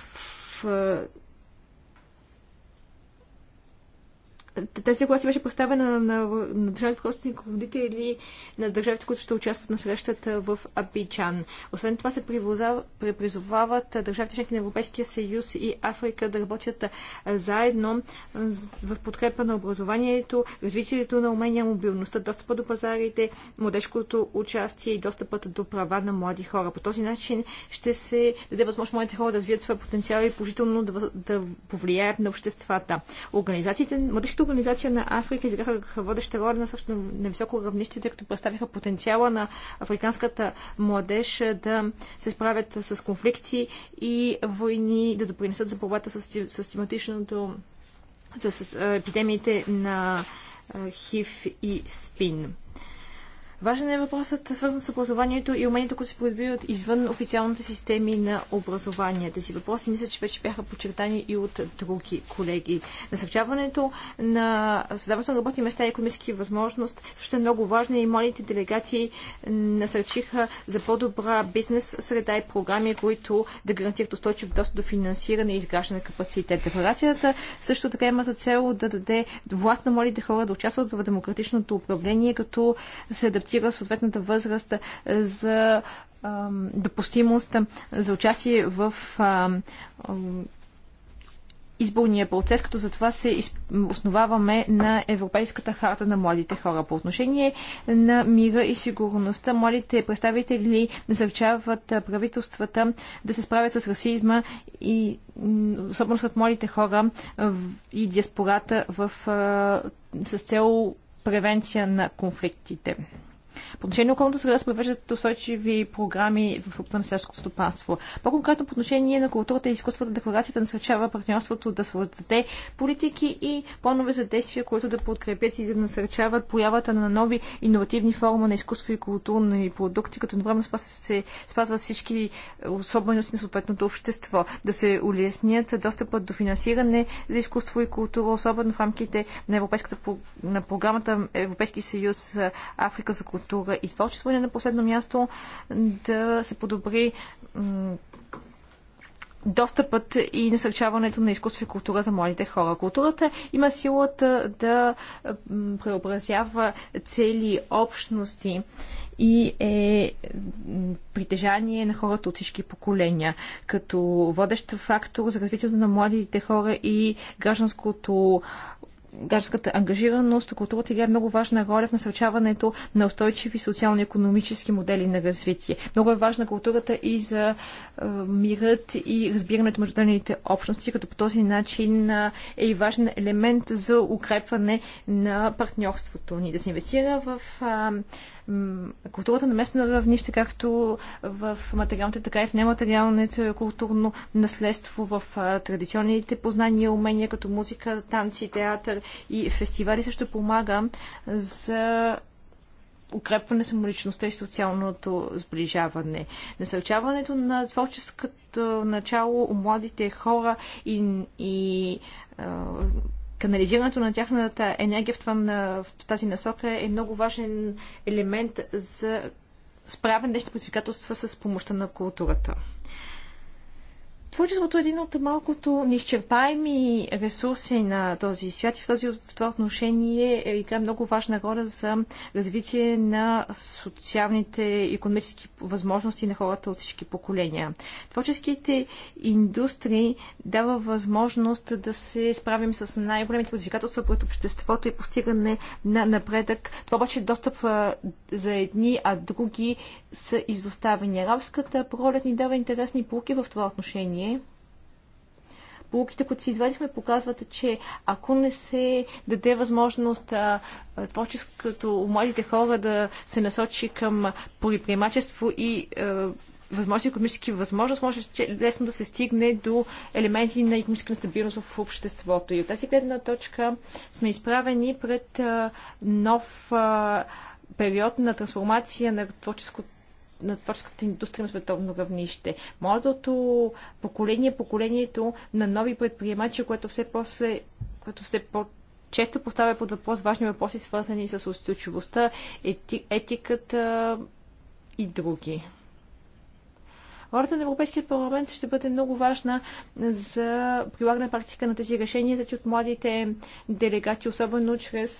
тази декларация беше представена на, на, на които са ръководители на държавите, които ще участват на срещата в Абиджан. Освен това се призовават държавите членки на Европейския съюз и Африка да работят заедно в подкрепа на образованието, развитието на умения, мобилността, достъпа до пазарите, младежкото участие и достъпът до права на млади хора. По този начин ще се даде възможност младите хора да развият своя потенциал и положително да, да повлияят на обществата. Организациите, младежките организация на Африка изиграха водеща роля на също на високо равнище, тъй като представиха потенциала на африканската младеж е, да се справят с конфликти и войни, да допринесат за борбата с систематичното с, с е, епидемиите на е, хив и спин. Важен е въпросът, свързан с образованието и уменията, които се придобиват извън официалните системи на образование. Тези въпроси мисля, че вече бяха подчертани и от други колеги. Насърчаването на създаването на работни места и економически възможност също е много важно и моите делегати насърчиха за по-добра бизнес среда и програми, които да гарантират устойчив достъп до финансиране и изграждане на капацитет. Декларацията също така има за цел да даде власт на молите хора да участват в демократичното управление, като се адаптират достига съответната възраст е, за допустимост за участие в изборния процес, като затова се основаваме на Европейската харта на младите хора. По отношение на мира и сигурността, младите представители насърчават правителствата да се справят с расизма и особено сред младите хора и диаспората в, с цел превенция на конфликтите. По отношение на околната среда се провеждат устойчиви програми в областта на селското стопанство. По-конкретно по отношение на културата и изкуствата декларацията насърчава партньорството да създаде политики и планове за действия, които да подкрепят и да насърчават появата на нови иновативни форми на изкуство и културни продукти, като едновременно с се спазват всички особености на съответното общество, да се улеснят достъпът до финансиране за изкуство и култура, особено в рамките на, европейската, на програмата Европейски съюз Африка за култура култура и творчество. И е на последно място да се подобри достъпът и насърчаването на изкуство и култура за младите хора. Културата има силата да преобразява цели общности и е притежание на хората от всички поколения. Като водещ фактор за развитието на младите хора и гражданското гражданската ангажираност, културата играе много важна роля в насърчаването на устойчиви социално-економически модели на развитие. Много е важна културата и за а, е, мирът и разбирането между дадените общности, като по този начин е, е и важен елемент за укрепване на партньорството ни. Да се инвестира в а, е, културата на местно равнище, както в материалните, така и в нематериалните културно наследство, в традиционните познания и умения, като музика, танци, театър, и фестивали също помага за укрепване самоличността и социалното сближаване. Насърчаването на творческото начало у младите хора и, и а, канализирането на тяхната енергия в, това, в тази насока е много важен елемент за справен нещо предизвикателства с помощта на културата. Творчеството е един от малкото неизчерпаеми ресурси на този свят и в, този, в това отношение е, играе много важна роля за развитие на социалните и економически възможности на хората от всички поколения. Творческите индустрии дава възможност да се справим с най-големите предизвикателства пред обществото и постигане на напредък. Това обаче е достъп за едни, а други са изоставени. Арабската пролет ни дава интересни полки в това отношение заключение, полуките, които си извадихме, показват, че ако не се даде възможност а, творческото младите хора да се насочи към предприемачество и а, възможности, економически възможност, може че лесно да се стигне до елементи на економическа нестабилност в обществото. И от тази гледна точка сме изправени пред а, нов а, период на трансформация на творческото на творческата индустрия на световно равнище. Младото поколение, е поколението на нови предприемачи, което все, после, което все по често поставя под въпрос важни въпроси, свързани с устойчивостта, ети, етиката и други. Ролята на Европейския парламент ще бъде много важна за прилагане практика на тези решения, взети от младите делегати, особено чрез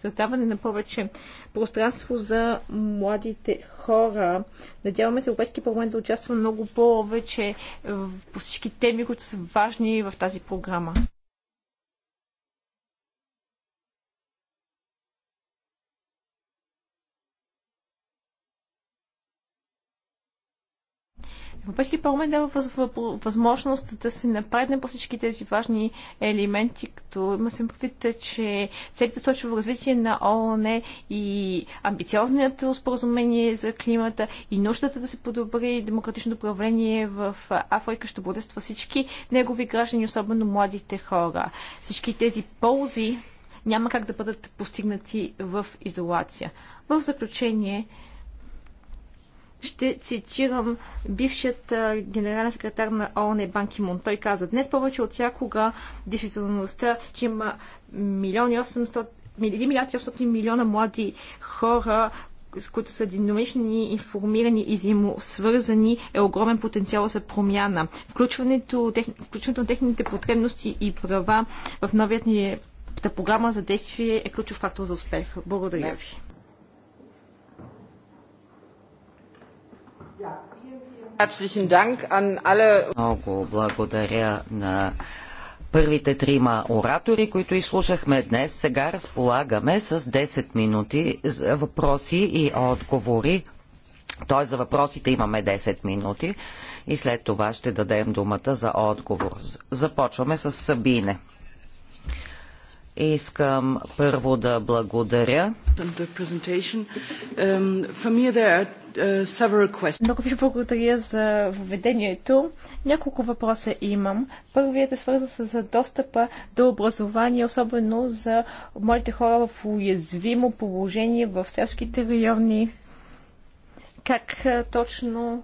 създаване на повече пространство за младите хора. Надяваме се Европейския парламент да участва много повече по всички теми, които са важни в тази програма. Въпреки парламент дава възможност да се напредне по всички тези важни елементи, като има се предвид, че целите устойчиво развитие на ООН и амбициозният споразумение за климата и нуждата да се подобри демократичното управление в Африка ще бъдества всички негови граждани, особено младите хора. Всички тези ползи няма как да бъдат постигнати в изолация. В заключение, ще цитирам бившият генерален секретар на ООН Банки Мун. Той каза, днес повече от всякога действителността, че има 1 милиард милиард 800 милиона млади хора, с които са динамични, информирани и взаимосвързани, е огромен потенциал за промяна. Включването, тех, включването на техните потребности и права в новият ни програма за действие е ключов фактор за успех. Благодаря ви.
Много
благодаря на първите трима оратори, които изслушахме днес. Сега разполагаме с 10 минути за въпроси и отговори. Т.е. за въпросите имаме 10 минути и след това ще дадем думата за отговор. Започваме с Сабине. Искам първо да благодаря.
Um, uh, Много ви благодаря за введението. Няколко въпроса имам. Първият е свързан с достъпа до образование, особено за моите хора в уязвимо положение в селските райони. Как точно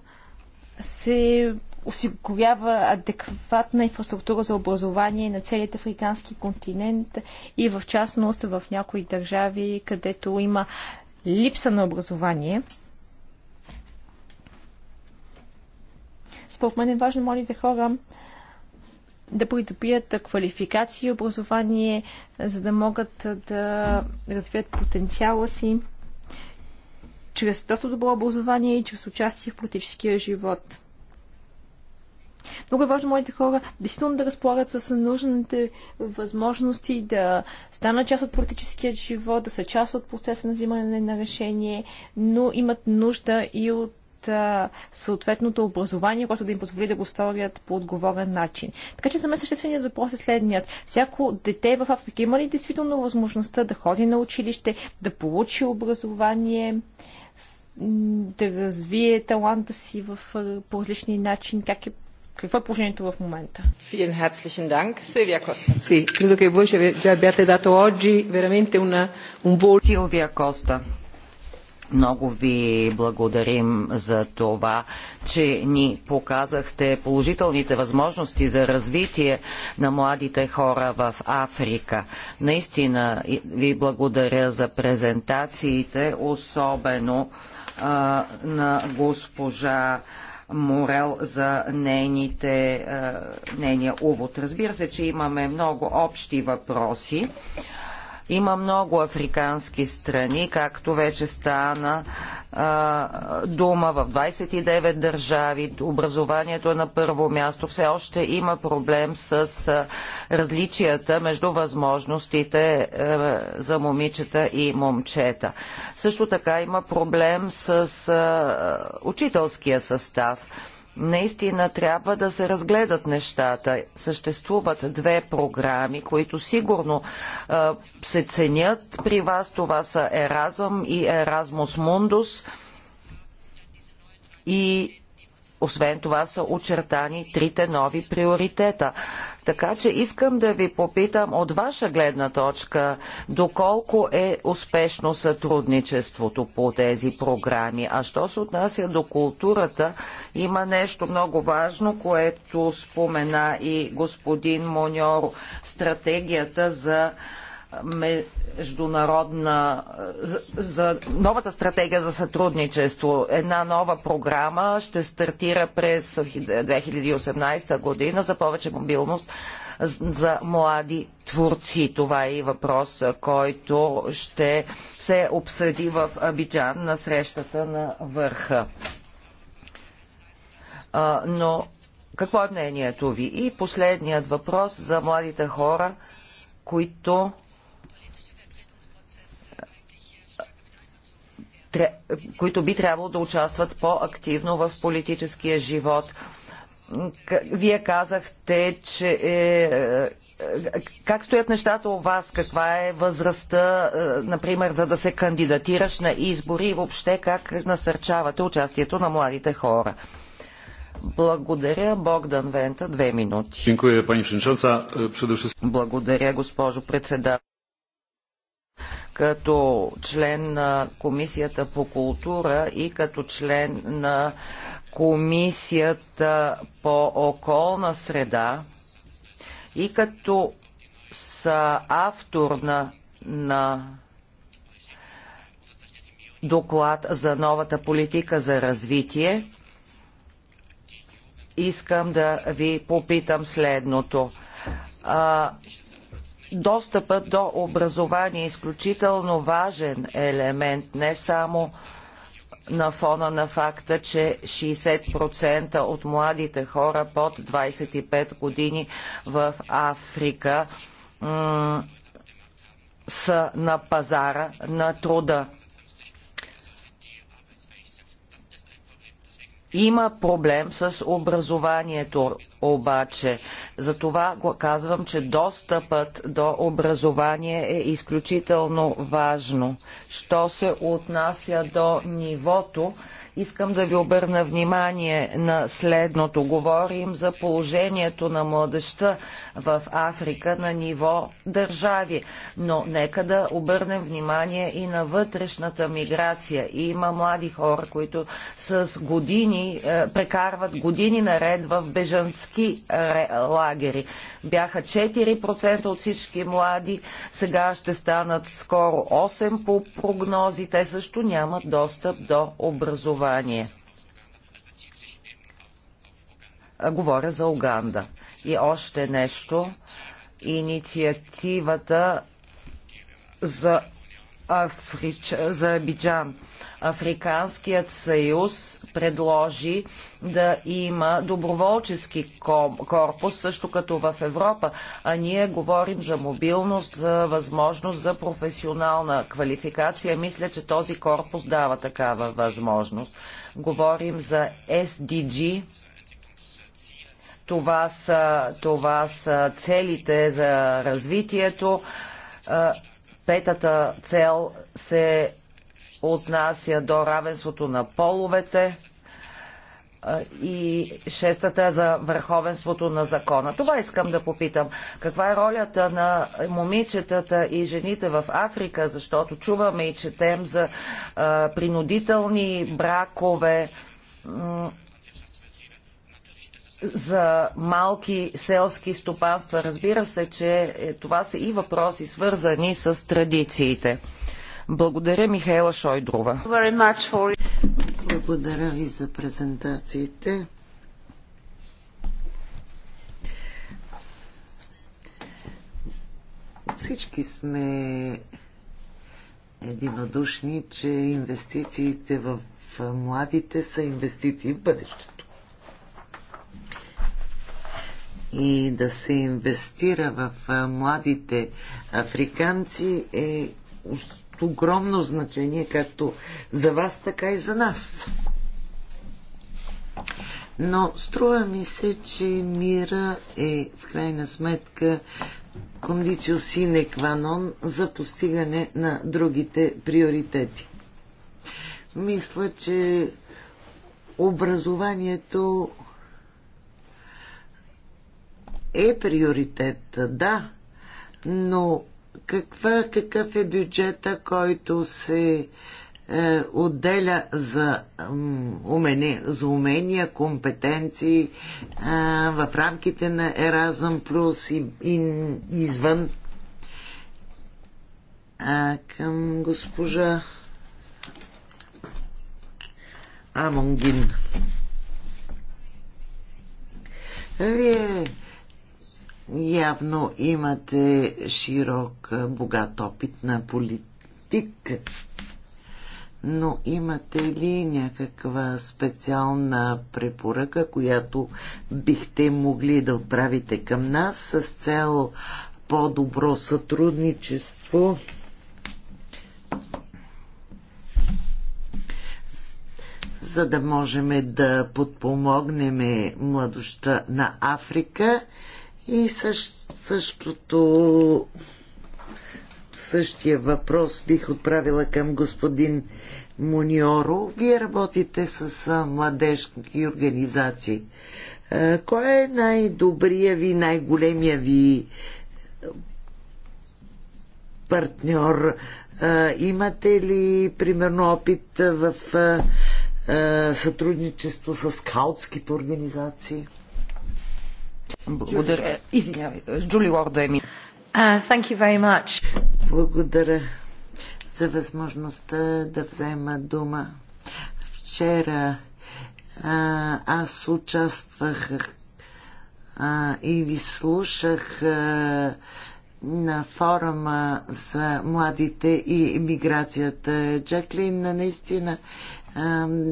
се осигурява адекватна инфраструктура за образование на целият африкански континент и в частност в някои държави, където има липса на образование. Според мен е важно молите хора да придобият квалификации и образование, за да могат да развият потенциала си чрез доста добро образование и чрез участие в политическия живот. Много е важно моите хора действително да разполагат с нужните възможности да станат част от политическия живот, да са част от процеса на взимане на решение, но имат нужда и от съответното образование, което да им позволи да го сторят по отговорен начин. Така че за мен същественият въпрос е следният. Всяко дете в Африка има ли действително възможността да ходи на училище, да получи образование, да развие таланта си в, по различни начини, как е какво е положението в момента?
Vielen herzlichen Dank, Silvia Costa. Sì, credo che voi ci abbiate dato oggi veramente una, un volo. Silvia Costa. Много ви благодарим за това, че ни показахте положителните възможности за развитие на младите хора в Африка. Наистина ви благодаря за презентациите, особено а, на госпожа а, Морел за нейните, нейния увод. Разбира се, че имаме много общи въпроси. Има много африкански страни, както вече стана а, дума в 29 държави. Образованието е на първо място. Все още има проблем с а, различията между възможностите а, е, за момичета и момчета. Също така има проблем с а, учителския състав Наистина трябва да се разгледат нещата. Съществуват две програми, които сигурно а, се ценят при вас. Това са Еразъм и Еразмус Мундус. И освен това са очертани трите нови приоритета. Така че искам да ви попитам от ваша гледна точка, доколко е успешно сътрудничеството по тези програми. А що се отнася до културата, има нещо много важно, което спомена и господин Моньоро. Стратегията за международна, за, за новата стратегия за сътрудничество. Една нова програма ще стартира през 2018 година за повече мобилност за млади творци. Това е и въпрос, който ще се обсъди в Абиджан на срещата на върха. но какво е мнението ви? И последният въпрос за младите хора, които които би трябвало да участват по-активно в политическия живот. Вие казахте, че е, е, как стоят нещата у вас? Каква е възрастта, е, например, за да се кандидатираш на избори и въобще как насърчавате участието на младите хора? Благодаря, Богдан Вента. Две минути. Благодаря, госпожо председател като член на Комисията по култура и като член на Комисията по околна среда и като са автор на, на доклад за новата политика за развитие, искам да ви попитам следното. А, Достъпът до образование е изключително важен елемент, не само на фона на факта, че 60% от младите хора под 25 години в Африка са на пазара на труда. Има проблем с образованието обаче. Затова казвам, че достъпът до образование е изключително важно. Що се отнася до нивото, Искам да ви обърна внимание на следното. Говорим за положението на младеща в Африка на ниво държави, но нека да обърнем внимание и на вътрешната миграция. И има млади хора, които с години, е, прекарват години наред в бежански е, лагери. Бяха 4% от всички млади, сега ще станат скоро 8% по прогнози. Те също нямат достъп до образование образование. Говоря за Уганда. И още нещо. Инициативата за, Африч... за Абиджан. Африканският съюз предложи да има доброволчески корпус, също като в Европа. А ние говорим за мобилност, за възможност за професионална квалификация. Мисля, че този корпус дава такава възможност. Говорим за SDG, това са, това са целите за развитието. Петата цел се отнася до равенството на половете и шестата е за върховенството на закона. Това искам да попитам. Каква е ролята на момичетата и жените в Африка, защото чуваме и четем за а, принудителни бракове за малки селски стопанства. Разбира се, че е, това са и въпроси свързани с традициите. Благодаря, Михаела Шойдрова. Благодаря ви за презентациите.
Всички сме единодушни, че инвестициите в младите са инвестиции в бъдещето. И да се инвестира в младите африканци е огромно значение както за вас, така и за нас. Но струва ми се, че мира е в крайна сметка кондицио sine qua non за постигане на другите приоритети. Мисля, че образованието е приоритет, да, но каква, какъв е бюджета, който се е, отделя за, умения, за умения, компетенции е, в рамките на Еразъм Плюс и, и, и извън? А, към госпожа Амонгин. Вие Явно имате широк, богат опит на политик, но имате ли някаква специална препоръка, която бихте могли да отправите към нас с цел по-добро сътрудничество? за да можем да подпомогнем младоща на Африка и същ, същото същия въпрос бих отправила към господин Муниоро. Вие работите с младежки организации. Кой е най-добрия ви, най-големия ви партньор? Имате ли, примерно, опит в сътрудничество с каутските организации? Благодаря. Извинявайте. Джули е,
е, е ми. Благодаря
за възможността да взема дума. Вчера а, аз участвах а, и ви слушах а, на форума за младите и миграцията. Джаклин, наистина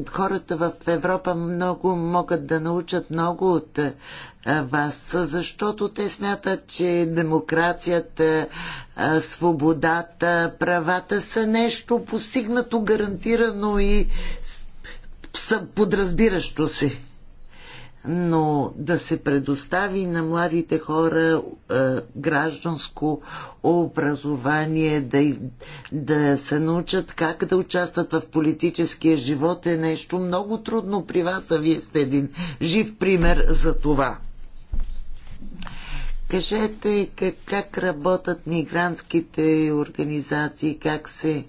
хората в Европа много могат да научат много от вас, защото те смятат, че демокрацията, свободата, правата са нещо постигнато, гарантирано и подразбиращо се но да се предостави на младите хора е, гражданско образование, да, да се научат как да участват в политическия живот е нещо много трудно при вас, а вие сте един жив пример за това. Кажете как, как работят мигрантските организации, как се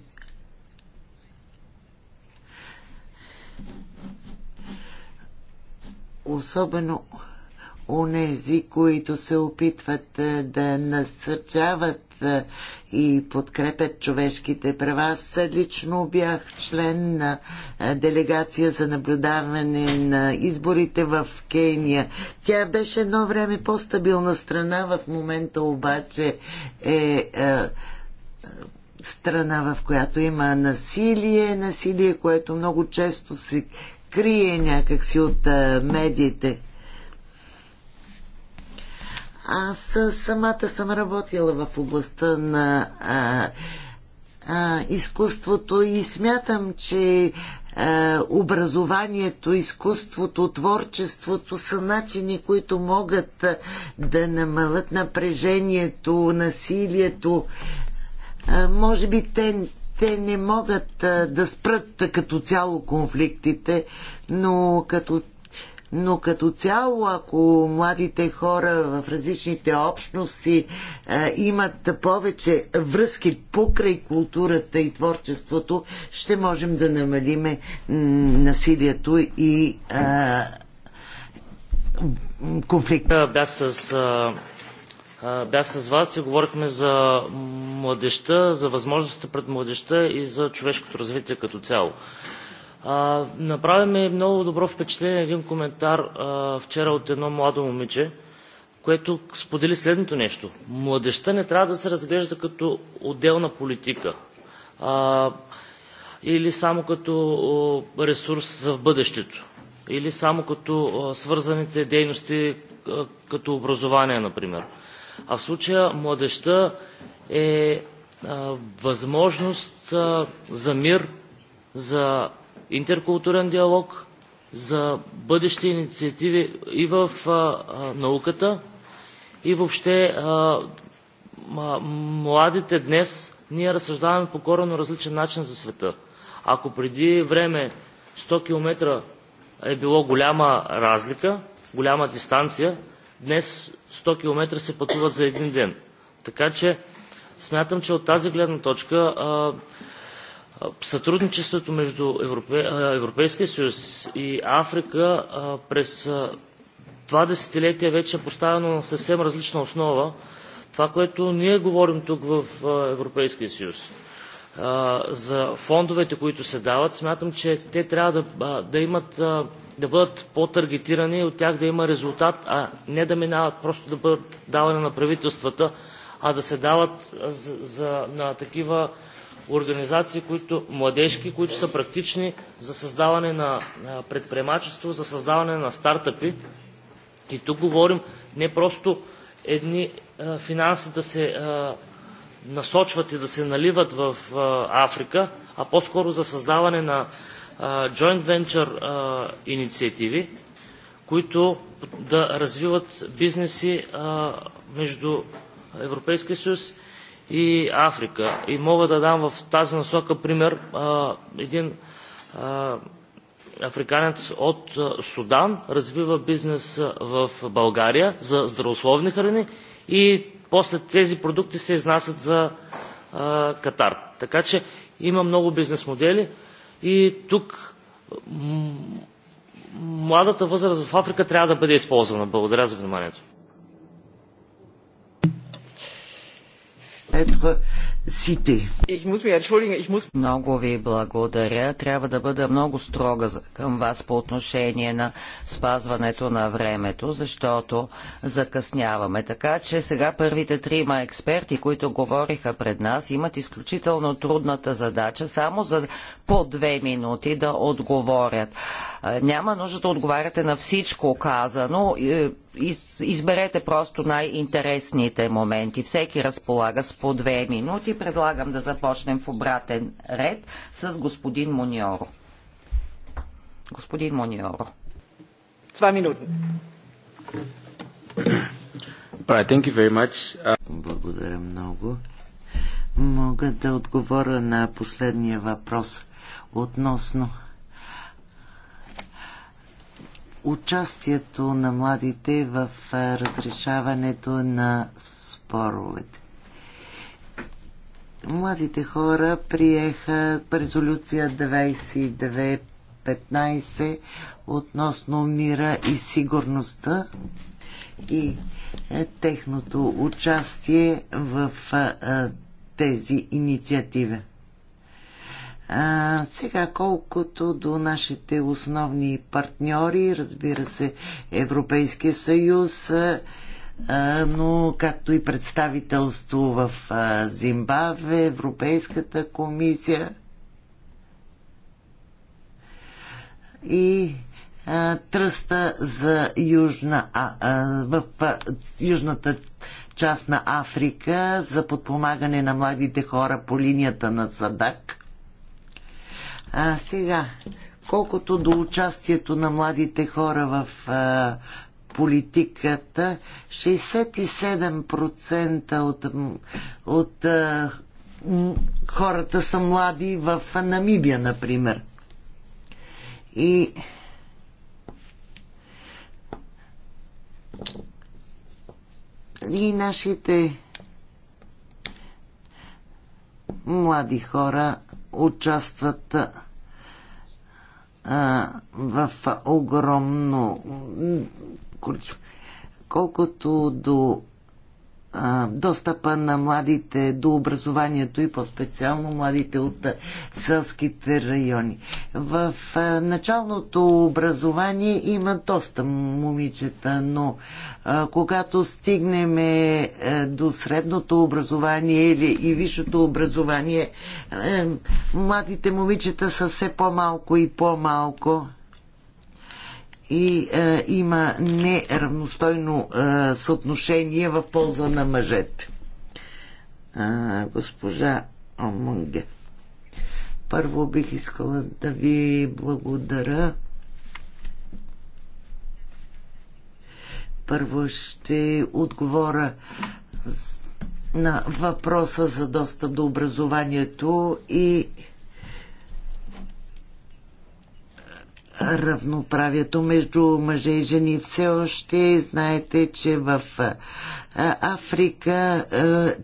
особено онези, които се опитват да насърчават и подкрепят човешките права. Аз лично бях член на делегация за наблюдаване на изборите в Кения. Тя беше едно време по-стабилна страна, в момента обаче е, е страна, в която има насилие, насилие, което много често се крие някакси от медиите. Аз самата съм работила в областта на а, а, изкуството и смятам, че а, образованието, изкуството, творчеството са начини, които могат да намалят напрежението, насилието. А, може би те те не могат да спрат като цяло конфликтите, но като но като цяло, ако младите хора в различните общности а, имат повече връзки покрай културата и творчеството, ще можем да намалиме насилието
и а, конфликта. Бях с бях с вас и говорихме за младеща, за възможностите пред младеща и за човешкото развитие като цяло. Направи ми много добро впечатление един коментар вчера от едно младо момиче, което сподели следното нещо. младеща не трябва да се разглежда като отделна политика или само като ресурс за бъдещето или само като свързаните дейности като образование, например. А в случая младеща е а, възможност а, за мир, за интеркултурен диалог, за бъдещи инициативи и в а, а, науката, и въобще а, а, младите днес ние разсъждаваме по коренно различен начин за света. Ако преди време 100 км е било голяма разлика, голяма дистанция, Днес 100 км се пътуват за един ден. Така че смятам, че от тази гледна точка а, сътрудничеството между Европе, Европейския съюз и Африка а, през а, това десетилетие вече е поставено на съвсем различна основа. Това, което ние говорим тук в Европейския съюз за фондовете, които се дават, смятам, че те трябва да, да имат да бъдат по-таргетирани и от тях да има резултат, а не да минават просто да бъдат давани на правителствата, а да се дават за, за, на такива организации, които, младежки, които са практични за създаване на предприемачество, за създаване на стартъпи. И тук говорим не просто едни а, финанси да се а, насочват и да се наливат в Африка, а по-скоро за създаване на joint venture инициативи, които да развиват бизнеси между Европейския съюз и Африка. И мога да дам в тази насока пример един африканец от Судан развива бизнес в България за здравословни храни и после тези продукти се изнасят за а, Катар. Така че има много бизнес модели и тук младата възраст в Африка трябва да бъде използвана. Благодаря за вниманието.
Сите. Много ви благодаря. Трябва да бъда много строга към вас по отношение на спазването на времето, защото закъсняваме. Така че сега първите трима експерти, които говориха пред нас, имат изключително трудната задача само за по две минути да отговорят. Няма нужда да отговаряте на всичко казано. Изберете просто най-интересните моменти. Всеки разполага с по две минути предлагам да започнем в обратен ред с господин Мониоро. Господин Мониоро. Два минути.
Благодаря много.
Мога да
отговоря на последния въпрос относно участието на младите в разрешаването на споровете младите хора приеха резолюция 2215 относно мира и сигурността и е техното участие в а, тези инициативи. А, сега, колкото до нашите основни партньори, разбира се, Европейския съюз, но както и представителство в Зимбабве, Европейската комисия и тръста за Южна, в Южната част на Африка за подпомагане на младите хора по линията на Садак. А сега, колкото до участието на младите хора в а, политиката. 67% от, от от хората са млади в Намибия, например. И и нашите млади хора участват а, в огромно ключов. Колкото до достъпа на младите до образованието и по-специално младите от селските райони. В началното образование има доста момичета, но когато стигнем е, до средното образование или и висшето образование, е, младите момичета са все по-малко и по-малко и а, е, има неравностойно а, е, съотношение в полза на мъжете. А, госпожа Омунге. Първо бих искала да ви благодаря. Първо ще отговоря на въпроса за достъп до образованието и равноправието между мъже и жени. Все още знаете, че в Африка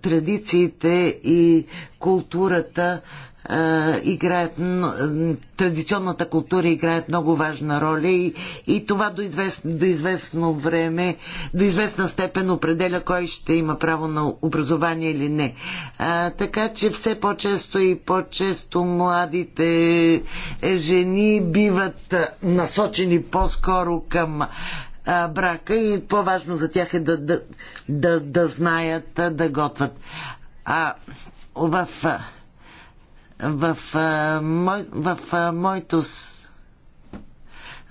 традициите и културата играят традиционната култура играят много важна роля и, и това до известно, до известно време, до известна степен определя кой ще има право на образование или не. А, така че все по-често и по-често младите е, жени биват насочени по-скоро към а, брака и по-важно за тях е да, да, да, да знаят, да готват. А в в, мой, в, в моето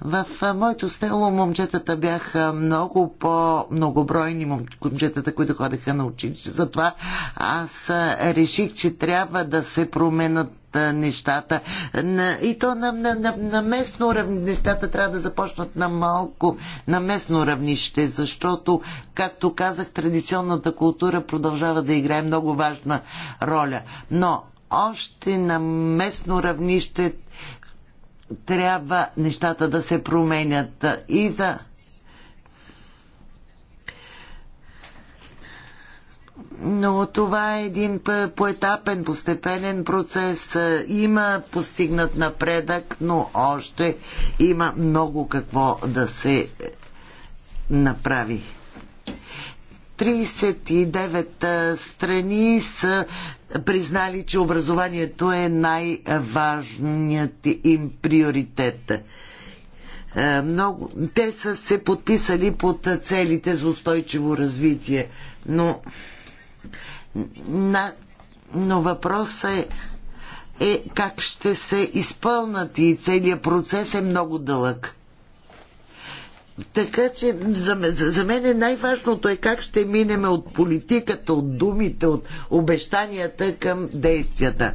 в моето село момчетата бяха много по-многобройни момчетата, които ходеха на училище. Затова аз реших, че трябва да се променят нещата. И то на, на, на, на местно равнище. Нещата трябва да започнат на малко, на местно равнище, защото, както казах, традиционната култура продължава да играе много важна роля. Но още на местно равнище трябва нещата да се променят и за но това е един поетапен, постепенен процес. Има постигнат напредък, но още има много какво да се направи. 39 страни са признали, че образованието е най-важният им приоритет. Е, много, те са се подписали под целите за устойчиво развитие, но, на, но въпросът е, е как ще се изпълнат и целият процес е много дълъг. Така че за, за мен е най-важното е как ще минеме от политиката, от думите, от обещанията към действията.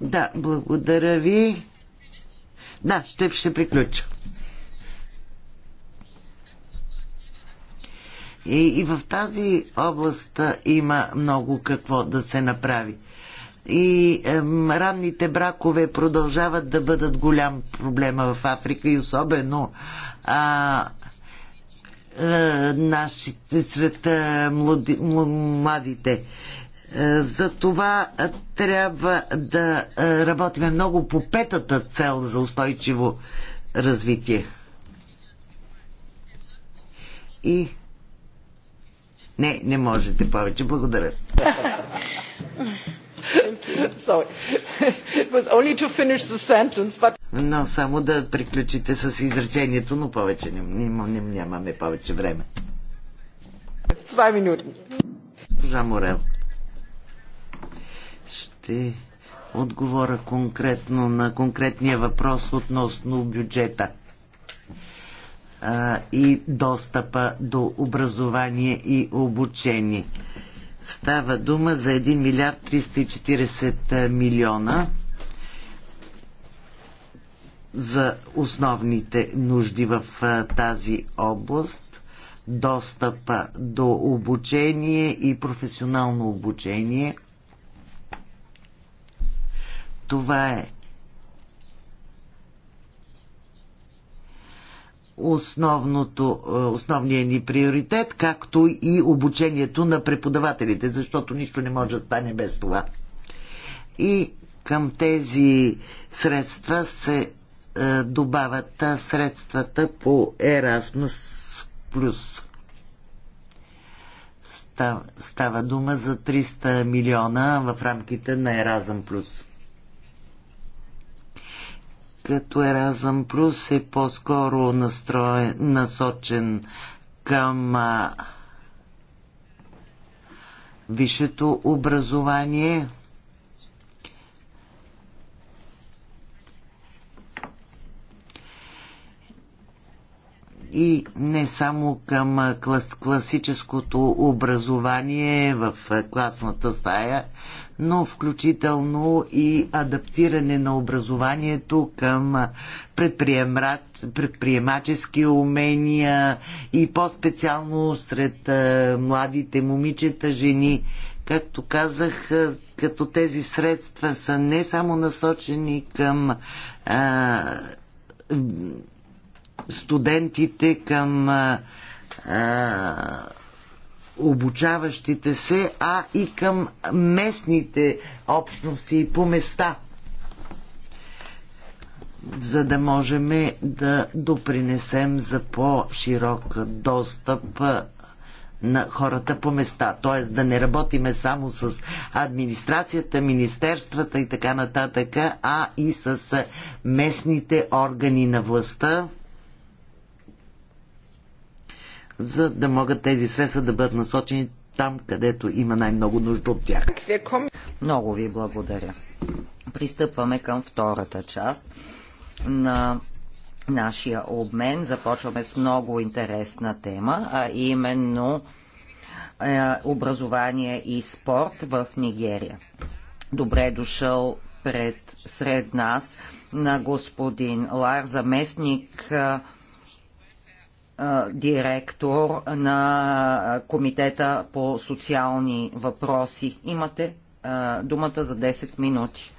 Да, благодаря ви. Да, ще, ще приключа. И, и в тази област има много какво да се направи и ранните бракове продължават да бъдат голям проблема в Африка и особено а, е, нашите, сред е, млади, младите. Е, за това трябва да работиме много по петата цел за устойчиво развитие. И. Не, не можете повече. Благодаря. Но само да приключите с изречението, но повече нямаме повече време. Два минути. Жа Морел. Ще отговоря конкретно на конкретния въпрос относно бюджета а, и достъпа до образование и обучение. Става дума за 1 милиард 340 е, милиона за основните нужди в е, тази област, достъпа до обучение и професионално обучение. Това е основното, е, ни приоритет, както и обучението на преподавателите, защото нищо не може да стане без това. И към тези средства се е, добавят средствата по Erasmus+. Става, става дума за 300 милиона в рамките на Erasmus+ като Еразъм Плюс е по-скоро насочен към а, висшето образование – и не само към клас, класическото образование в класната стая, но включително и адаптиране на образованието към предприемачески умения и по-специално сред младите момичета, жени. Както казах, като тези средства са не само насочени към а, студентите, към а, а, обучаващите се, а и към местните общности по места, за да можем да допринесем за по-широк достъп на хората по места. Т.е. да не работиме само с администрацията, министерствата и така нататък, а и с местните органи на властта за да могат тези средства да бъдат насочени там, където има най-много нужда от
тях. Много ви благодаря. Пристъпваме към втората част на нашия обмен. Започваме с много интересна тема, а именно е, образование и спорт в Нигерия. Добре е дошъл пред сред нас на господин Лар, заместник е, директор на Комитета по социални въпроси. Имате думата за 10 минути.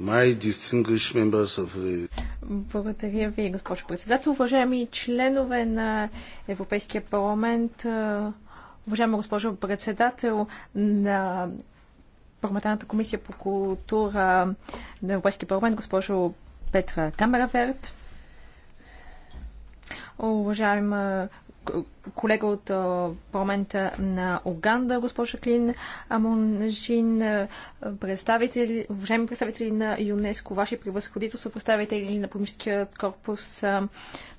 The...
Благодаря ви, госпожо председател. Уважаеми членове на Европейския парламент, уважаема госпожо председател на Парламентарната комисия по култура на Европейския парламент, госпожо Петра Камераверт, уважаема колега от парламента на Уганда, госпожа Клин Амонжин, представители, уважаеми представители на ЮНЕСКО, ваши превъзходителство, представители на Помишкият корпус,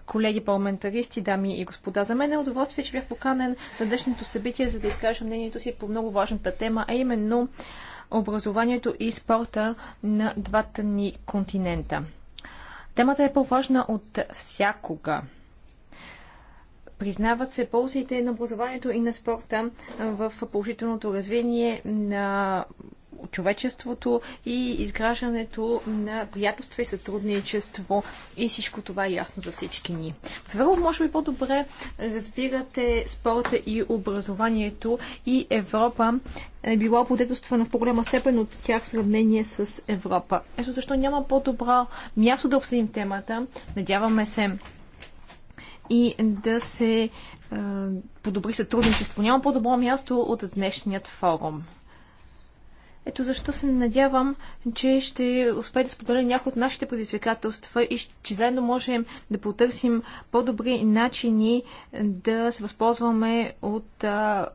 колеги парламентаристи, дами и господа. За мен е удоволствие, че бях поканен на днешното събитие, за да изкажа мнението си по много важната тема, а именно образованието и спорта на двата ни континента. Темата е по-важна от всякога. Признават се ползите на образованието и на спорта в положителното развитие на човечеството и изграждането на приятелство и сътрудничество и всичко това е ясно за всички ни. В може би по-добре разбирате спорта и образованието и Европа е била подетелствана в по-голяма степен от тях в сравнение с Европа. Ето защо няма по-добро място да обсъдим темата. Надяваме се и да се е, подобри сътрудничество. Няма по-добро място от днешният форум. Ето защо се надявам, че ще успее да споделя някои от нашите предизвикателства и че заедно можем да потърсим по-добри начини да се възползваме от а,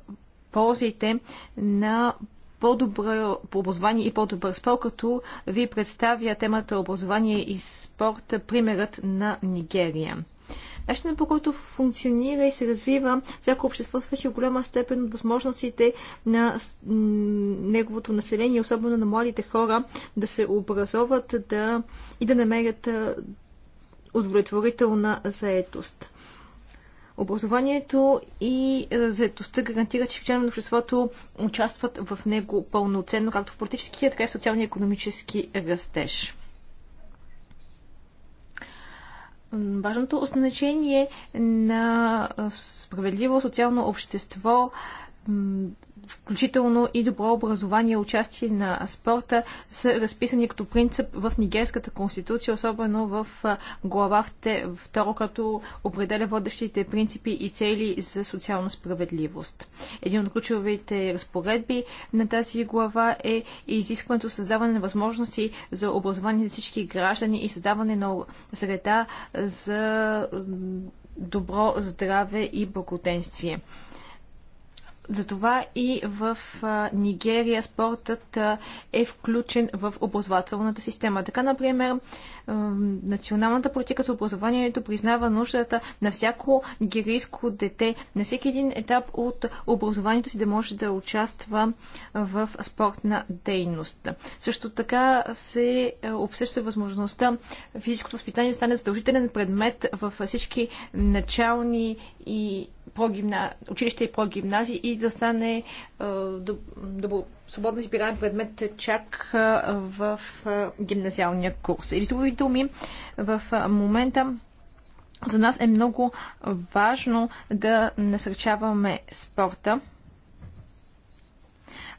ползите на по-добро по образование и по-добър спорт, като ви представя темата образование и спорт, примерът на Нигерия начина по който функционира и се развива всяко общество свърши в голяма степен от възможностите на неговото население, особено на младите хора, да се образоват да, и да намерят удовлетворителна заетост. Образованието и заедостта гарантират, че членове на обществото участват в него пълноценно, както в политическия, така и в социално-економически растеж. важното значение на справедливо социално общество включително и добро образование, участие на спорта, са разписани като принцип в Нигерската конституция, особено в глава второ, като определя водещите принципи и цели за социална справедливост. Един от ключовите разпоредби на тази глава е изискването създаване на възможности за образование за всички граждани и създаване на среда за добро здраве и благоденствие. Затова и в Нигерия спортът е включен в образователната система. Така, например, националната политика за образованието признава нуждата на всяко нигерийско дете на всеки един етап от образованието си да може да участва в спортна дейност. Също така се обсъща възможността физическото възпитание да стане задължителен предмет във всички начални и прогимна... училище и прогимназии и да стане е, до... свободно избираем предмет чак е, в е, гимназиалния курс. Или с други думи, в момента за нас е много важно да насърчаваме спорта.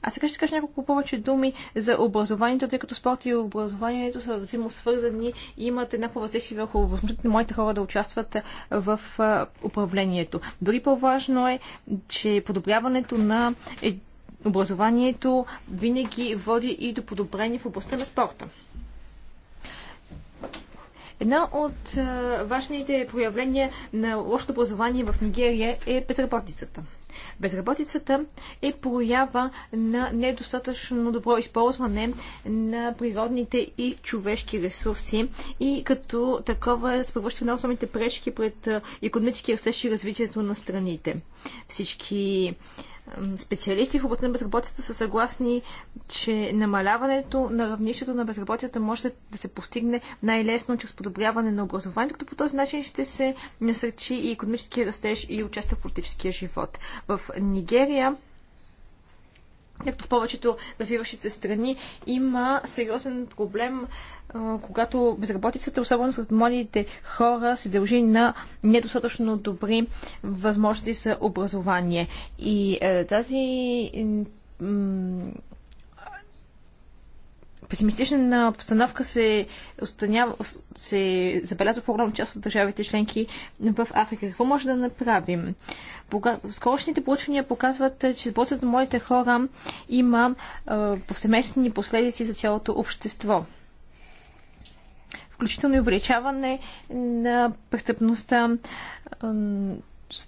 А сега ще кажа няколко повече думи за образованието, тъй като спорт и образованието са взаимосвързани и имат еднакво въздействие върху възможността на моите хора да участват в управлението. Дори по-важно е, че подобряването на е, образованието винаги води и до подобрение в областта на спорта. Една от важните проявления на лошото образование в Нигерия е безработицата. Безработицата е проява на недостатъчно добро използване на природните и човешки ресурси и като такова е превръща на основните пречки пред економически растеж и развитието на страните. Всички специалисти в областта на безработицата са съгласни, че намаляването на равнището на безработицата може да се постигне най-лесно чрез подобряване на образованието, като по този начин ще се насърчи и економически растеж и участие в политическия живот. В Нигерия както в повечето развиващи се страни, има сериозен проблем, когато безработицата, особено сред младите хора, се дължи на недостатъчно добри възможности за образование. И е, тази песимистична обстановка се, останява, се забелязва в по-голяма част от държавите членки в Африка. Какво може да направим? Скорочните получвания показват, че сблъсът на моите хора има повсеместни последици за цялото общество включително и увеличаване на престъпността,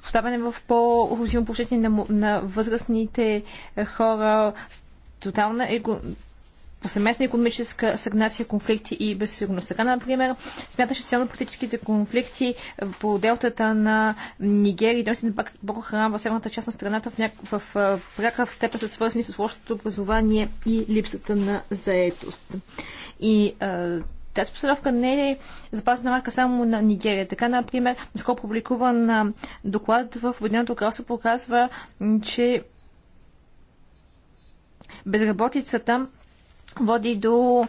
поставяне в по-уязвимо положение на, на възрастните хора, тотална его, повсеместна економическа сегнация конфликти и безсигурност. Така, например, смяташе социално-политическите конфликти е, по делтата на Нигерия и Донси на Боко Харам в северната част на страната в, няк... в, е, в прякакъв степен са свързани с лошото образование и липсата на заетост. И а, е, тази постановка не е запазена марка само на Нигерия. Така, например, наскоро публикуван доклад в Обединеното кралство показва, че безработицата води до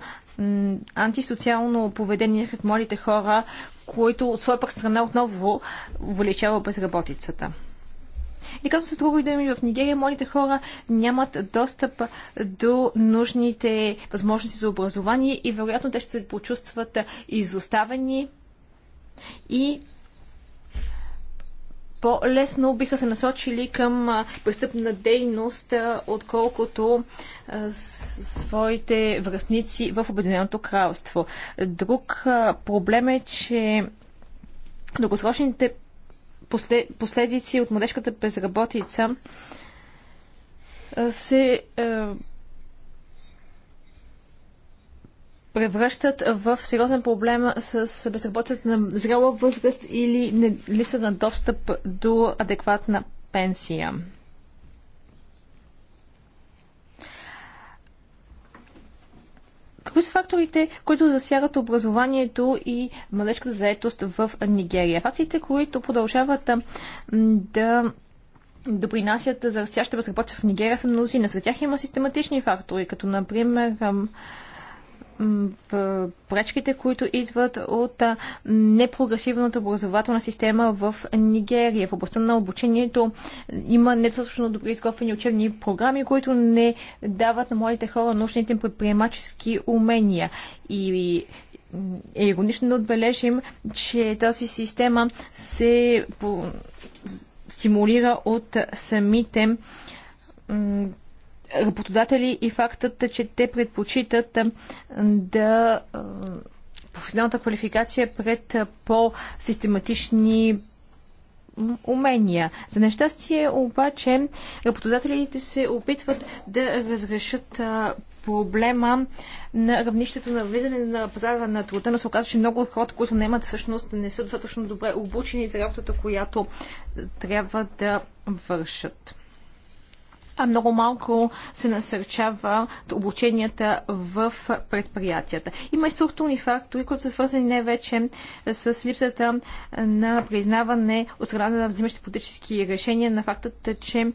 антисоциално поведение сред младите хора, които от своя пък страна отново увеличава безработицата. И като с друго думи, в Нигерия младите хора нямат достъп до нужните възможности за образование и вероятно те ще се почувстват изоставени и по-лесно биха се насочили към престъпна дейност, отколкото своите връзници в Обединеното кралство. Друг проблем е, че дългосрочните последици от младежката безработица се е, превръщат в сериозен проблем с безработицата на зрела възраст или липса на достъп до адекватна пенсия. Какви са факторите, които засягат образованието и младежката заетост в Нигерия? Фактите, които продължават да допринасят за растяща безработица в Нигерия са мнозина. Сред тях има систематични фактори, като например в пречките, които идват от непрогресивната образователна система в Нигерия. В областта на обучението има недостатъчно добри изготвени учебни програми, които не дават на младите хора научните им предприемачески умения. И е иронично да отбележим, че тази система се стимулира от самите работодатели и фактът, че те предпочитат да професионалната квалификация пред по-систематични умения. За нещастие обаче работодателите се опитват да разрешат проблема на равнището на влизане на пазара на труда, но се оказва, че много от хората, които нямат всъщност не са достатъчно добре обучени за работата, която трябва да вършат а много малко се насърчава обученията в предприятията. Има и структурни фактори, които са свързани не вече с липсата на признаване от страна на взимащи политически решения на фактът, че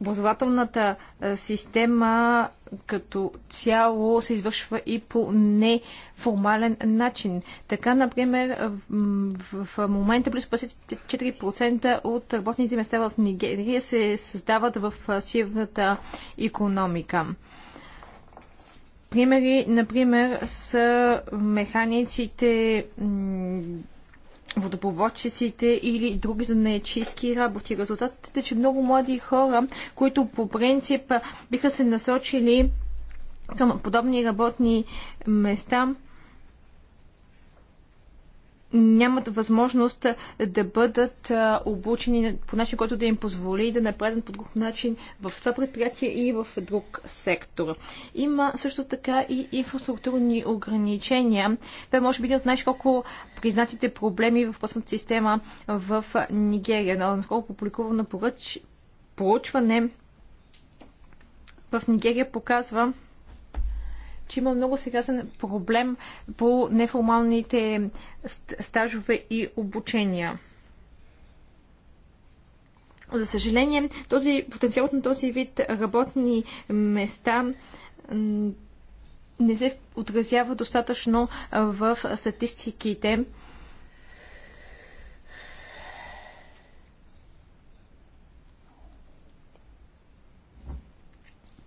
образователната система като цяло се извършва и по неформален начин. Така, например, в, в момента близо 54% от работните места в Нигерия се създават в сивната економика. Примери, например, са механиците, водопроводчиците или други за нечистки работи. Резултатът е, че много млади хора, които по принцип биха се насочили към подобни работни места, нямат възможност да бъдат обучени по начин, който да им позволи да напреднат по друг начин в това предприятие и в друг сектор. Има също така и инфраструктурни ограничения. Това е може би един от най-широко признатите проблеми в пътната система в Нигерия. Наскоро публикувано поръч... проучване в Нигерия показва, че има много сериозен проблем по неформалните стажове и обучения. За съжаление, този, потенциал на този вид работни места не се отразява достатъчно в статистиките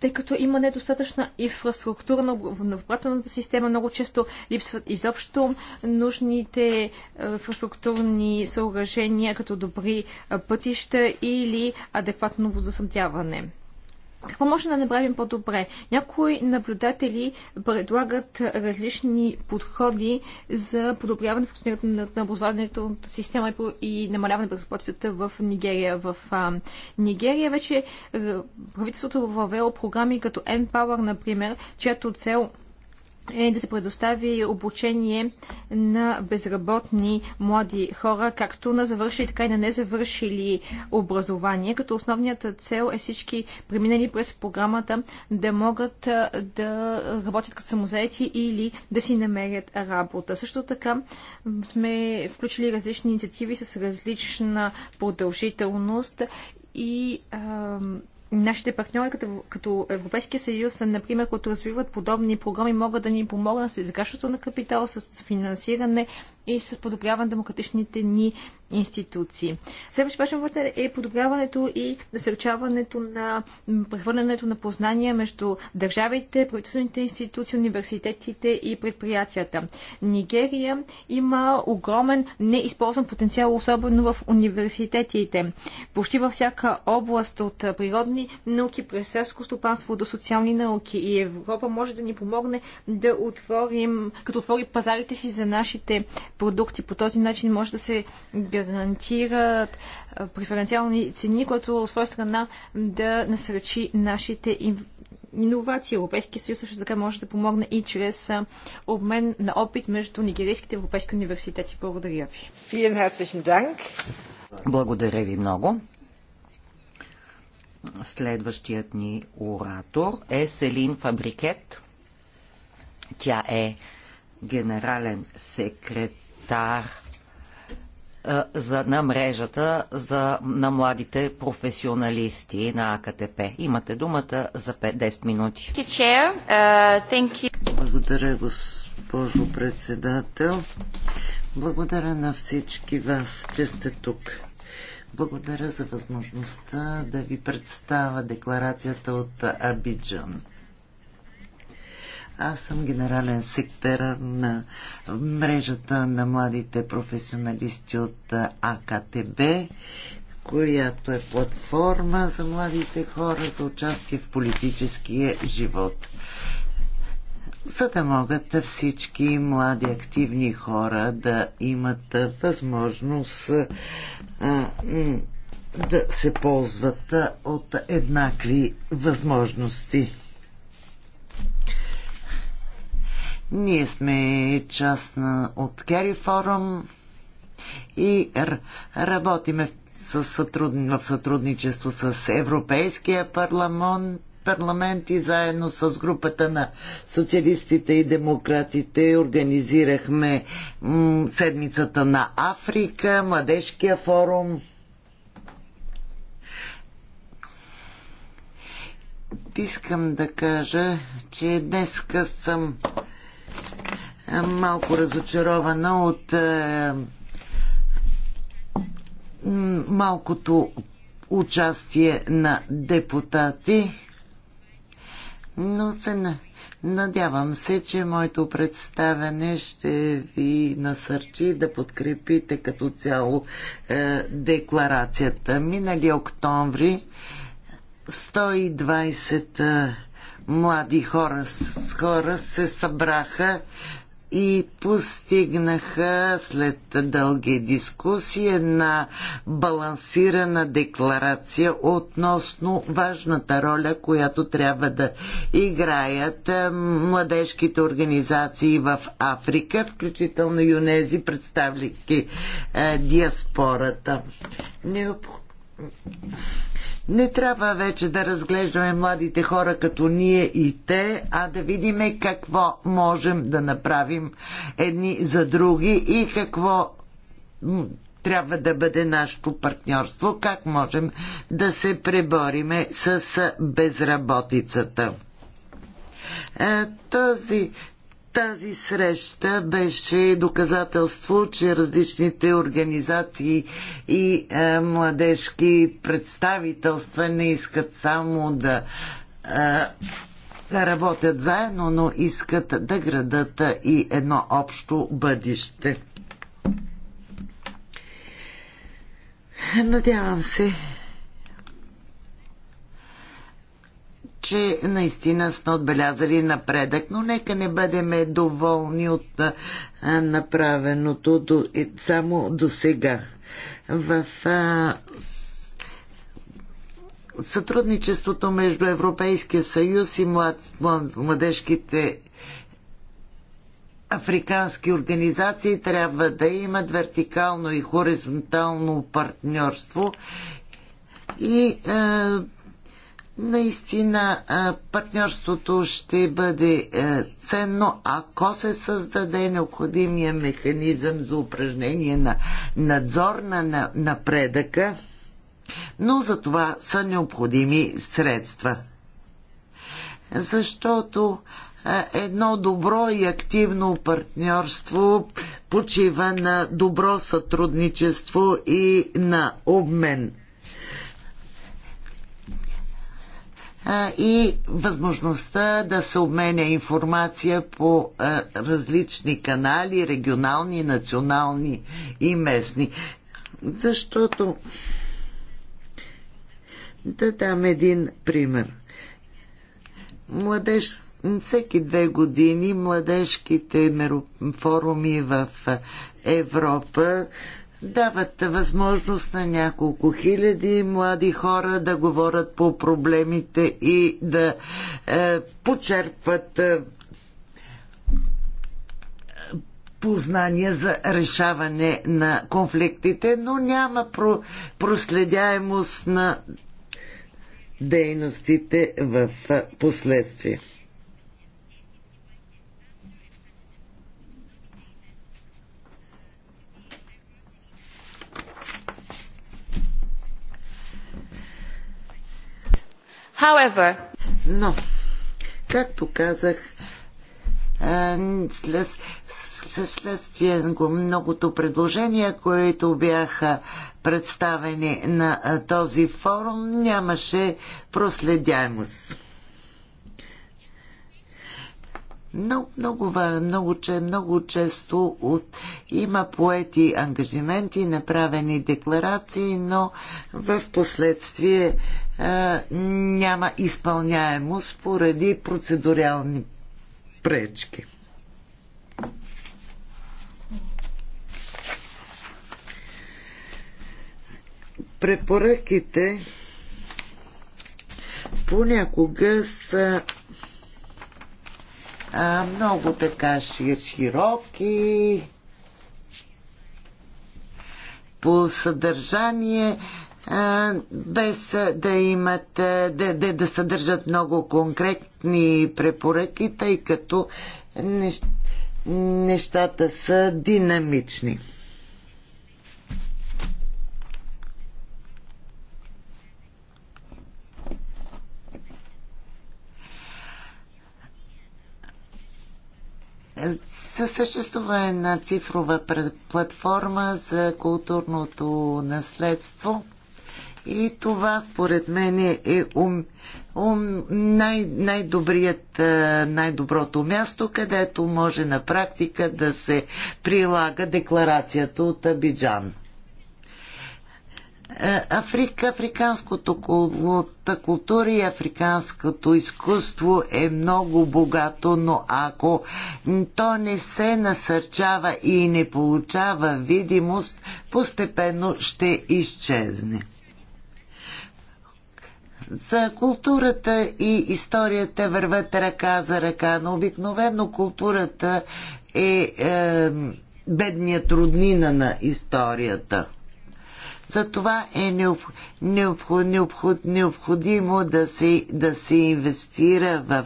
тъй като има недостатъчна инфраструктура на образователната система, много често липсват изобщо нужните е, инфраструктурни съоръжения, като добри е, пътища или адекватно водоснабдяване. Какво може да направим по-добре? Някои наблюдатели предлагат различни подходи за подобряване функционирането на, на система и намаляване на безработицата в Нигерия. В а, Нигерия вече правителството въвело програми като N-Power, например, чиято цел е да се предостави обучение на безработни млади хора, както на завършили, така и на незавършили образование, като основният цел е всички преминали през програмата да могат да работят като самозаети или да си намерят работа. Също така сме включили различни инициативи с различна продължителност и ам, нашите партньори като, като Европейския съюз, например, които развиват подобни програми, могат да ни помогнат с изграждането на капитал, с финансиране и с подобряване на демократичните ни институции. Следващия важен въпрос е подобряването и насърчаването на прехвърлянето на познания между държавите, правителствените институции, университетите и предприятията. Нигерия има огромен неизползван потенциал, особено в университетите. Почти във всяка област от природни науки, през селско стопанство до социални науки и Европа може да ни помогне да отворим, като отвори пазарите си за нашите продукти. По този начин може да се гарантират преференциални цени, което от своя страна да насръчи нашите иновации. Европейския съюз също така може да помогне и чрез обмен на опит между нигерийските европейски университети. Благодаря ви.
Благодаря ви много. Следващият ни оратор е Селин Фабрикет. Тя е генерален секретар коментар за, на мрежата за, на младите професионалисти на АКТП. Имате думата за 5-10 минути.
Uh,
Благодаря,
госпожо председател. Благодаря на всички вас, че сте тук. Благодаря за възможността да ви представя декларацията от Абиджан. Аз съм генерален секретар на мрежата на младите професионалисти от АКТБ, която е платформа за младите хора за участие в политическия живот. За да могат всички млади активни хора да имат възможност да се ползват от еднакви възможности. Ние сме част на, от Кери Форум и работиме в, сътруд... в сътрудничество с Европейския парламент парламент и заедно с групата на социалистите и демократите организирахме седмицата на Африка, Младежкия форум. Искам да кажа, че днес съм малко разочарована от е, малкото участие на депутати, но се надявам се, че моето представяне ще ви насърчи да подкрепите като цяло е, декларацията. Минали октомври 120 млади хора, с хора се събраха и постигнаха след дълги дискусии една балансирана декларация относно важната роля, която трябва да играят младежките организации в Африка, включително и унези, представляйки диаспората. Необходимо не трябва вече да разглеждаме младите хора като ние и те, а да видим какво можем да направим едни за други и какво трябва да бъде нашето партньорство, как можем да се пребориме с безработицата. Е, този тази среща беше доказателство, че различните организации и е, младежки представителства не искат само да, е, да работят заедно, но искат да градат и едно общо бъдеще. Надявам се, че наистина сме отбелязали напредък, но нека не бъдем доволни от направеното до, само до сега. В а, сътрудничеството между Европейския съюз и млад, млад, младежките африкански организации трябва да имат вертикално и хоризонтално партньорство и Наистина партньорството ще бъде ценно, ако се създаде необходимия механизъм за упражнение на надзор на напредъка, но за това са необходими средства. Защото едно добро и активно партньорство почива на добро сътрудничество и на обмен и възможността да се обменя информация по различни канали, регионални, национални и местни. Защото да дам един пример. Младеж, всеки две години младежките форуми в Европа дават възможност на няколко хиляди млади хора да говорят по проблемите и да е, почерпват е, познания за решаване на конфликтите, но няма про, проследяемост на дейностите в е, последствие. However... Но, както казах, след, следствие на многото предложения, които бяха представени на този форум, нямаше проследяемост. Много, много, много, много често от, има поети ангажименти, направени декларации, но в последствие няма изпълняемост поради процедурални пречки. Препоръките понякога са а, много така шир, широки по съдържание без да имат, да, да, да съдържат много конкретни препоръки, тъй като нещата са динамични. Съществува една цифрова платформа за културното наследство. И това, според мен, е ум, ум, най, най-добрият, най-доброто място, където може на практика да се прилага декларацията от Абиджан. Африк, африканското култура и африканското изкуство е много богато, но ако то не се насърчава и не получава видимост, постепенно ще изчезне. За културата и историята върват ръка за ръка, но обикновено културата е, е бедният роднина на историята. Затова е необход, необход, необходимо да се, да се инвестира в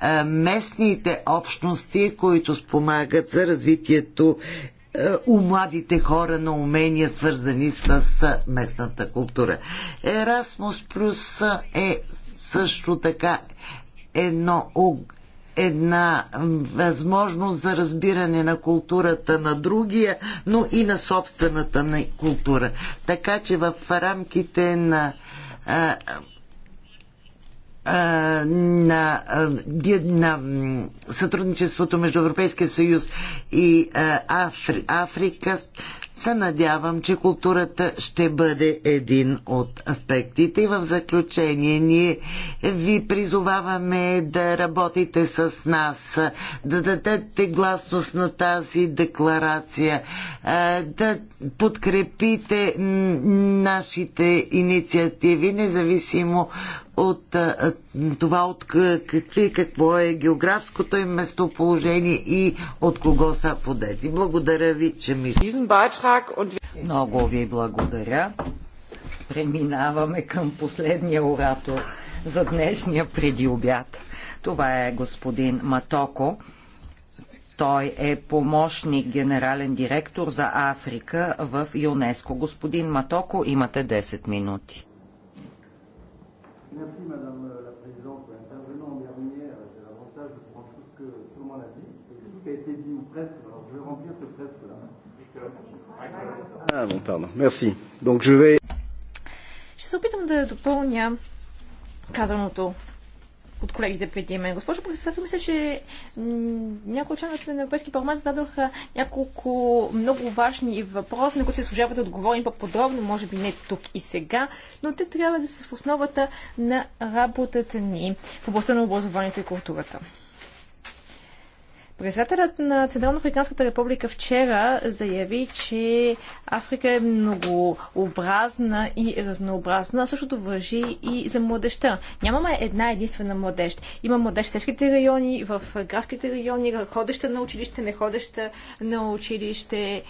а, е, местните общности, които спомагат за развитието е, у младите хора на умения, свързани с местната култура. Ерасмус Плюс е също така едно една възможност за разбиране на културата на другия, но и на собствената на култура. Така че в рамките на на, на сътрудничеството между Европейския съюз и Афри, Африка, се надявам, че културата ще бъде един от аспектите. И в заключение ние ви призоваваме да работите с нас, да дадете гласност на тази декларация, да подкрепите нашите инициативи, независимо от това от какви, какво е географското им местоположение и
от кого са подети. Благодаря ви, че ми... Много ви благодаря. Преминаваме към последния оратор за днешния преди обяд. Това е господин Матоко. Той е помощник генерален директор за Африка в ЮНЕСКО. Господин Матоко, имате 10 минути.
Merci Madame la Présidente. Intervenant en dernier, j'ai l'avantage de prendre tout ce que tout le monde a dit, et tout a été dit ou presque, alors je vais remplir ce presque-là. bon, pardon. Merci. Donc, je vais...
Je се опитам да допълня казаното от колегите преди мен. Госпожо председател, мисля, че някои членове на Европейски парламент зададоха няколко много важни въпроси, на които се служават да отговорим по-подробно, може би не тук и сега, но те трябва да са в основата на работата ни в областта на образованието и културата. Председателят на Централно-Африканската република вчера заяви, че Африка е многообразна и разнообразна. Същото въжи и за младеща. Нямаме една единствена младеж. Има младеж в селските райони, в градските райони, ходеща на училище, не ходеща на училище,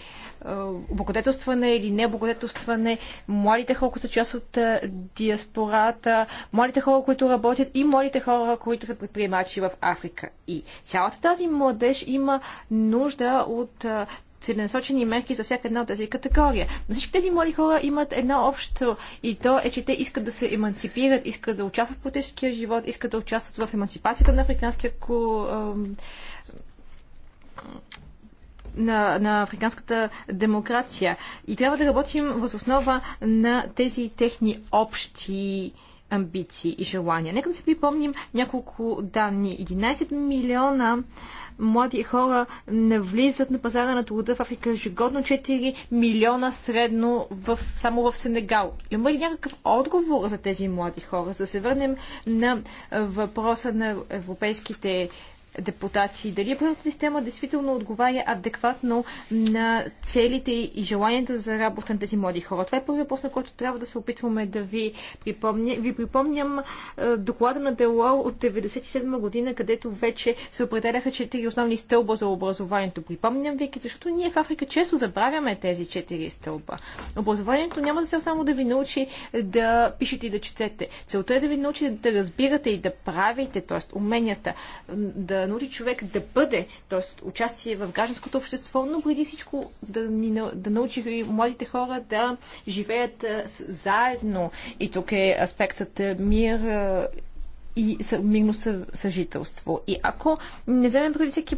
е, облагодетелстване или необлагодетелстване, младите хора, които са част от е, диаспората, младите хора, които работят и младите хора, които са предприемачи в Африка. И цялата тази младеж има нужда от е, целенасочени мерки за всяка една от тази категория. Но всички тези млади хора имат едно общо и то е, че те искат да се емансипират, искат да участват в политическия живот, искат да участват в емансипацията на африканския на, на африканската демокрация. И трябва да работим въз основа на тези техни общи амбиции и желания. Нека да си припомним няколко данни. 11 милиона млади хора не влизат на пазара на труда в Африка ежегодно 4 милиона средно в, само в Сенегал. Има ли някакъв отговор за тези млади хора? За да се върнем на въпроса на европейските депутати. Дали апаратната е система действително отговаря адекватно на целите и желанията за работа на тези млади хора? Това е първият въпрос, на който трябва да се опитваме да ви припомня. Ви припомням е, доклада на Дело от 1997 година, където вече се определяха четири основни стълба за образованието. Припомням ви, защото ние в Африка често забравяме тези четири стълба. Образованието няма за цел само да ви научи да пишете и да четете. Целта е да ви научи да разбирате и да правите, т.е. уменията да да научи човек да бъде, т.е. участие в гражданското общество, но преди всичко да, ни, да научи младите хора да живеят заедно. И тук е аспектът мир и мирно съжителство. И ако не вземем преди всеки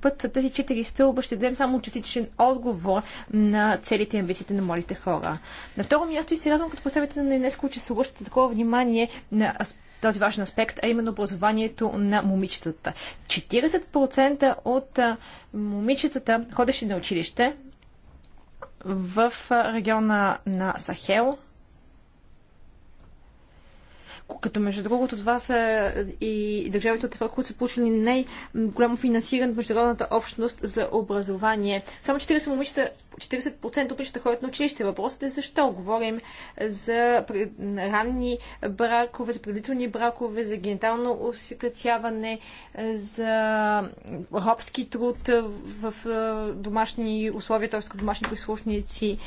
път тези четири стълба, ще дадем само частичен отговор на целите и амбициите на младите хора. На второ място и се радвам като представите на ЮНЕСКО, че се обръщате такова внимание на аспект този важен аспект, а именно образованието на момичетата. 40% от момичетата, ходещи на училище в региона на Сахел, като между другото това са е, и държавите от Европа, които са получили най-голямо финансиране от международната общност за образование. Само 40%, момичета, 40% момичета ходят на училище. Въпросът е защо. Говорим за ранни бракове, за предварителни бракове, за генитално осъкътяване, за робски труд в домашни условия, т.е. домашни прислушници.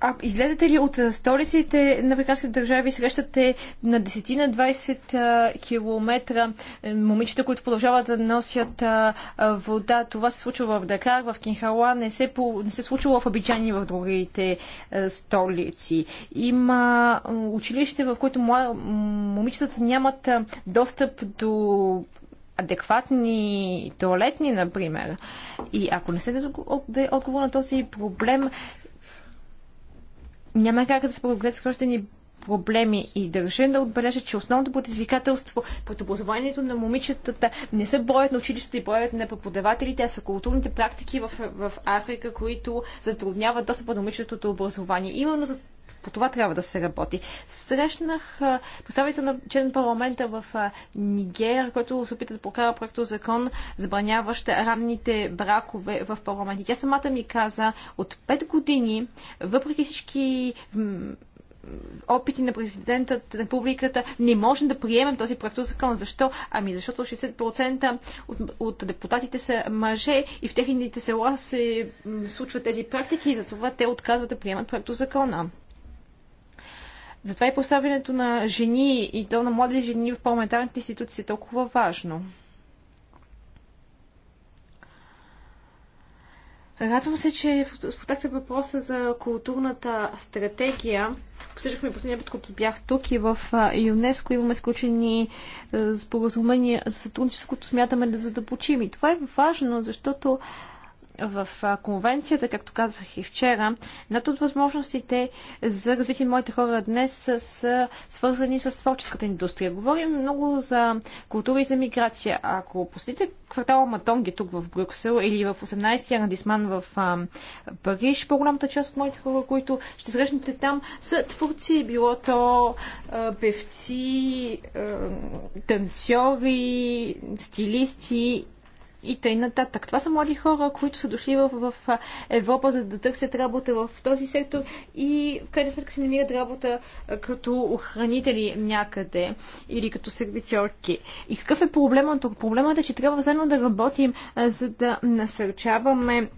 А излезете ли от столиците на африканските държави, срещате на 10 на 20 километра е, момичета, които продължават да носят вода. Това се случва в Дакар, в Кинхала, не се, не се случва в Абиджан и в другите е, столици. Има училище, в които момичетата нямат достъп до адекватни туалетни, например. И ако не се даде е отговор на този проблем, няма как да се подобрят скоростта проблеми и държа да отбележа, че основното предизвикателство пред образованието на момичетата не са броят на училищата и броят на преподавателите, а са културните практики в, в Африка, които затрудняват достъпа до момичетото образование. Именно за по това трябва да се работи. Срещнах представител на член парламента в Нигер, който се опита да прокара проекто закон, забраняващ ранните бракове в парламент. И тя самата ми каза, от 5 години, въпреки всички опити на президента на републиката, не можем да приемем този проект закон. Защо? Ами защото 60% от, от депутатите са мъже и в техните села се случват тези практики и затова те отказват да приемат проекто закона. Затова и поставянето на жени и то на млади жени в парламентарните институции е толкова важно. Радвам се, че спотахте въпроса за културната стратегия. Посъждахме последния път, когато бях тук и в ЮНЕСКО имаме сключени споразумения за сътрудничество, което смятаме да задълбочим. И това е важно, защото в конвенцията, както казах и вчера, над от възможностите за развитие на моите хора днес са свързани с творческата индустрия. Говорим много за култура и за миграция. Ако посетите квартала Матонги тук в Брюксел или в 18-я Радисман в а, Париж, по-голямата част от моите хора, които ще срещнете там, са творци, било то а, певци, а, танцори, стилисти и тъй нататък. Това са млади хора, които са дошли в, в Европа, за да търсят работа в този сектор и в крайна сметка си намират работа като охранители някъде или като сервитьорки. И какъв е проблемът? Проблемът е, че трябва заедно да работим, за да насърчаваме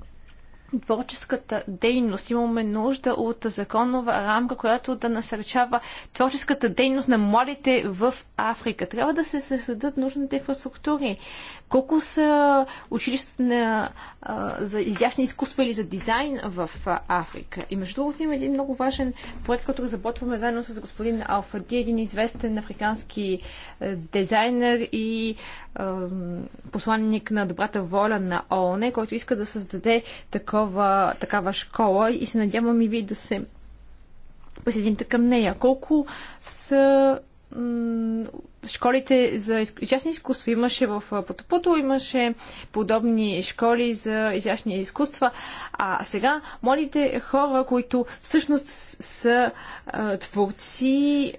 творческата дейност. Имаме нужда от законова рамка, която да насърчава творческата дейност на младите в Африка. Трябва да се създадат нужните инфраструктури. Колко са училищата на, а, за изящни изкуства или за дизайн в Африка? И между другото има един много важен проект, който разработваме заедно с господин Алфади, един известен африкански е, дизайнер и а, е, посланник на добрата воля на ООН, който иска да създаде такова, такава школа и се надявам и вие да се присъедините към нея. Колко са школите за изящни изкуства. Имаше в Потопото, имаше подобни школи за изящни изкуства. А сега младите хора, които всъщност са а, творци,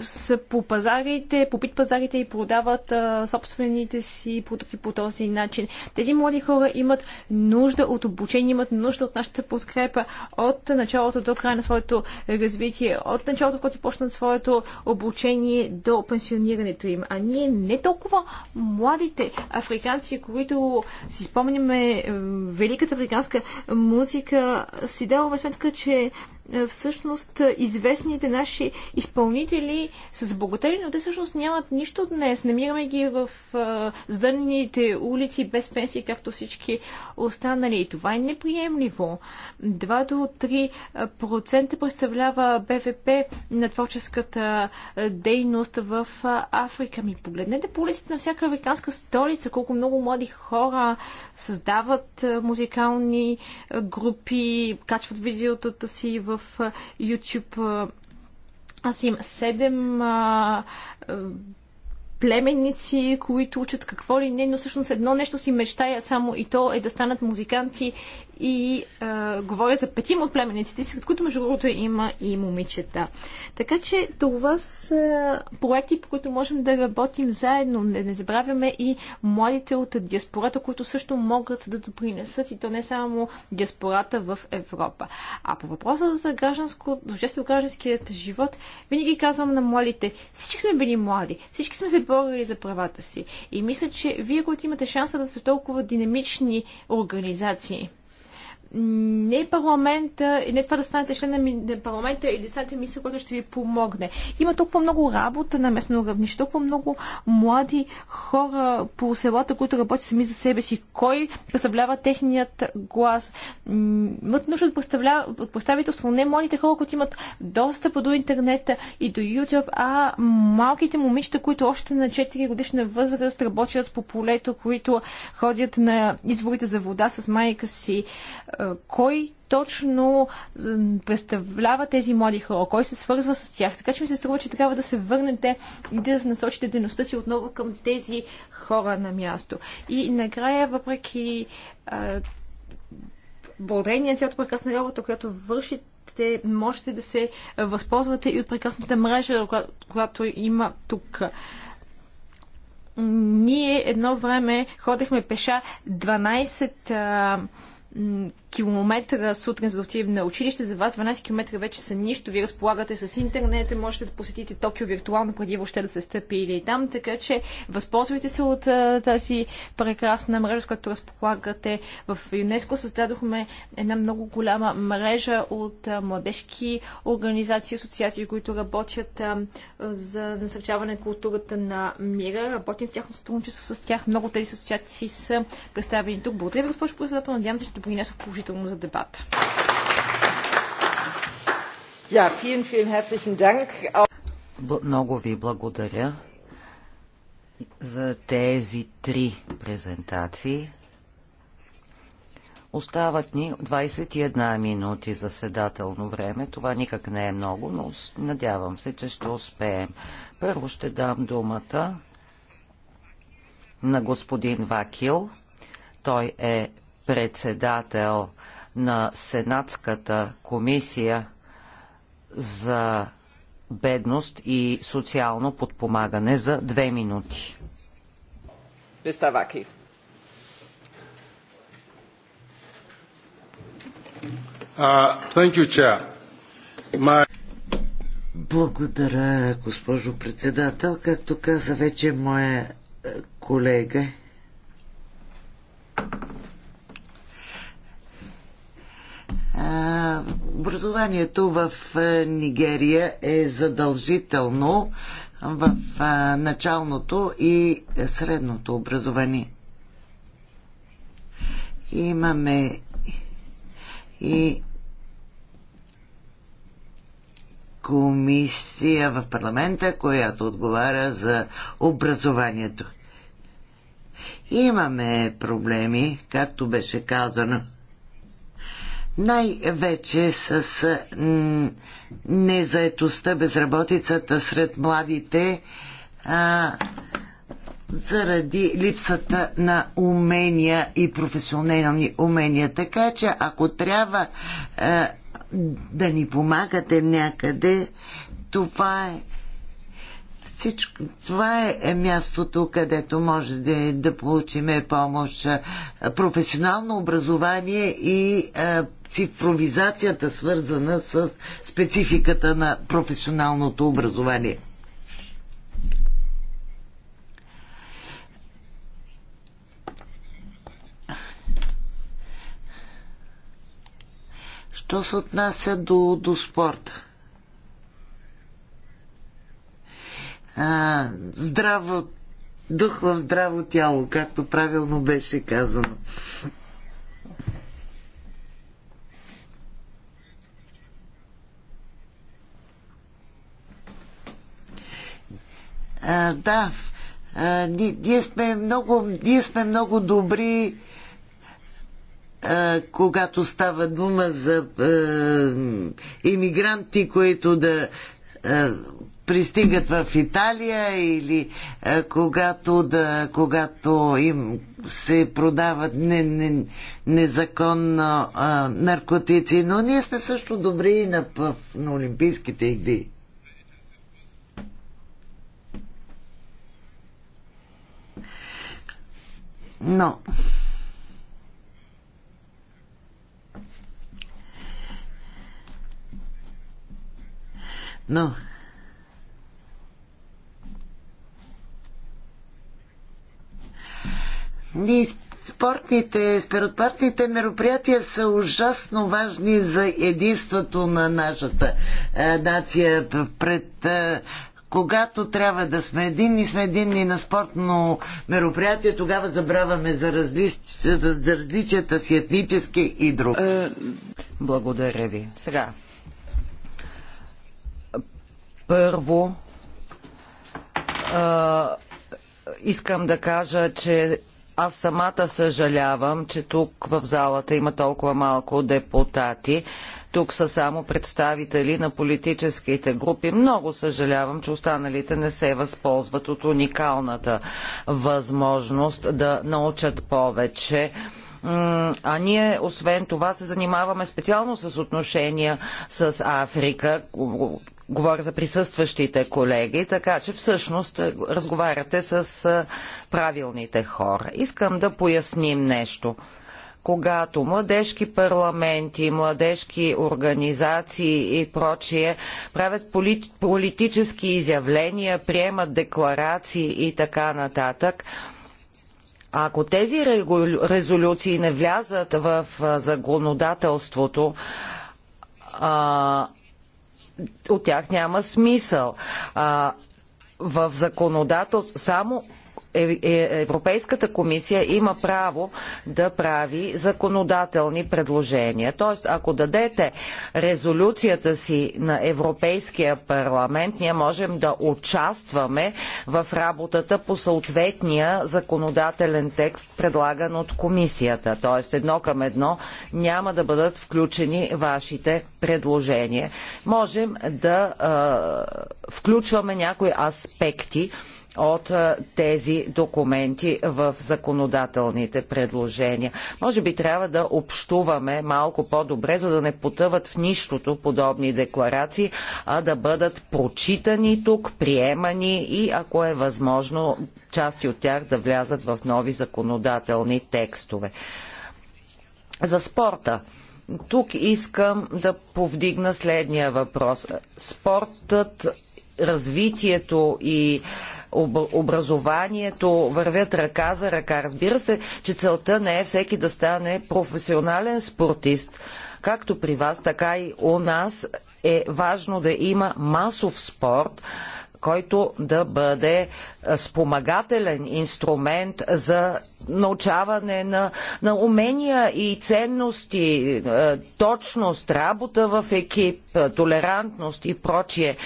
са по пазарите, попит пазарите и продават а, собствените си продукти по този начин. Тези млади хора имат нужда от обучение, имат нужда от нашата подкрепа от началото до края на своето развитие, от началото, когато започнат своето обучение до пенсионирането им. А ние не толкова младите африканци, които си спомняме великата африканска музика, си даваме сметка, че е, всъщност е, известните наши изпълнители са забогатели, но те всъщност нямат нищо днес. Намираме ги в е, здънените улици без пенсии, както всички останали. И това е неприемливо. 2 до 3% представлява БВП на творческата дейност в Африка. Ми погледнете по улиците на всяка африканска столица, колко много млади хора създават музикални групи, качват видеотата си в в YouTube. Аз имам седем племенници, които учат какво ли не, но всъщност едно нещо си мечтаят само и то е да станат музиканти и а, говоря за петима от племениците, си, които между другото има и момичета. Така че това са проекти, по които можем да работим заедно. Не, не забравяме и младите от диаспората, които също могат да допринесат и то не само диаспората в Европа. А по въпроса за гражданско, гражданският живот, винаги казвам на младите, всички сме били млади, всички сме се борили за правата си. И мисля, че вие, които имате шанса да сте толкова динамични организации, не парламента, не това да станете член на парламента или да станете мисъл, който ще ви помогне. Има толкова много работа на местно равнище, толкова много млади хора по селата, които работят сами за себе си. Кой представлява техният глас? Имат нужда от представителство не младите хора, които имат достъп до интернета и до YouTube, а малките момичета, които още на 4 годишна възраст работят по полето, които ходят на изворите за вода с майка си кой точно представлява тези млади хора, кой се свързва с тях. Така че ми се струва, че трябва да се върнете и да насочите дейността си отново към тези хора на място. И накрая, въпреки благодарение на цялата прекрасна работа, която вършите, можете да се възползвате и от прекрасната мрежа, която, има тук ние едно време ходехме пеша 12 километра сутрин, за да отидем на училище. За вас 12 км вече са нищо. Вие разполагате с интернет, можете да посетите Токио виртуално, преди въобще да се стъпи или там. Така че възползвайте се от тази прекрасна мрежа, с която разполагате. В ЮНЕСКО създадохме една много голяма мрежа от младежки организации, асоциации, които работят за насърчаване на културата на мира. Работим в тяхно сътрудничество с тях. Много тези асоциации са представени тук. Благодаря ви, госпожо председател. Надявам се, че допринесох положително включително за дебата. vielen, vielen
Много ви благодаря за тези три презентации. Остават ни 21 минути заседателно време. Това никак не е много, но надявам се, че ще успеем. Първо ще дам думата на господин Вакил. Той е председател на Сенатската комисия за бедност и социално подпомагане за две минути.
Ваки.
Uh, My...
Благодаря, госпожо председател. Както каза вече моя е, колега, Образованието в е, Нигерия е задължително в е, началното и средното образование. Имаме и комисия в парламента, която отговаря за образованието. Имаме проблеми, както беше казано – най-вече с незаетостта, безработицата сред младите, а, заради липсата на умения и професионални умения. Така че, ако трябва а, да ни помагате някъде, това е всичко, това е, е мястото, където може да, да получиме помощ, професионално образование и а, цифровизацията, свързана с спецификата на професионалното образование. Що се отнася до, до спорта? здраво, дух в здраво тяло, както правилно беше казано. А, да, а, ние, ние, сме много, ние сме много добри когато става дума за е, иммигранти, които да пристигат в Италия или а, е, когато, да, когато им се продават не, не, незаконно а, наркотици. Но ние сме също добри и на, на Олимпийските игри. Но. Но. Ние спортните, спиротпартните мероприятия са ужасно важни за единството на нашата е, нация. Пред е, когато трябва да сме единни, сме единни на спортно мероприятие, тогава забравяме за, различ... за различията си етнически
и друг. Е, благодаря ви. Сега. Първо, е, искам да кажа, че аз самата съжалявам, че тук в залата има толкова малко депутати. Тук са само представители на политическите групи. Много съжалявам, че останалите не се възползват от уникалната възможност да научат повече а ние, освен това, се занимаваме специално с отношения с Африка, говоря за присъстващите колеги, така че всъщност е, разговаряте с е, правилните хора. Искам да поясним нещо. Когато младежки парламенти, младежки организации и прочие правят полит... политически изявления, приемат декларации и така нататък, ако тези резолюции не влязат в законодателството, а, от тях няма смисъл. А, в законодателство само е, е, Европейската комисия има право да прави законодателни предложения. Тоест, ако дадете резолюцията си на Европейския парламент, ние можем да участваме в работата по съответния законодателен текст, предлаган от комисията. Тоест, едно към едно няма да бъдат включени вашите предложения. Можем да а, включваме някои аспекти от тези документи в законодателните предложения. Може би трябва да общуваме малко по-добре, за да не потъват в нищото подобни декларации, а да бъдат прочитани тук, приемани и ако е възможно, части от тях да влязат в нови законодателни текстове. За спорта. Тук искам да повдигна следния въпрос. Спортът, развитието и образованието вървят ръка за ръка. Разбира се, че целта не е всеки да стане професионален спортист. Както при вас, така и у нас е важно да има масов спорт, който да бъде спомагателен инструмент за научаване на, на умения и ценности, е, точност, работа в екип, е, толерантност и прочие.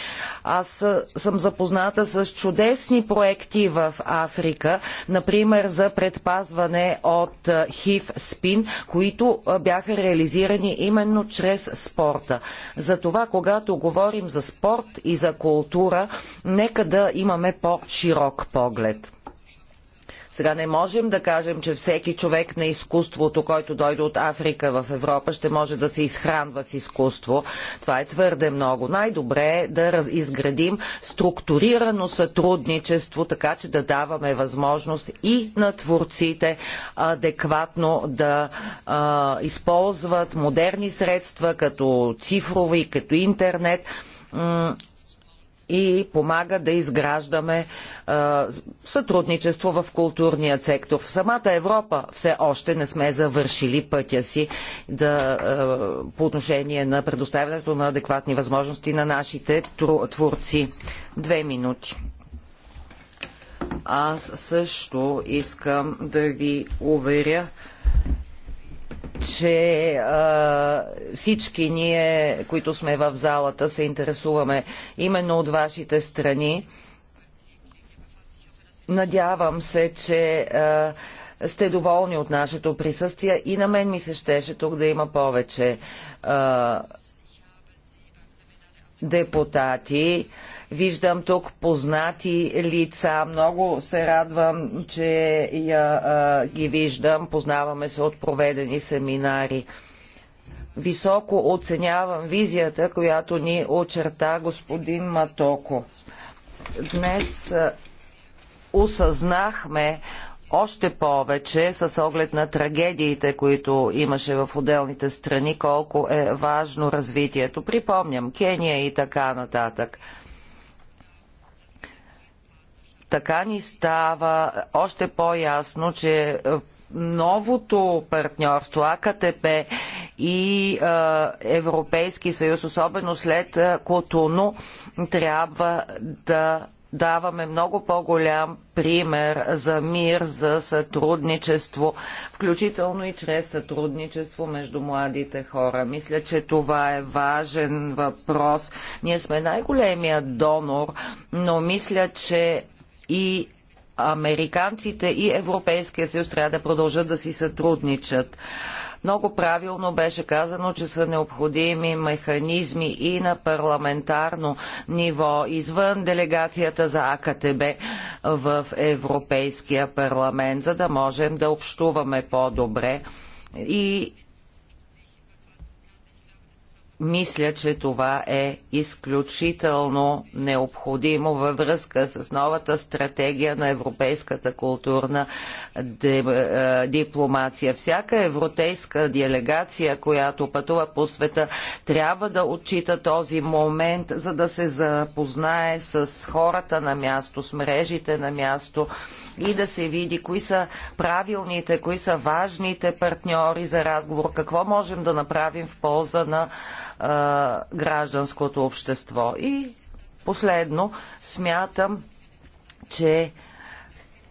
Аз е, съм запозната с чудесни проекти в Африка, например за предпазване от хив спин, които бяха реализирани именно чрез спорта. Затова, когато говорим за спорт и за култура, нека да имаме по-широко широк поглед. Сега не можем да кажем, че всеки човек на изкуството, който дойде от Африка в Европа, ще може да се изхранва с изкуство. Това е твърде много. Най-добре е да изградим структурирано сътрудничество, така че да даваме възможност и на творците адекватно да а, използват модерни средства, като цифрови, като интернет и помага да изграждаме е, сътрудничество в културния сектор. В самата Европа все още не сме завършили пътя си да, е, по отношение на предоставянето на адекватни възможности на нашите творци. Две минути. Аз също искам да ви уверя, че а, всички ние, които сме в залата, се интересуваме именно от вашите страни. Надявам се, че а, сте доволни от нашето присъствие и на мен ми се щеше тук да има повече а, депутати. А, Виждам тук познати лица. Много се радвам, че я, а, ги виждам. Познаваме се от проведени семинари. Високо оценявам визията, която ни очерта господин Матоко. Днес а, осъзнахме още повече с оглед на трагедиите, които имаше в отделните страни, колко е важно развитието. Припомням Кения и така нататък. Така ни става още по-ясно, че е, новото партньорство АКТП и а, е, Европейски съюз, особено след е, Котуно, трябва да даваме много по-голям пример за мир, за сътрудничество, включително и чрез сътрудничество между младите хора. Мисля, че това е важен въпрос. Ние сме най-големия донор, но мисля, че и американците и Европейския съюз трябва да продължат да си сътрудничат. Много правилно беше казано, че са необходими механизми и на парламентарно ниво, извън делегацията за АКТБ в Европейския парламент, за да можем да общуваме по-добре и мисля, че това е изключително необходимо във връзка с новата стратегия на европейската културна е, дипломация. Всяка европейска делегация, която пътува по света, трябва да отчита този момент, за да се запознае с хората на място, с мрежите на място, и да се види кои са правилните, кои са важните партньори за разговор, какво можем да направим в полза на а, гражданското общество. И последно, смятам, че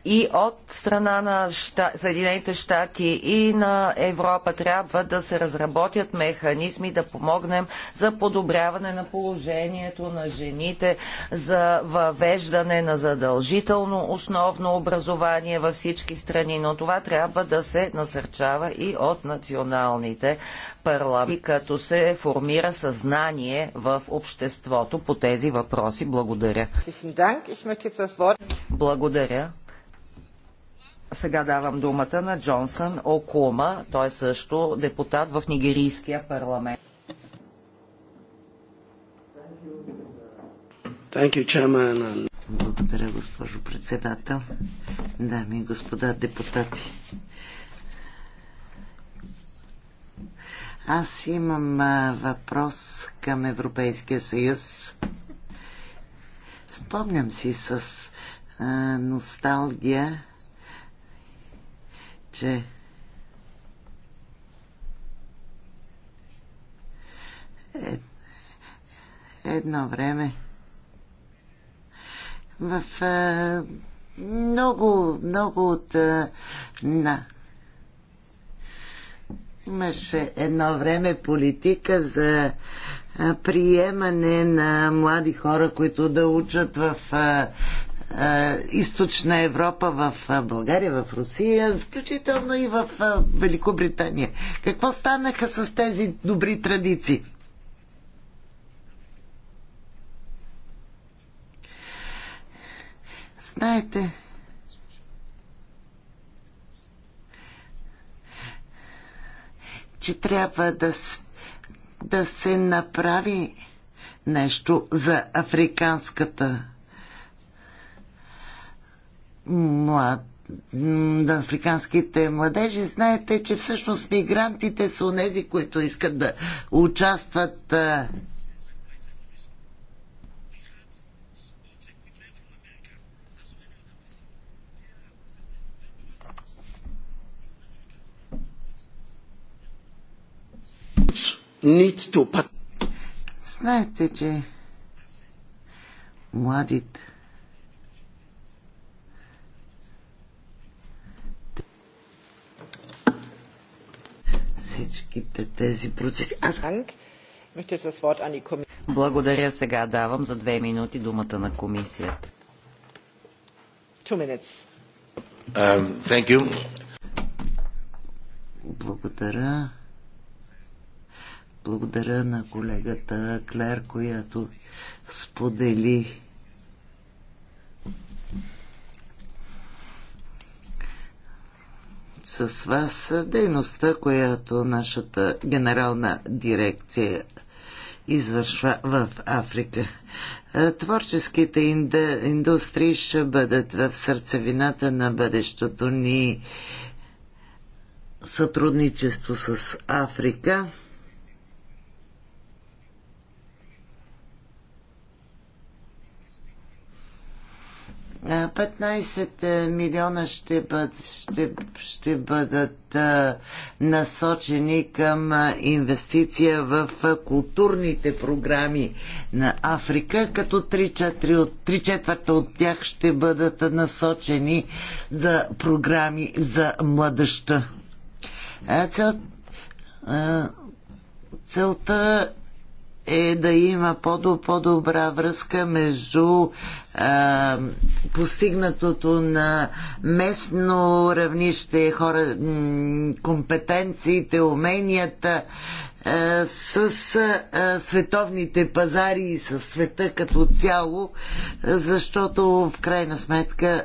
и от страна на Съединените щати и на Европа трябва да се разработят механизми да помогнем за подобряване на положението на жените, за въвеждане на задължително основно образование във всички страни, но това трябва да се насърчава и от националните парламенти, като се формира съзнание в обществото по тези въпроси. Благодаря. Благодаря. Сега давам думата на Джонсън Окума. Той е също депутат в нигерийския парламент.
Благодаря, госпожо председател. Дами и господа депутати. Аз имам въпрос към Европейския съюз. Спомням си с носталгия че Ед... едно време в е, много, много от е, на имаше едно време политика за приемане на млади хора, които да учат в е, източна Европа, в е, България, в Русия, включително и в е, Великобритания. Какво станаха с тези добри традиции? Знаете, че трябва да, да се направи нещо за африканската млад на африканските младежи, знаете, че всъщност мигрантите са онези, които искат да участват Знаете, че младите всичките
тези процеси. Благодаря. Сега давам за две минути думата на комисията. Um, Благодаря.
Благодаря на колегата Клер, която сподели с вас дейността, която нашата генерална дирекция извършва в Африка. Е, творческите индустрии ще бъдат в сърцевината на бъдещото ни сътрудничество с Африка. 15 е, милиона ще, бъд, ще, ще бъдат е, насочени към е, инвестиция в културните програми на Африка, като 3 от, 3 четвърта от тях ще бъдат насочени за програми за младеща. целта е да има по-добра връзка между а, постигнатото на местно равнище, хора, компетенциите, уменията с а, световните пазари и с света като цяло, защото в крайна сметка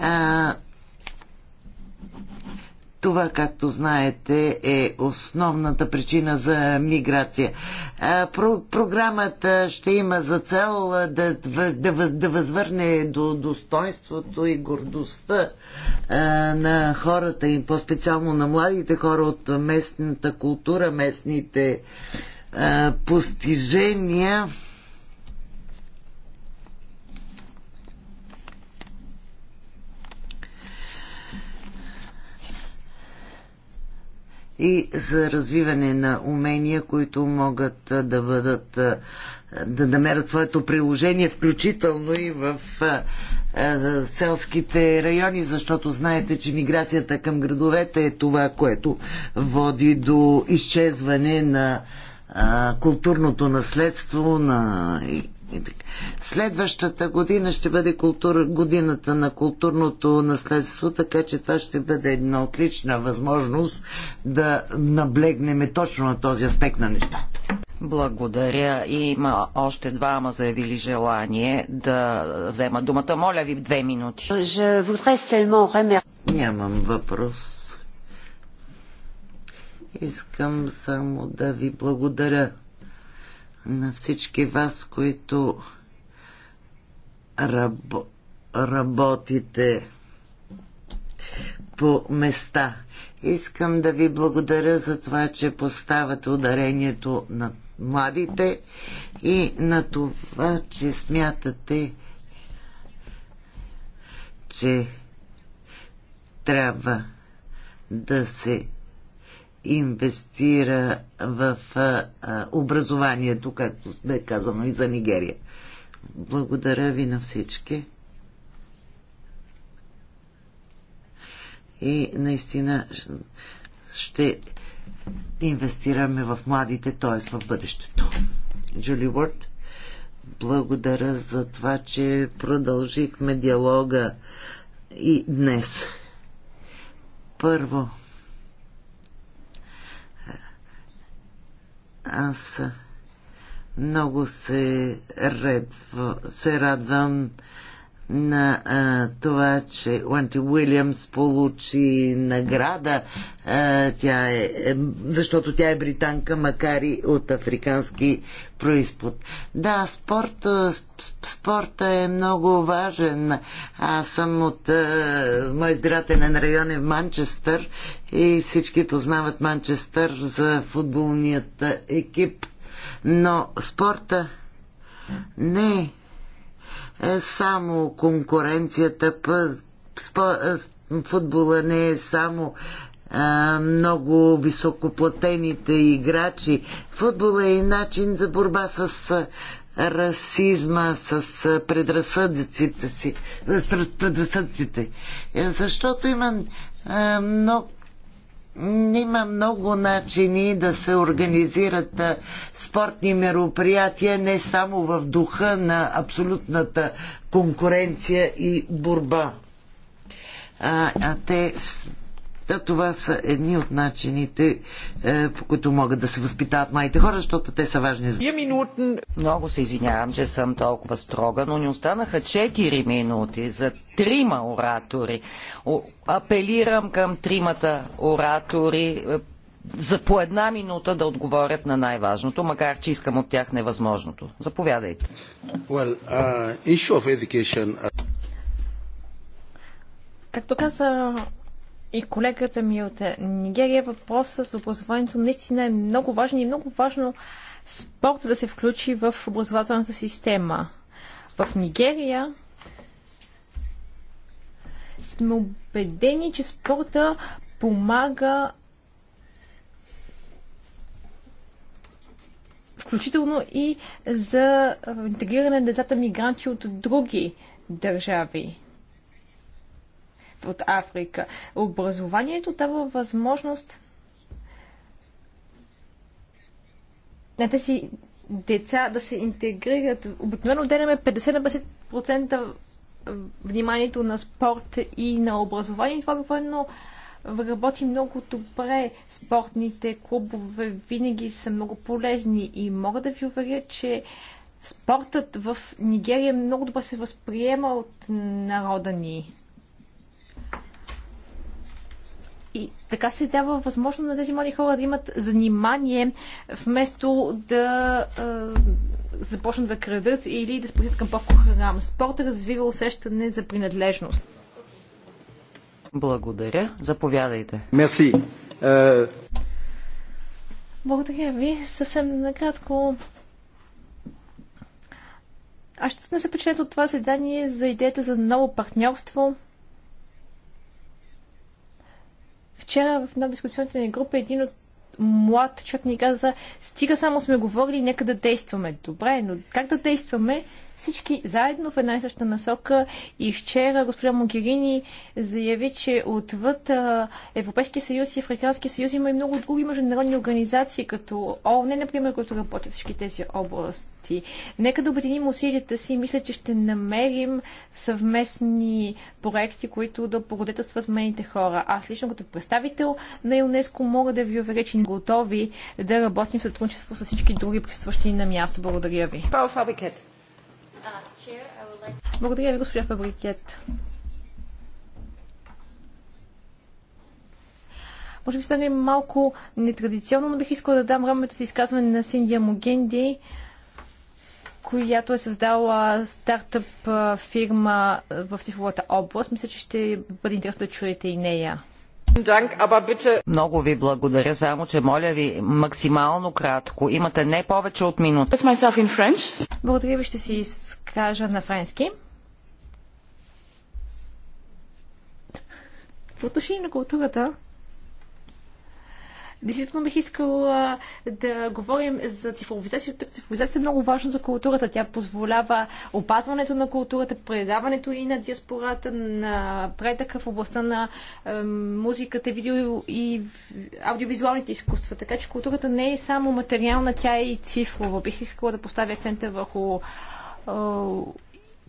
а, това, както знаете, е основната причина за миграция. Про- програмата ще има за цел да, да, да възвърне до достоинството и гордостта на хората и по-специално на младите хора от местната култура, местните постижения и за развиване на умения, които могат да бъдат да намерят своето приложение, включително и в селските райони, защото знаете, че миграцията към градовете е това, което води до изчезване на културното наследство на Следващата година ще бъде култура, годината на културното наследство, така че това ще бъде една отлична възможност да наблегнем точно на този аспект на нещата.
Благодаря. Има още двама заявили желание да взема думата. Моля ви две минути.
Нямам въпрос. Искам само да ви благодаря на всички вас, които раб, работите по места. Искам да ви благодаря за това, че поставате ударението на младите и на това, че смятате, че трябва да се инвестира в а, образованието, както бе казано и за Нигерия. Благодаря ви на всички. И наистина ще инвестираме в младите, т.е. в бъдещето. Джули Уорд, благодаря за това, че продължихме диалога и днес. Първо, Аз много се, редва, се радвам на а, това, че Уанти Уилямс получи награда, а, тя е, е защото тя е британка, макар и от африкански происход. Да, спорт, спорта е много важен. Аз съм от а, мой избирателен район е в Манчестър и всички познават Манчестър за футболният екип. Но спорта не е е, само конкуренцията, е, футбола не е само е, много високоплатените играчи. Футбола е и начин за борба с расизма, с предразсъдиците си, с предразсъдците. Защото има много има много начини да се организират спортни мероприятия, не само в духа на абсолютната конкуренция и борба. А, а те Та това са едни от начините,
е, по които могат да се възпитават майте хора, защото те са важни за... Много се извинявам, че съм толкова строга, но ни останаха 4 минути за трима оратори. Апелирам към тримата оратори е, за по една минута да отговорят на най-важното, макар че искам от тях невъзможното. Заповядайте.
Well, uh, uh
Както каза и колегата ми от Нигерия, въпросът за образованието наистина е много важен и е много важно спорта да се включи в образователната система. В Нигерия сме убедени, че спорта помага включително и за интегриране на децата мигранти от други държави от Африка. Образованието дава възможност на тези деца да се интегрират. Обикновено отделяме 50-50% вниманието на спорт и на образование. Това обикновено работи много добре. Спортните клубове винаги са много полезни и мога да ви уверя, че спортът в Нигерия много добре се възприема от народа ни. И така се дава възможност на тези млади хора да имат занимание, вместо да е, започнат да крадат или да спасят към по-храм. Спорта развива усещане за принадлежност.
Благодаря. Заповядайте. Мерси. Е,
Благодаря ви. Съвсем накратко. Аз ще не се от това задание за идеята за ново партньорство – Вчера в една дискусионната ни група един от млад човек ни каза, стига само сме говорили, нека да действаме. Добре, но как да действаме, всички заедно в една и съща насока. И вчера госпожа Могерини заяви, че отвъд Европейския съюз и Африканския съюз има и много други международни организации, като ООН, е, например, които работят всички тези области. Нека да обединим усилията си и мисля, че ще намерим съвместни проекти, които да благодетелстват мените хора. Аз лично като представител на ЮНЕСКО мога да ви уверя, че готови да работим в сътрудничество с всички други присъстващи на място. Благодаря ви. Благодаря ви, госпожа Фабрикет. Може би стане малко нетрадиционно, но бих искала да дам времето си изказване на Синдия Могенди, която е създала стартъп фирма в цифровата област. Мисля, че ще бъде интересно да чуете и нея.
Много ви благодаря, само че моля ви максимално кратко. Имате не повече от минута.
Благодаря ви, ще си изкажа на френски. По отношение на културата, Действително бих искала да говорим за цифровизацията. Цифровизацията е много важна за културата. Тя позволява опазването на културата, предаването и на диаспората, на предъка в областта на е, музиката, видео и аудиовизуалните изкуства. Така че културата не е само материална, тя е и цифрова. Бих искала да поставя акцента върху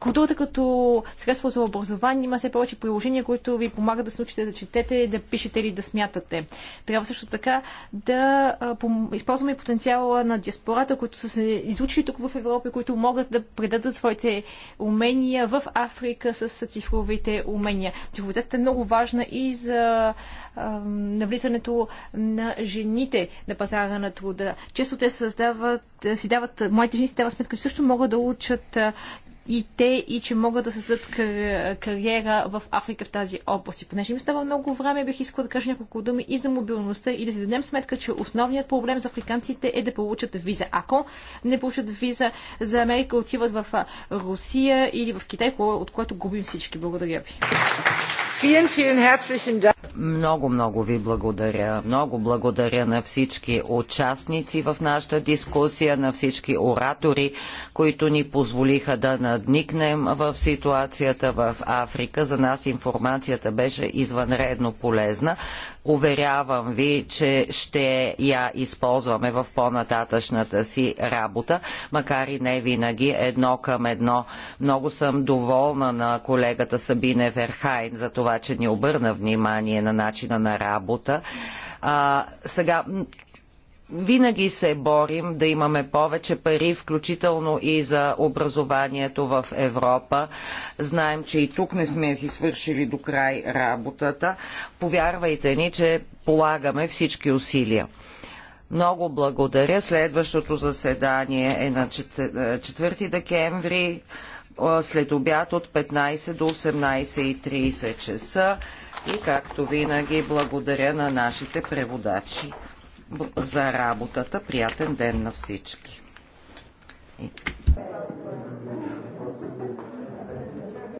културата като средство за образование има все повече приложения, които ви помагат да се научите да четете, да пишете или да смятате. Трябва също така да използваме потенциала на диаспората, които са се изучили тук в Европа и които могат да предадат своите умения в Африка с цифровите умения. Цифровитетът е много важна и за навлизането на жените на пазара на труда. Често те създават, си дават, моите жени си дават сметка, че също могат да учат и те, и че могат да създадат кар... кариера в Африка в тази област. И понеже ми става много време, бих искала да кажа няколко думи и за мобилността и да си дадем сметка, че основният проблем за африканците е да получат виза. Ако не получат виза за Америка, отиват в Русия или в Китай, от което губим всички. Благодаря ви.
Много, много ви благодаря. Много благодаря на всички участници в нашата дискусия, на всички оратори, които ни позволиха да надникнем в ситуацията в Африка. За нас информацията беше извънредно полезна. Уверявам ви, че ще я използваме в по-нататъчната си работа, макар и не винаги едно към едно. Много съм доволна на колегата Сабине Верхайн за това, че ни обърна внимание на начина на работа. А, сега, винаги се борим да имаме повече пари, включително и за образованието в Европа. Знаем, че и тук не сме си свършили до край работата. Повярвайте ни, че полагаме всички усилия. Много благодаря. Следващото заседание е на 4 е, декември след обяд от 15 до 18.30 часа. И както винаги благодаря на нашите преводачи за работата. Приятен ден на всички!